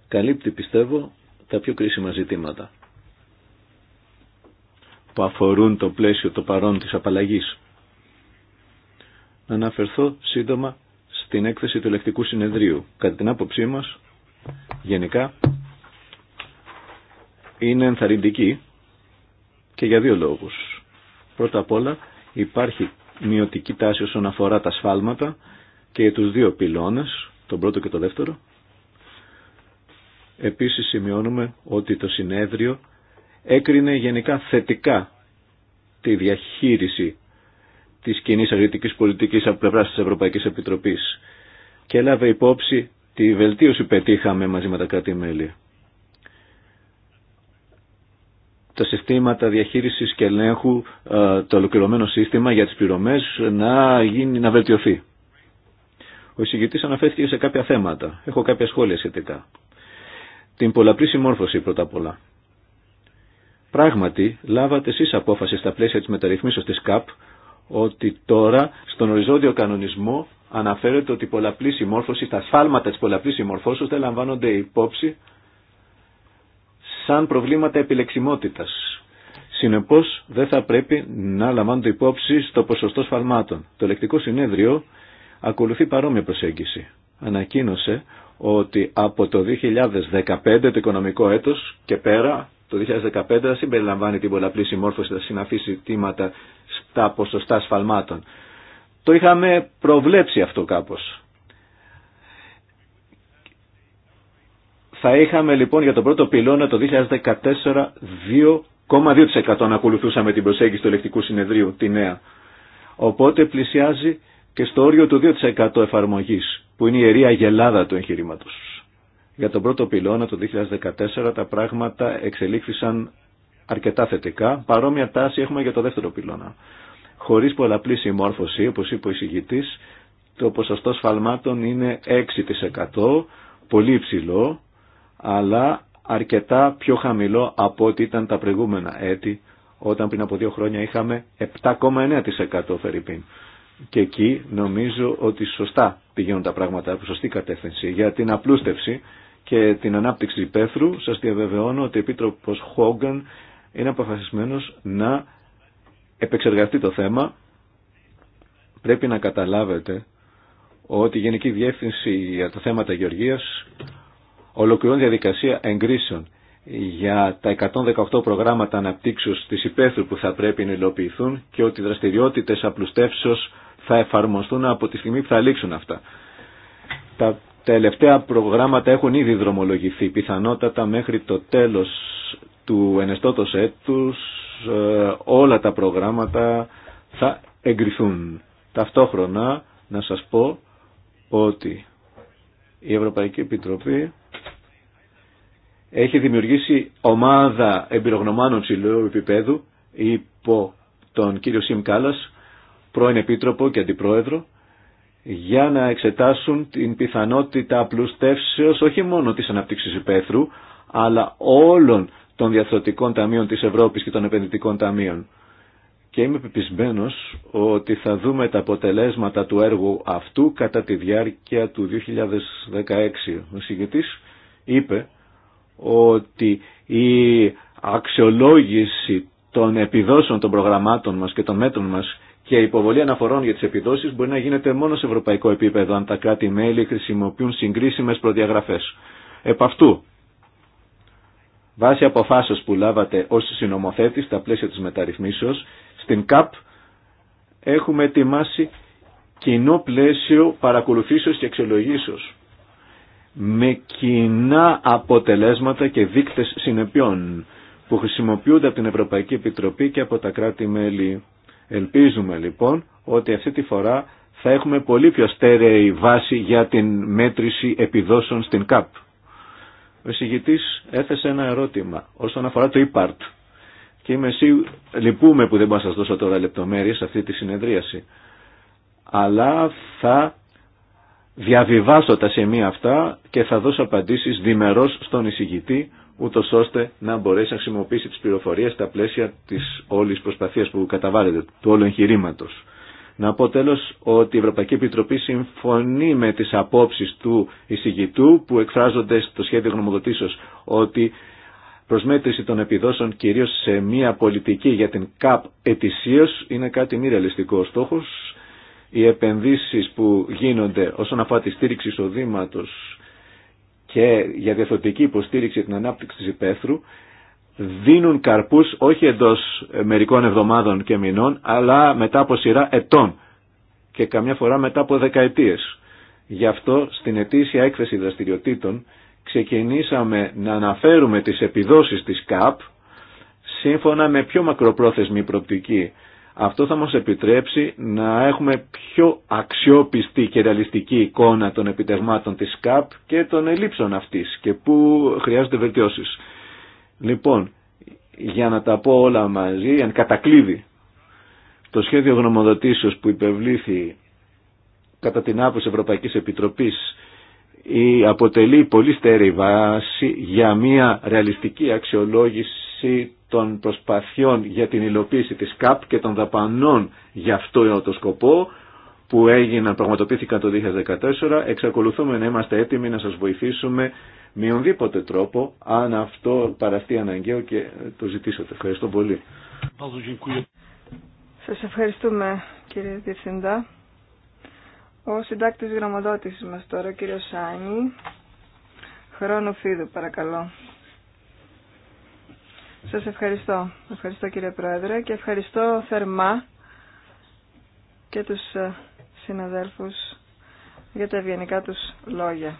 Καλύπτει, πιστεύω, τα πιο κρίσιμα ζητήματα που αφορούν το πλαίσιο το παρόν της απαλλαγής να αναφερθώ σύντομα στην έκθεση του ελεκτικού συνεδρίου. Κατά την άποψή μας, γενικά, είναι ενθαρρυντική και για δύο λόγους. Πρώτα απ' όλα υπάρχει μειωτική τάση όσον αφορά τα σφάλματα και τους δύο πυλώνες, τον πρώτο και τον δεύτερο. Επίσης σημειώνουμε ότι το συνέδριο έκρινε γενικά θετικά τη διαχείριση τη κοινή αγροτική πολιτική από πλευρά τη Ευρωπαϊκή Επιτροπή και έλαβε υπόψη τη βελτίωση που πετύχαμε μαζί με τα κράτη-μέλη. Τα συστήματα διαχείριση και ελέγχου, ε, το ολοκληρωμένο σύστημα για τι πληρωμέ να, να βελτιωθεί. Ο εισηγητή αναφέρθηκε σε κάποια θέματα. Έχω κάποια σχόλια σχετικά. Την πολλαπλή συμμόρφωση πρώτα απ' όλα. Πράγματι, λάβατε εσεί απόφαση στα πλαίσια τη μεταρρυθμίσεω τη ΚΑΠ ότι τώρα στον οριζόντιο κανονισμό αναφέρεται ότι πολλαπλή συμμόρφωση, τα σφάλματα της πολλαπλής συμμορφώσεως δεν λαμβάνονται υπόψη σαν προβλήματα επιλεξιμότητας. Συνεπώς δεν θα πρέπει να λαμβάνονται υπόψη στο ποσοστό σφαλμάτων. Το Λεκτικό συνέδριο ακολουθεί παρόμοια προσέγγιση. Ανακοίνωσε ότι από το 2015 το οικονομικό έτος και πέρα το 2015 συμπεριλαμβάνει την πολλαπλή συμμόρφωση θα συναφή ζητήματα τα ποσοστά σφαλμάτων. Το είχαμε προβλέψει αυτό κάπως. Θα είχαμε λοιπόν για τον πρώτο πυλώνα το 2014 2,2% να ακολουθούσαμε την προσέγγιση του ελεκτικού συνεδρίου, τη νέα. Οπότε πλησιάζει και στο όριο του 2% εφαρμογής, που είναι η ιερή αγελάδα του εγχειρήματο. Για τον πρώτο πυλώνα το 2014 τα πράγματα εξελίχθησαν αρκετά θετικά. Παρόμοια τάση έχουμε για το δεύτερο πυλώνα. Χωρίς πολλαπλή συμμόρφωση, όπως είπε ο εισηγητή, το ποσοστό σφαλμάτων είναι 6%, πολύ υψηλό, αλλά αρκετά πιο χαμηλό από ό,τι ήταν τα προηγούμενα έτη, όταν πριν από δύο χρόνια είχαμε 7,9% φερρυπίν. Και εκεί νομίζω ότι σωστά πηγαίνουν τα πράγματα, από σωστή κατεύθυνση. Για την απλούστευση και την ανάπτυξη υπαίθρου, σας διαβεβαιώνω ότι ο Επίτροπος Χόγκαν είναι αποφασισμένος να επεξεργαστεί το θέμα. Πρέπει να καταλάβετε ότι η Γενική Διεύθυνση για τα θέματα γεωργίας ολοκληρώνει διαδικασία εγκρίσεων για τα 118 προγράμματα αναπτύξεως της υπαίθρου που θα πρέπει να υλοποιηθούν και ότι οι δραστηριότητες απλουστεύσεως θα εφαρμοστούν από τη στιγμή που θα λήξουν αυτά. Τα τελευταία προγράμματα έχουν ήδη δρομολογηθεί, πιθανότατα μέχρι το τέλος του ενεστώτος έτους ε, όλα τα προγράμματα θα εγκριθούν. Ταυτόχρονα να σας πω ότι η Ευρωπαϊκή Επιτροπή έχει δημιουργήσει ομάδα εμπειρογνωμάνων ψηλού επίπεδου υπό τον κύριο Σιμ Κάλλας, πρώην Επίτροπο και Αντιπρόεδρο, για να εξετάσουν την πιθανότητα απλουστεύσεως όχι μόνο της αναπτύξης υπαίθρου, αλλά όλων των διαθροτικών ταμείων της Ευρώπης και των επενδυτικών ταμείων. Και είμαι πεπισμένος ότι θα δούμε τα αποτελέσματα του έργου αυτού κατά τη διάρκεια του 2016. Ο συγκεκριτής είπε ότι η αξιολόγηση των επιδόσεων των προγραμμάτων μας και των μέτρων μας και η υποβολή αναφορών για τις επιδόσεις μπορεί να γίνεται μόνο σε ευρωπαϊκό επίπεδο αν τα κράτη-μέλη χρησιμοποιούν συγκρίσιμες προδιαγραφές. Επ' αυτού Βάσει αποφάσεως που λάβατε ως συνομοθέτης στα πλαίσια της μεταρρυθμίσεως, στην ΚΑΠ έχουμε ετοιμάσει κοινό πλαίσιο παρακολουθήσεως και εξολογήσεως με κοινά αποτελέσματα και δείκτες συνεπιών που χρησιμοποιούνται από την Ευρωπαϊκή Επιτροπή και από τα κράτη-μέλη. Ελπίζουμε λοιπόν ότι αυτή τη φορά θα έχουμε πολύ πιο στέρεη βάση για την μέτρηση επιδόσεων στην ΚΑΠ. Ο εισηγητής έθεσε ένα ερώτημα όσον αφορά το ΙΠΑΡΤ και είμαι εσύ λυπούμε που δεν μπορώ να σας δώσω τώρα λεπτομέρειες σε αυτή τη συνεδρίαση αλλά θα διαβιβάσω τα σημεία αυτά και θα δώσω απαντήσεις διμερώς στον εισηγητή ούτω ώστε να μπορέσει να χρησιμοποιήσει τις πληροφορίες στα πλαίσια της όλης προσπαθίας που καταβάλλεται, του όλου εγχειρήματο. Να πω τέλος ότι η Ευρωπαϊκή Επιτροπή συμφωνεί με τις απόψεις του εισηγητού που εκφράζονται στο σχέδιο γνωμοδοτήσεως ότι προσμέτρηση των επιδόσεων κυρίως σε μια πολιτική για την ΚΑΠ ετησίως είναι κάτι μη ρεαλιστικό στόχος. Οι επενδύσεις που γίνονται όσον αφορά τη στήριξη εισοδήματος και για διαφορετική υποστήριξη την ανάπτυξη της υπαίθρου δίνουν καρπούς όχι εντός μερικών εβδομάδων και μηνών, αλλά μετά από σειρά ετών και καμιά φορά μετά από δεκαετίες. Γι' αυτό στην ετήσια έκθεση δραστηριοτήτων ξεκινήσαμε να αναφέρουμε τις επιδόσεις της ΚΑΠ σύμφωνα με πιο μακροπρόθεσμη προπτική. Αυτό θα μας επιτρέψει να έχουμε πιο αξιόπιστη και ρεαλιστική εικόνα των επιτεγμάτων της ΚΑΠ και των ελλείψεων αυτής και που χρειάζονται βελτιώσεις. Λοιπόν, για να τα πω όλα μαζί, αν κατακλείδει το σχέδιο γνωμοδοτήσεως που υπευλήθη κατά την άποψη Ευρωπαϊκής Επιτροπής η αποτελεί πολύ στέρη βάση για μια ρεαλιστική αξιολόγηση των προσπαθειών για την υλοποίηση της ΚΑΠ και των δαπανών για αυτό το σκοπό που έγιναν, πραγματοποιήθηκαν το 2014, εξακολουθούμε να είμαστε έτοιμοι να σας βοηθήσουμε με οδήποτε τρόπο, αν αυτό παραστεί αναγκαίο και το ζητήσατε. Ευχαριστώ πολύ. Σας ευχαριστούμε κύριε Διευθυντά. Ο συντάκτης γραμματότησης μας τώρα, κύριο Σάνι. Χρόνο φίδου, παρακαλώ. Σας ευχαριστώ. Ευχαριστώ κύριε Πρόεδρε και ευχαριστώ θερμά και τους ε, συναδέλφους για τα ευγενικά τους λόγια.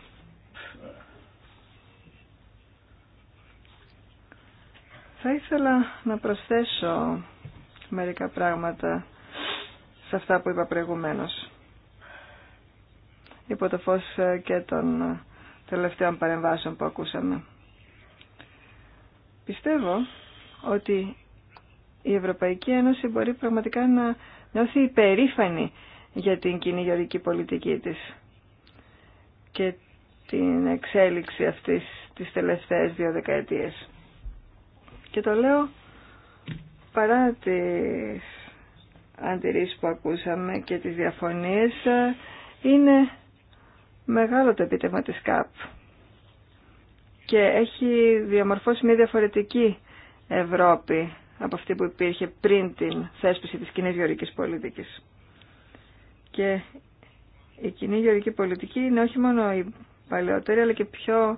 Θα ήθελα να προσθέσω μερικά πράγματα σε αυτά που είπα προηγουμένως. Υπό το φως ε, και των ε, τελευταίων παρεμβάσεων που ακούσαμε. Πιστεύω ότι η Ευρωπαϊκή Ένωση μπορεί πραγματικά να νιώθει υπερήφανη για την κοινή γεωρική πολιτική της και την εξέλιξη αυτής της τελευταίες δύο δεκαετίες. Και το λέω παρά τις αντιρρήσεις που ακούσαμε και τις διαφωνίες είναι μεγάλο το επίτευγμα της ΚΑΠ και έχει διαμορφώσει μια διαφορετική Ευρώπη από αυτή που υπήρχε πριν την θέσπιση της κοινή γεωρικής πολιτικής. Και η κοινή γεωργική πολιτική είναι όχι μόνο η παλαιότερη αλλά και πιο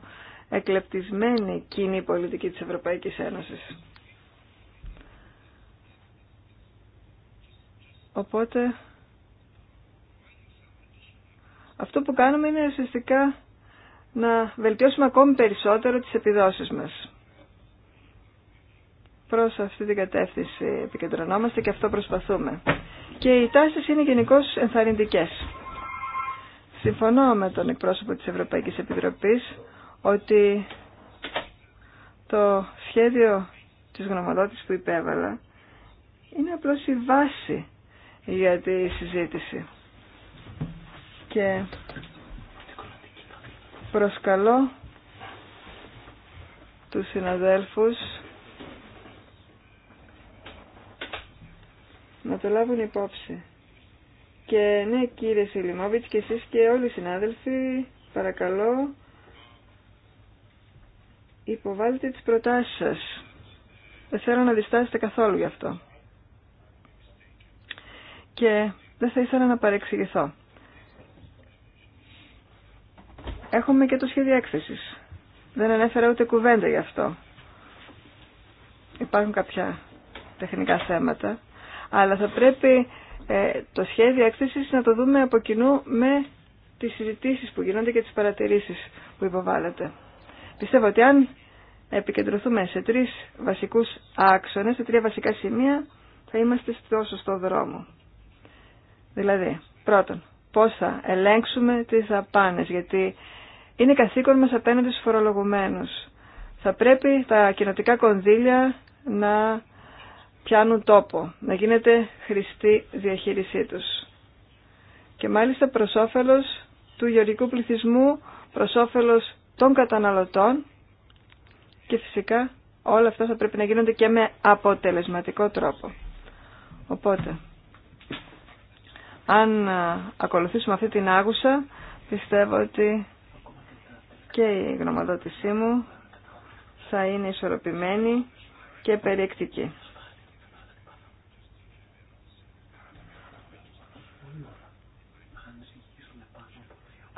εκλεπτισμένη κοινή πολιτική της Ευρωπαϊκής Ένωσης. Οπότε αυτό που κάνουμε είναι ουσιαστικά να βελτιώσουμε ακόμη περισσότερο τις επιδόσεις μας. Προς αυτή την κατεύθυνση επικεντρωνόμαστε και αυτό προσπαθούμε. Και οι τάσεις είναι γενικώ ενθαρρυντικές. Συμφωνώ με τον εκπρόσωπο της Ευρωπαϊκής Επιτροπής ότι το σχέδιο της γνωμοδότησης που υπέβαλα είναι απλώς η βάση για τη συζήτηση. Και προσκαλώ τους συναδέλφους να το λάβουν υπόψη. Και ναι κύριε Σιλιμόβιτς και εσείς και όλοι οι συνάδελφοι παρακαλώ υποβάλλετε τις προτάσεις σας. Δεν θέλω να διστάσετε καθόλου γι' αυτό. Και δεν θα ήθελα να παρεξηγηθώ. Έχουμε και το σχέδιο έκθεσης. Δεν ανέφερα ούτε κουβέντα γι' αυτό. Υπάρχουν κάποια τεχνικά θέματα αλλά θα πρέπει ε, το σχέδιο έκθεση να το δούμε από κοινού με τις συζητήσει που γίνονται και τις παρατηρήσεις που υποβάλλεται. Πιστεύω ότι αν επικεντρωθούμε σε τρεις βασικούς άξονες, σε τρία βασικά σημεία, θα είμαστε στο σωστό δρόμο. Δηλαδή, πρώτον, πώς θα ελέγξουμε τις δαπάνες, γιατί είναι καθήκον μας απέναντι στους φορολογουμένους. Θα πρέπει τα κοινοτικά κονδύλια να πιάνουν τόπο, να γίνεται χρηστή διαχείρισή τους. Και μάλιστα προς όφελος του γεωργικού πληθυσμού, προς όφελος των καταναλωτών και φυσικά όλα αυτά θα πρέπει να γίνονται και με αποτελεσματικό τρόπο. Οπότε, αν ακολουθήσουμε αυτή την άγουσα, πιστεύω ότι και η γνωμοδότησή μου θα είναι ισορροπημένη και περιεκτική.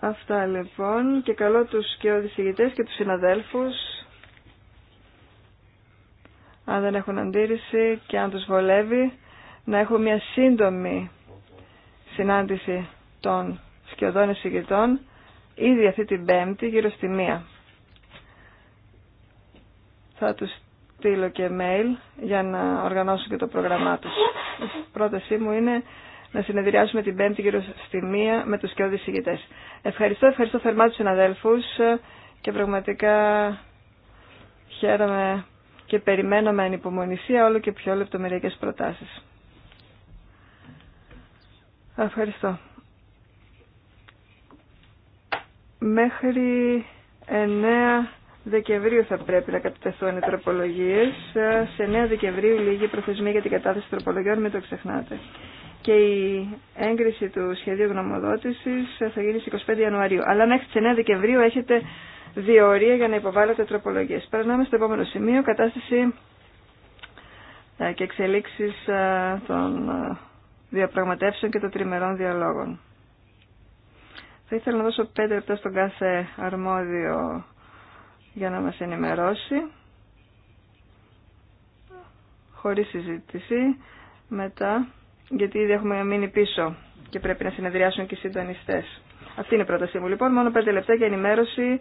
Αυτά λοιπόν και καλό τους και οδησηγητές και τους συναδέλφους αν δεν έχουν αντίρρηση και αν τους βολεύει να έχουν μια σύντομη συνάντηση των σκιωδών εισηγητών ήδη αυτή την Πέμπτη γύρω στη μία. Θα τους στείλω και mail για να οργανώσω και το πρόγραμμά τους. Η πρότασή μου είναι να συνεδριάσουμε την Πέμπτη γύρω στη Μία με τους και ηγητές. Ευχαριστώ, ευχαριστώ θερμά τους συναδέλφους και πραγματικά χαίρομαι και περιμένω με ανυπομονησία όλο και πιο λεπτομεριακές προτάσεις. Ευχαριστώ. Μέχρι 9 Δεκεμβρίου θα πρέπει να κατατεθούν οι τροπολογίες. Σε 9 Δεκεμβρίου λίγη προθεσμία για την κατάθεση τροπολογιών, μην το ξεχνάτε και η έγκριση του σχεδίου γνωμοδότησης θα γίνει στις 25 Ιανουαρίου. Αλλά μέχρι τις 9 Δεκεμβρίου έχετε διορία για να υποβάλλετε τροπολογίες. Περνάμε στο επόμενο σημείο, κατάσταση ε, και εξελίξεις ε, των ε, διαπραγματεύσεων και των τριμερών διαλόγων. Θα ήθελα να δώσω πέντε λεπτά στον κάθε αρμόδιο για να μας ενημερώσει χωρίς συζήτηση μετά γιατί ήδη έχουμε μείνει πίσω και πρέπει να συνεδριάσουν και οι συντονιστέ. Αυτή είναι η πρότασή μου λοιπόν. Μόνο πέντε λεπτά για ενημέρωση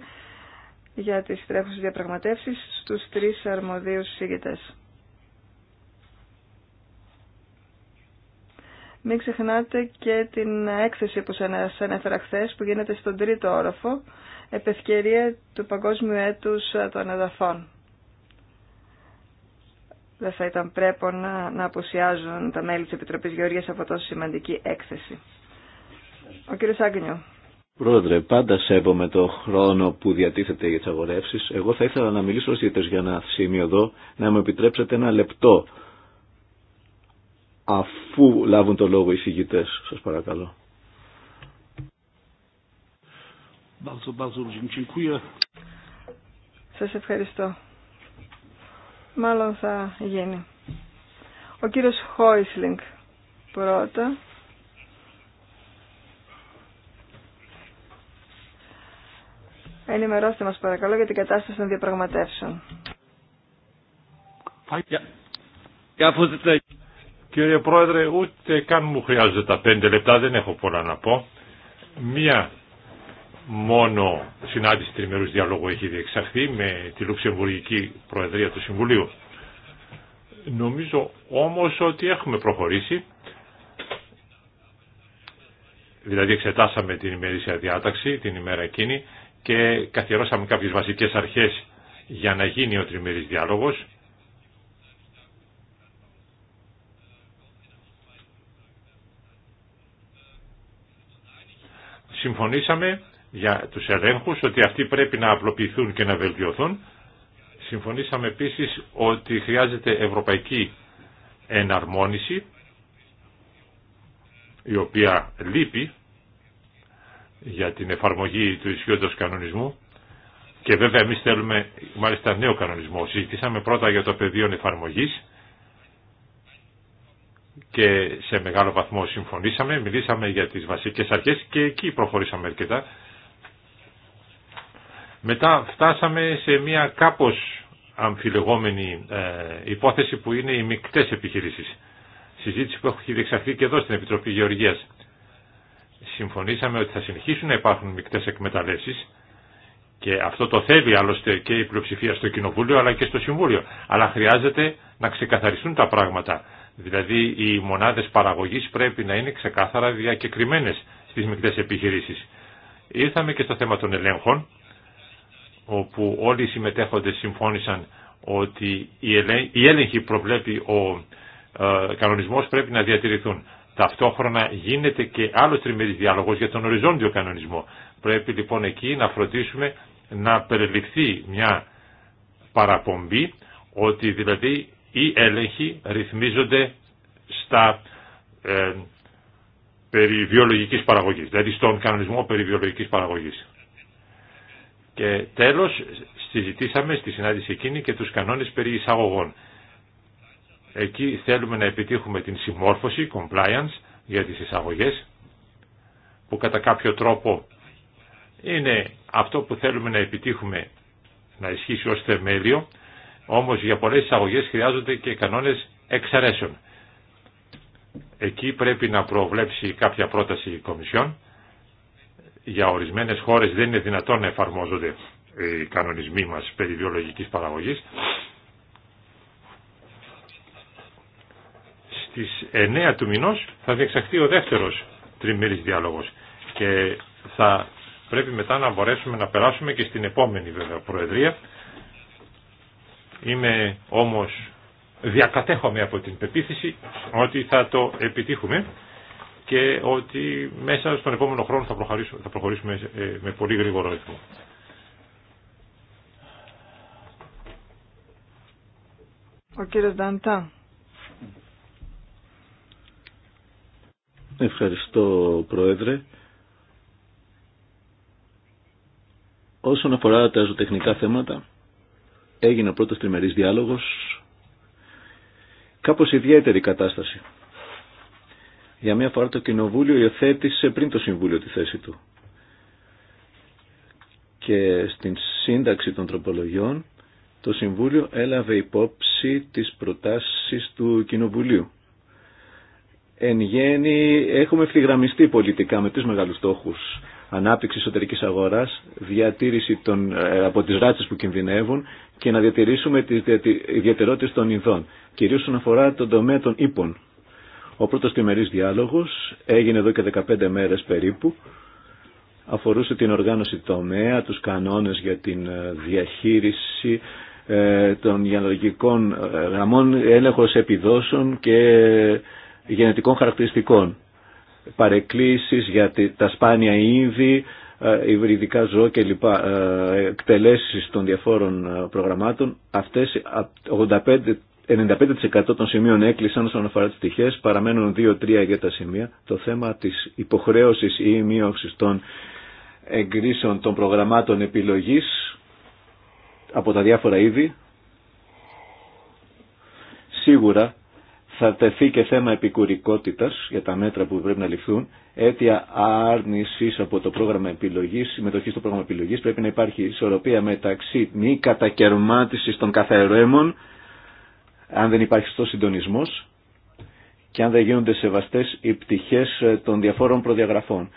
για τι τρέχουσε διαπραγματεύσει στου τρει αρμοδίου συζητητέ. Μην ξεχνάτε και την έκθεση που σας ανέφερα χθε που γίνεται στον τρίτο όροφο, επευκαιρία του Παγκόσμιου Έτους των Εδαφών δεν θα ήταν πρέπον να, να απουσιάζουν τα μέλη της Επιτροπής Γεωργίας από τόσο σημαντική έκθεση. Ο κύριος Άγγινιο. Πρόεδρε, πάντα σέβομαι το χρόνο που διατίθεται για τι αγορεύσει. Εγώ θα ήθελα να μιλήσω ω για ένα σημείο εδώ, να μου επιτρέψετε ένα λεπτό αφού λάβουν το λόγο οι συγγητές, Σας παρακαλώ. Σα ευχαριστώ μάλλον θα γίνει. Ο κύριος Χόισλινγκ πρώτα. Ενημερώστε μας παρακαλώ για την κατάσταση των διαπραγματεύσεων. Κύριε Πρόεδρε, ούτε καν μου χρειάζονται τα πέντε λεπτά, δεν έχω πολλά να πω. Μία μόνο συνάντηση τριμερούς διαλόγου έχει διεξαχθεί με τη Λουξεμβουργική Προεδρία του Συμβουλίου. Νομίζω όμως ότι έχουμε προχωρήσει, δηλαδή εξετάσαμε την ημερήσια διάταξη την ημέρα εκείνη και καθιερώσαμε κάποιες βασικές αρχές για να γίνει ο τριμερής διάλογος. Συμφωνήσαμε για τους ελέγχους, ότι αυτοί πρέπει να απλοποιηθούν και να βελτιωθούν. Συμφωνήσαμε επίσης ότι χρειάζεται ευρωπαϊκή εναρμόνιση, η οποία λείπει για την εφαρμογή του ισχύοντος κανονισμού και βέβαια εμείς θέλουμε μάλιστα νέο κανονισμό. Συζητήσαμε πρώτα για το πεδίο εφαρμογής και σε μεγάλο βαθμό συμφωνήσαμε, μιλήσαμε για τις βασικές αρχές και εκεί προχωρήσαμε αρκετά. Μετά φτάσαμε σε μια κάπως αμφιλεγόμενη ε, υπόθεση που είναι οι μικτές επιχειρήσεις. Συζήτηση που έχει διεξαχθεί και εδώ στην Επιτροπή Γεωργίας. Συμφωνήσαμε ότι θα συνεχίσουν να υπάρχουν μικτές εκμεταλλεύσεις και αυτό το θέλει άλλωστε και η πλειοψηφία στο Κοινοβούλιο αλλά και στο Συμβούλιο. Αλλά χρειάζεται να ξεκαθαριστούν τα πράγματα. Δηλαδή οι μονάδες παραγωγής πρέπει να είναι ξεκάθαρα διακεκριμένες στις μικτές επιχειρήσεις. Ήρθαμε και στο θέμα των ελέγχων όπου όλοι οι συμμετέχοντες συμφώνησαν ότι η έλεγχη προβλέπει ο ε, κανονισμός πρέπει να διατηρηθούν. Ταυτόχρονα γίνεται και άλλος τριμερής διάλογος για τον οριζόντιο κανονισμό. Πρέπει λοιπόν εκεί να φροντίσουμε να περιληφθεί μια παραπομπή ότι δηλαδή οι έλεγχοι ρυθμίζονται στα ε, περί παραγωγής, δηλαδή στον κανονισμό περί παραγωγής. Και τέλος συζητήσαμε στη συνάντηση εκείνη και τους κανόνες περί εισαγωγών. Εκεί θέλουμε να επιτύχουμε την συμμόρφωση, compliance, για τις εισαγωγές, που κατά κάποιο τρόπο είναι αυτό που θέλουμε να επιτύχουμε να ισχύσει ως θεμέλιο, όμως για πολλές εισαγωγές χρειάζονται και κανόνες εξαρέσεων. Εκεί πρέπει να προβλέψει κάποια πρόταση η Κομισιόν για ορισμένες χώρες δεν είναι δυνατόν να εφαρμόζονται οι κανονισμοί μας περί βιολογικής παραγωγής. Στις 9 του μηνός θα διεξαχθεί ο δεύτερος τριμήρης διάλογος και θα πρέπει μετά να μπορέσουμε να περάσουμε και στην επόμενη βέβαια προεδρία. Είμαι όμως διακατέχομαι από την πεποίθηση ότι θα το επιτύχουμε και ότι μέσα στον επόμενο χρόνο θα προχωρήσουμε, ε, με πολύ γρήγορο ρυθμό. Ο Ευχαριστώ Πρόεδρε. Όσον αφορά τα ζωοτεχνικά θέματα, έγινε ο πρώτος τριμερής διάλογος, κάπως ιδιαίτερη κατάσταση. Για μια φορά το Κοινοβούλιο υιοθέτησε πριν το Συμβούλιο τη θέση του. Και στην σύνταξη των τροπολογιών το Συμβούλιο έλαβε υπόψη τις προτάσεις του Κοινοβουλίου. Εν γέννη έχουμε ευθυγραμμιστεί πολιτικά με τους μεγάλους στόχους. Ανάπτυξη εσωτερικής αγοράς, διατήρηση των, ε, από τις ράτσες που κινδυνεύουν και να διατηρήσουμε τις ιδιαιτερότητες των ειδών, κυρίως όσον αφορά τον τομέα των ύπων. Ο πρώτος τριμερής διάλογος έγινε εδώ και 15 μέρες περίπου. Αφορούσε την οργάνωση τομέα, τους κανόνες για την ε, διαχείριση ε, των γεωλογικών ε, γραμμών, έλεγχος επιδόσεων και γενετικών χαρακτηριστικών. Παρεκκλήσεις για τα σπάνια είδη, υβριδικά ζώα κλπ. Εκτελέσεις των διαφόρων προγραμμάτων. Αυτές 85 95% των σημείων έκλεισαν όσον αφορά τις τυχε παραμενουν παραμένουν 2-3 για τα σημεία. Το θέμα τη υποχρέωση ή μείωση των εγκρίσεων των προγραμμάτων επιλογή από τα διάφορα είδη. Σίγουρα θα τεθεί και θέμα επικουρικότητα για τα μέτρα που πρέπει να ληφθούν. Αίτια άρνηση από το πρόγραμμα επιλογή, συμμετοχή στο πρόγραμμα επιλογή πρέπει να υπάρχει ισορροπία μεταξύ μη κατακαιρμάτιση των καθαρέμων αν δεν υπάρχει στο συντονισμός και αν δεν γίνονται σεβαστές οι πτυχές ε, των διαφόρων προδιαγραφών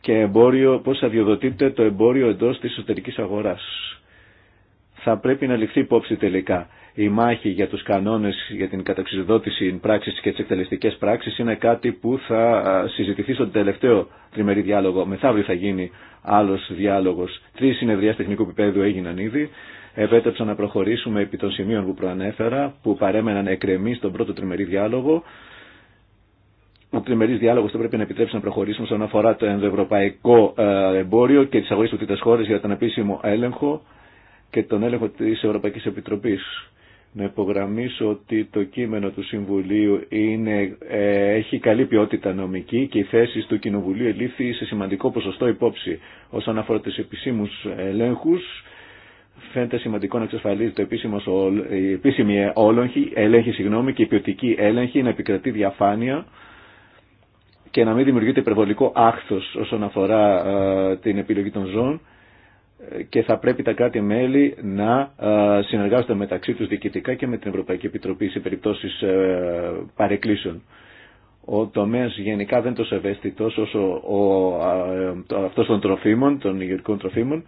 και εμπόριο, πώς αδειοδοτείται το εμπόριο εντός της εσωτερικής αγοράς. Θα πρέπει να ληφθεί υπόψη τελικά. Η μάχη για τους κανόνες για την καταξιδότηση πράξης και τις εκτελεστικές πράξεις είναι κάτι που θα συζητηθεί στον τελευταίο τριμερή διάλογο. Μεθαύριο θα γίνει άλλος διάλογος. Τρεις συνεδρία τεχνικού επίπεδου έγιναν ήδη επέτρεψαν να προχωρήσουμε επί των σημείων που προανέφερα, που παρέμεναν εκρεμεί στον πρώτο τριμερή διάλογο. Ο τριμερή διάλογο δεν πρέπει να επιτρέψει να προχωρήσουμε όσον αφορά το ενδοευρωπαϊκό ε, εμπόριο και τι αγωγέ του τρίτε χώρε για τον επίσημο έλεγχο και τον έλεγχο τη Ευρωπαϊκή Επιτροπή. Να υπογραμμίσω ότι το κείμενο του Συμβουλίου είναι, ε, έχει καλή ποιότητα νομική και οι θέσει του Κοινοβουλίου ελήφθη σε σημαντικό ποσοστό υπόψη όσον αφορά επισήμου ελέγχου φαίνεται σημαντικό να εξασφαλίζεται η επίσημη όλογχη, έλεγχη συγγνώμη, και η ποιοτική έλεγχη, να επικρατεί διαφάνεια και να μην δημιουργείται υπερβολικό άχθος όσον αφορά ε, την επιλογή των ζώων ε, και θα πρέπει τα κράτη-μέλη να ε, συνεργάζονται μεταξύ τους διοικητικά και με την Ευρωπαϊκή Επιτροπή σε περιπτώσεις παρεκκλήσεων. Ο τομέας γενικά δεν είναι τόσο όσο ο, αυτός των τροφίμων, των τροφίμων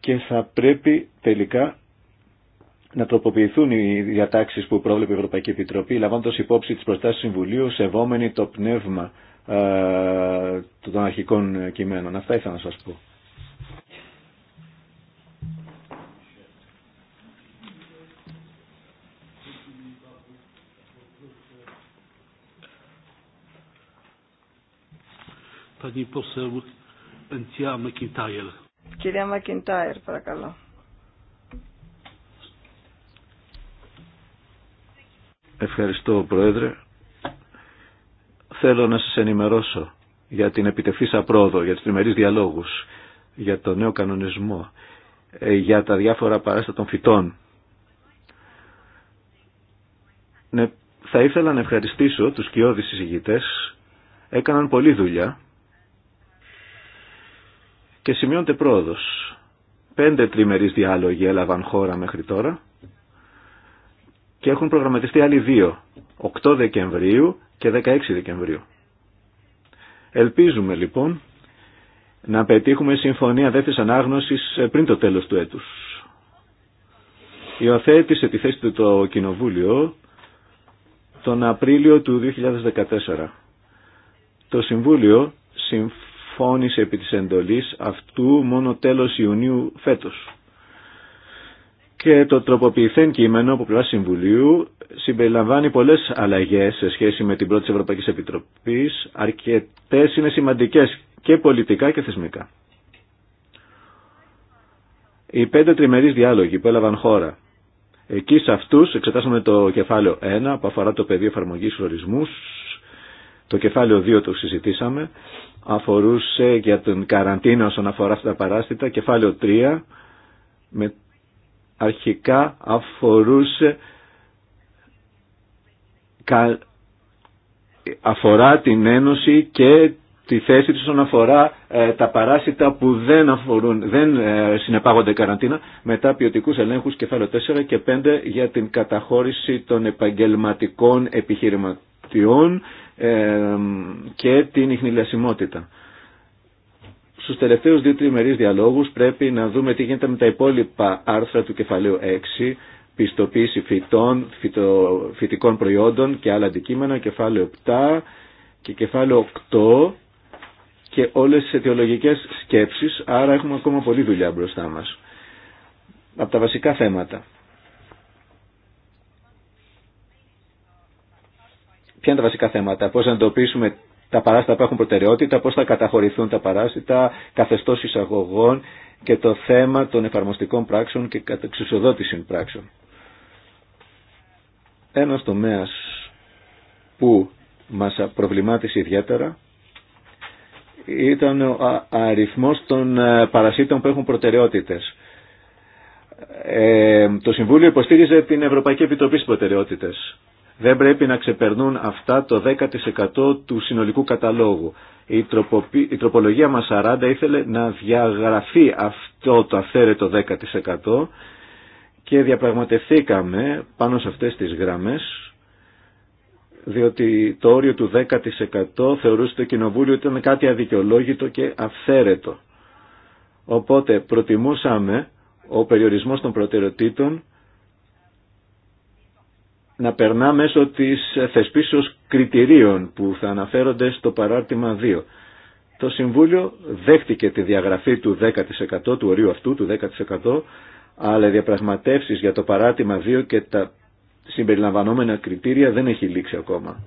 και θα πρέπει τελικά να τροποποιηθούν οι διατάξεις που πρόβλεπε η Ευρωπαϊκή Επιτροπή, λαμβάνοντας υπόψη τις προτάσεις του Συμβουλίου, σεβόμενοι το πνεύμα ε, των αρχικών κειμένων. Αυτά ήθελα να σας πω. Pani poseł Κυρία Μακιντάιρ, παρακαλώ. Ευχαριστώ, Πρόεδρε. Θέλω να σας ενημερώσω για την επιτευθύσα πρόοδο, για τους τριμερείς διαλόγους, για το νέο κανονισμό, ε, για τα διάφορα παράστα των φυτών. Ναι, θα ήθελα να ευχαριστήσω τους κοιόδης συζητητές. Έκαναν πολλή δουλειά και σημειώνεται πρόοδος. Πέντε τριμερείς διάλογοι έλαβαν χώρα μέχρι τώρα και έχουν προγραμματιστεί άλλοι δύο, 8 Δεκεμβρίου και 16 Δεκεμβρίου. Ελπίζουμε λοιπόν να πετύχουμε συμφωνία δεύτερης ανάγνωσης πριν το τέλος του έτους. Υιοθέτησε τη θέση του το Κοινοβούλιο τον Απρίλιο του 2014. Το Συμβούλιο φώνησε επί της εντολής αυτού μόνο τέλος Ιουνίου φέτος. Και το τροποποιηθέν κείμενο από πλευρά Συμβουλίου συμπεριλαμβάνει πολλές αλλαγές σε σχέση με την πρώτη ευρωπαϊκή Ευρωπαϊκής Επιτροπής, αρκετές είναι σημαντικές και πολιτικά και θεσμικά. Οι πέντε τριμερείς διάλογοι που έλαβαν χώρα. Εκεί σε αυτούς εξετάσαμε το κεφάλαιο 1 που αφορά το πεδίο εφαρμογής ορισμούς το κεφάλαιο 2 το συζητήσαμε, αφορούσε για την καραντίνα όσον αφορά αυτά τα παράστητα. Κεφάλαιο 3 με, αρχικά αφορούσε κα, αφορά την Ένωση και τη θέση της όσον αφορά ε, τα παράσιτα που δεν, αφορούν, δεν ε, συνεπάγονται καραντίνα μετά ποιοτικού ελέγχους κεφάλαιο 4 και 5 για την καταχώρηση των επαγγελματικών επιχειρηματών και την ιχνηλασιμότητα. Στου τελευταίου δύο τριμερεί διαλόγου πρέπει να δούμε τι γίνεται με τα υπόλοιπα άρθρα του κεφαλαίου 6, πιστοποίηση φυτών, φυτο, φυτικών προϊόντων και άλλα αντικείμενα, κεφάλαιο 7 και κεφάλαιο 8 και όλες τις αιτιολογικές σκέψεις, άρα έχουμε ακόμα πολλή δουλειά μπροστά μας. Από τα βασικά θέματα. Ποια είναι τα βασικά θέματα, πώς να εντοπίσουμε τα παράστα που έχουν προτεραιότητα, πώς θα καταχωρηθούν τα παράστα, καθεστώς εισαγωγών και το θέμα των εφαρμοστικών πράξεων και εξουσιοδότησης πράξεων. Ένας τομέας που μας προβλημάτισε ιδιαίτερα ήταν ο αριθμός των ε, παρασίτων που έχουν προτεραιότητες. Ε, το Συμβούλιο υποστήριζε την Ευρωπαϊκή Επιτροπή στι προτεραιότητες δεν πρέπει να ξεπερνούν αυτά το 10% του συνολικού καταλόγου. Η, τροπολογία μας 40 ήθελε να διαγραφεί αυτό το αυθαίρετο 10% και διαπραγματευθήκαμε πάνω σε αυτές τις γραμμές διότι το όριο του 10% θεωρούσε το Κοινοβούλιο ότι ήταν κάτι αδικαιολόγητο και αυθαίρετο. Οπότε προτιμούσαμε ο περιορισμός των προτεραιοτήτων να περνά μέσω της θεσπίσεως κριτηρίων που θα αναφέρονται στο παράρτημα 2. Το Συμβούλιο δέχτηκε τη διαγραφή του 10% του ορίου αυτού, του 10%, αλλά οι διαπραγματεύσεις για το παράρτημα 2 και τα συμπεριλαμβανόμενα κριτήρια δεν έχει λήξει ακόμα.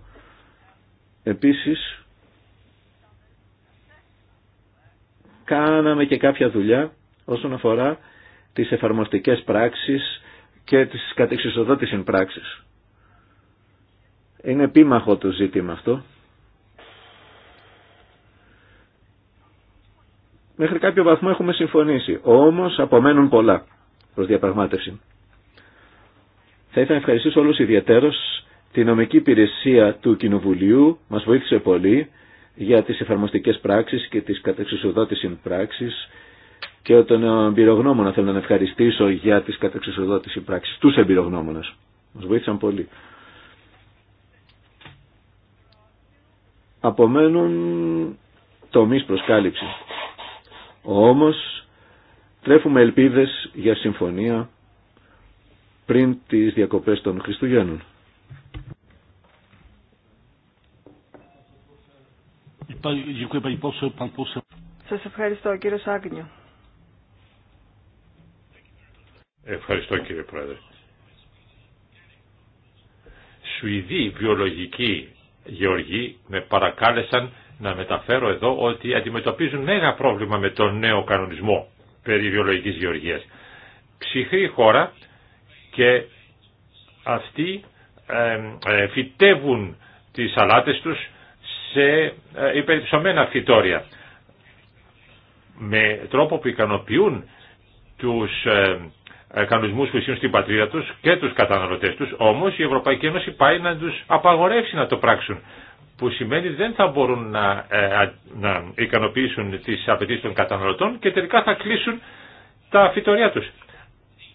Επίσης, κάναμε και κάποια δουλειά όσον αφορά τις εφαρμοστικές πράξεις και τις κατεξισοδότησης πράξεις. Είναι επίμαχο το ζήτημα αυτό. Μέχρι κάποιο βαθμό έχουμε συμφωνήσει. Όμως απομένουν πολλά προς διαπραγμάτευση. Θα ήθελα να ευχαριστήσω όλους ιδιαίτερος τη νομική υπηρεσία του Κοινοβουλίου. Μας βοήθησε πολύ για τις εφαρμοστικές πράξεις και τις κατεξουσιοδότηση πράξεις και τον εμπειρογνώμονα θέλω να ευχαριστήσω για τις κατεξουσιοδότηση πράξεις, τους εμπειρογνώμονες. Μας βοήθησαν πολύ. απομένουν τομείς προσκάλυψη. Όμως τρέφουμε ελπίδες για συμφωνία πριν τις διακοπές των Χριστουγέννων. Σας ευχαριστώ κύριε Σάγνιο. Ευχαριστώ κύριε Πρόεδρε. Σουηδή βιολογική γεωργοί με παρακάλεσαν να μεταφέρω εδώ ότι αντιμετωπίζουν μέγα πρόβλημα με τον νέο κανονισμό περί βιολογικής γεωργίας. Ψυχρή χώρα και αυτοί ε, φυτεύουν τις σαλάτες τους σε ε, υπερυψωμένα φυτόρια με τρόπο που ικανοποιούν τους ε, ε, κανονισμού που ισχύουν στην πατρίδα του και του καταναλωτέ του, όμω, η Ευρωπαϊκή Ένωση πάει να του απαγορεύσει να το πράξουν, που σημαίνει δεν θα μπορούν να, ε, να ικανοποιήσουν τι απαιτήσει των καταναλωτών και τελικά θα κλείσουν τα φυτωρία του.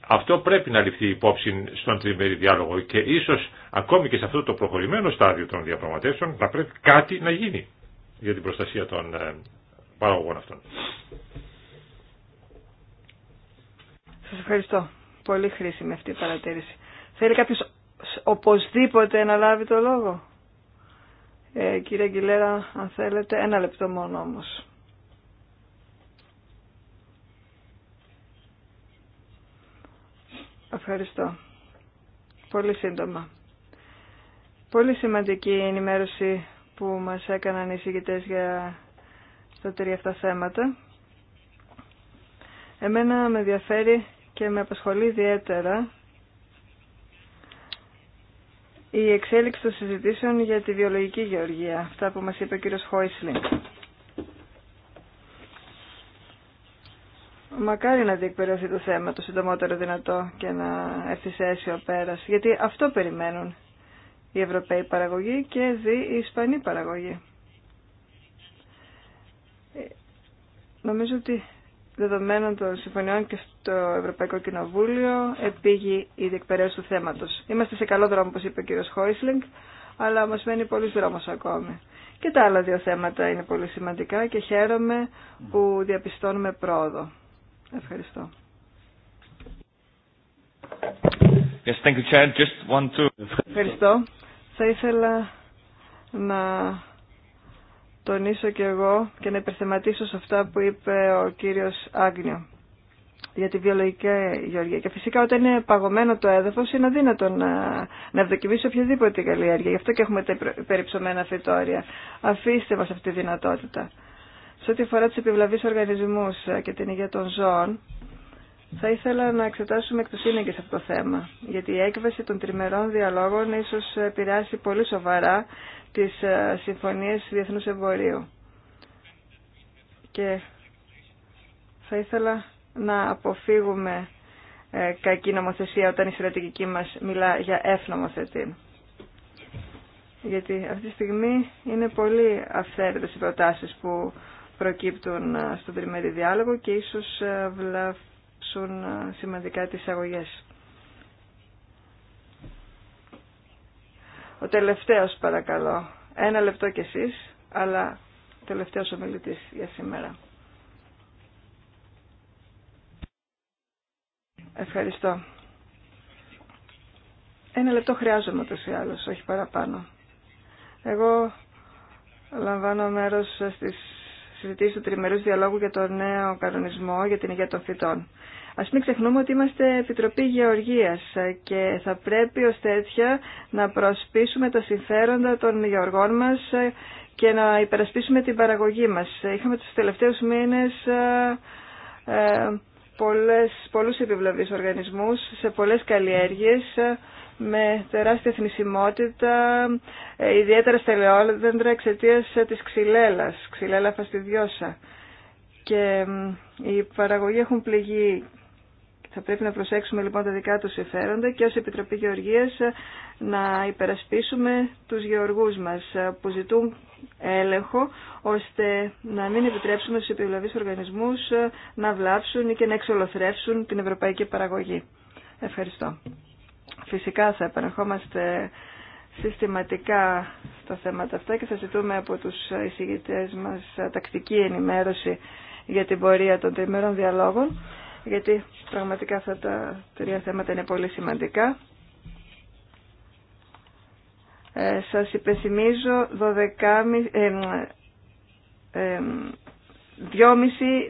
Αυτό πρέπει να ληφθεί υπόψη στον τριμερή διάλογο και ίσω ακόμη και σε αυτό το προχωρημένο στάδιο των διαπραγματεύσεων να πρέπει κάτι να γίνει για την προστασία των ε, παραγωγών αυτών. Σας ευχαριστώ. Πολύ χρήσιμη αυτή η παρατήρηση. Θέλει κάποιος οπωσδήποτε να λάβει το λόγο. Ε, κύριε Αγγιλέρα, αν θέλετε, ένα λεπτό μόνο όμως. Ευχαριστώ. Πολύ σύντομα. Πολύ σημαντική η ενημέρωση που μας έκαναν οι συγκητές για τα τρία αυτά θέματα. Εμένα με ενδιαφέρει και με απασχολεί ιδιαίτερα η εξέλιξη των συζητήσεων για τη βιολογική γεωργία, αυτά που μας είπε ο κύριος Χόισλινγκ. Μακάρι να διεκπαιρεωθεί το θέμα το συντομότερο δυνατό και να έρθει σε αίσιο πέρας, γιατί αυτό περιμένουν η Ευρωπαίοι παραγωγή και δι η Ισπανή παραγωγή. Ε, νομίζω ότι δεδομένων των συμφωνιών και στο Ευρωπαϊκό Κοινοβούλιο επήγει η διεκπαιρέωση του θέματος. Είμαστε σε καλό δρόμο, όπως είπε ο κ. Χόισλινγκ, αλλά μας μένει πολύς δρόμος ακόμη. Και τα άλλα δύο θέματα είναι πολύ σημαντικά και χαίρομαι που διαπιστώνουμε πρόοδο. Ευχαριστώ. Yes, thank you, Just Ευχαριστώ. Θα ήθελα να τονίσω και εγώ και να υπερθεματίσω σε αυτά που είπε ο κύριος Άγνιο για τη βιολογική γεωργία. Και φυσικά όταν είναι παγωμένο το έδαφος είναι αδύνατο να, να ευδοκιμήσει οποιαδήποτε καλλιέργεια. Γι' αυτό και έχουμε τα περιψωμένα φυτόρια. Αφήστε μας αυτή τη δυνατότητα. Σε ό,τι αφορά τους επιβλαβείς οργανισμούς και την υγεία των ζώων, θα ήθελα να εξετάσουμε εκ του σύνεγγε αυτό το θέμα, γιατί η έκβαση των τριμερών διαλόγων ίσω επηρεάσει πολύ σοβαρά της ε, συμφωνίες διεθνούς εμπορίου. Και θα ήθελα να αποφύγουμε ε, κακή νομοθεσία όταν η στρατηγική μας μιλά για ευνομοθετή. Γιατί αυτή τη στιγμή είναι πολύ αυθαίρετες οι προτάσεις που προκύπτουν ε, στον τριμερή διάλογο και ίσως βλάψουν σημαντικά τις αγωγές. Ο τελευταίος παρακαλώ. Ένα λεπτό κι εσείς, αλλά τελευταίος μιλητής για σήμερα. Ευχαριστώ. Ένα λεπτό χρειάζομαι ούτως ή άλλως, όχι παραπάνω. Εγώ λαμβάνω μέρος στις συζητήσεις του τριμερούς διαλόγου για το νέο κανονισμό για την υγεία των φυτών. Α μην ξεχνούμε ότι είμαστε Επιτροπή Γεωργίας και θα πρέπει ω τέτοια να προσπίσουμε τα συμφέροντα των γεωργών μας και να υπερασπίσουμε την παραγωγή μας. Είχαμε τους τελευταίους μήνες ε, ε, πολλού πολλούς επιβλαβείς οργανισμούς σε πολλές καλλιέργειες ε, με τεράστια θνησιμότητα, ιδιαίτερα στα ελαιόδεντρα εξαιτία της ξυλέλα, ξυλέλα φαστιδιώσα. Και οι παραγωγοί έχουν πληγεί θα πρέπει να προσέξουμε λοιπόν τα δικά του συμφέροντα και ω Επιτροπή Γεωργίας να υπερασπίσουμε τους γεωργού μας που ζητούν έλεγχο ώστε να μην επιτρέψουμε στου επιβλαβείς οργανισμούς να βλάψουν ή και να εξολοθρεύσουν την ευρωπαϊκή παραγωγή. Ευχαριστώ. Φυσικά θα επαναρχόμαστε συστηματικά στα θέματα αυτά και θα ζητούμε από τους εισηγητές μας τακτική ενημέρωση για την πορεία των τριμερών διαλόγων γιατί πραγματικά αυτά τα τρία θέματα είναι πολύ σημαντικά. Ε, σας υπενθυμίζω 12.30 ε, ε,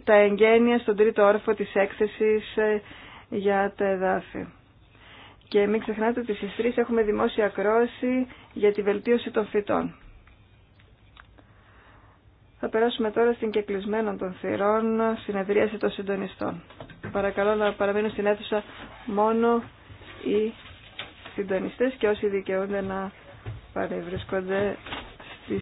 τα εγγένεια στον τρίτο όρφο της έκθεσης ε, για τα εδάφη. Και μην ξεχνάτε ότι στις 3 έχουμε δημόσια ακρόαση για τη βελτίωση των φυτών. Θα περάσουμε τώρα στην κεκλεισμένο των θυρών συνεδρίαση των συντονιστών. Παρακαλώ να παραμείνουν στην αίθουσα μόνο οι συντονιστές και όσοι δικαιούνται να παρευρίσκονται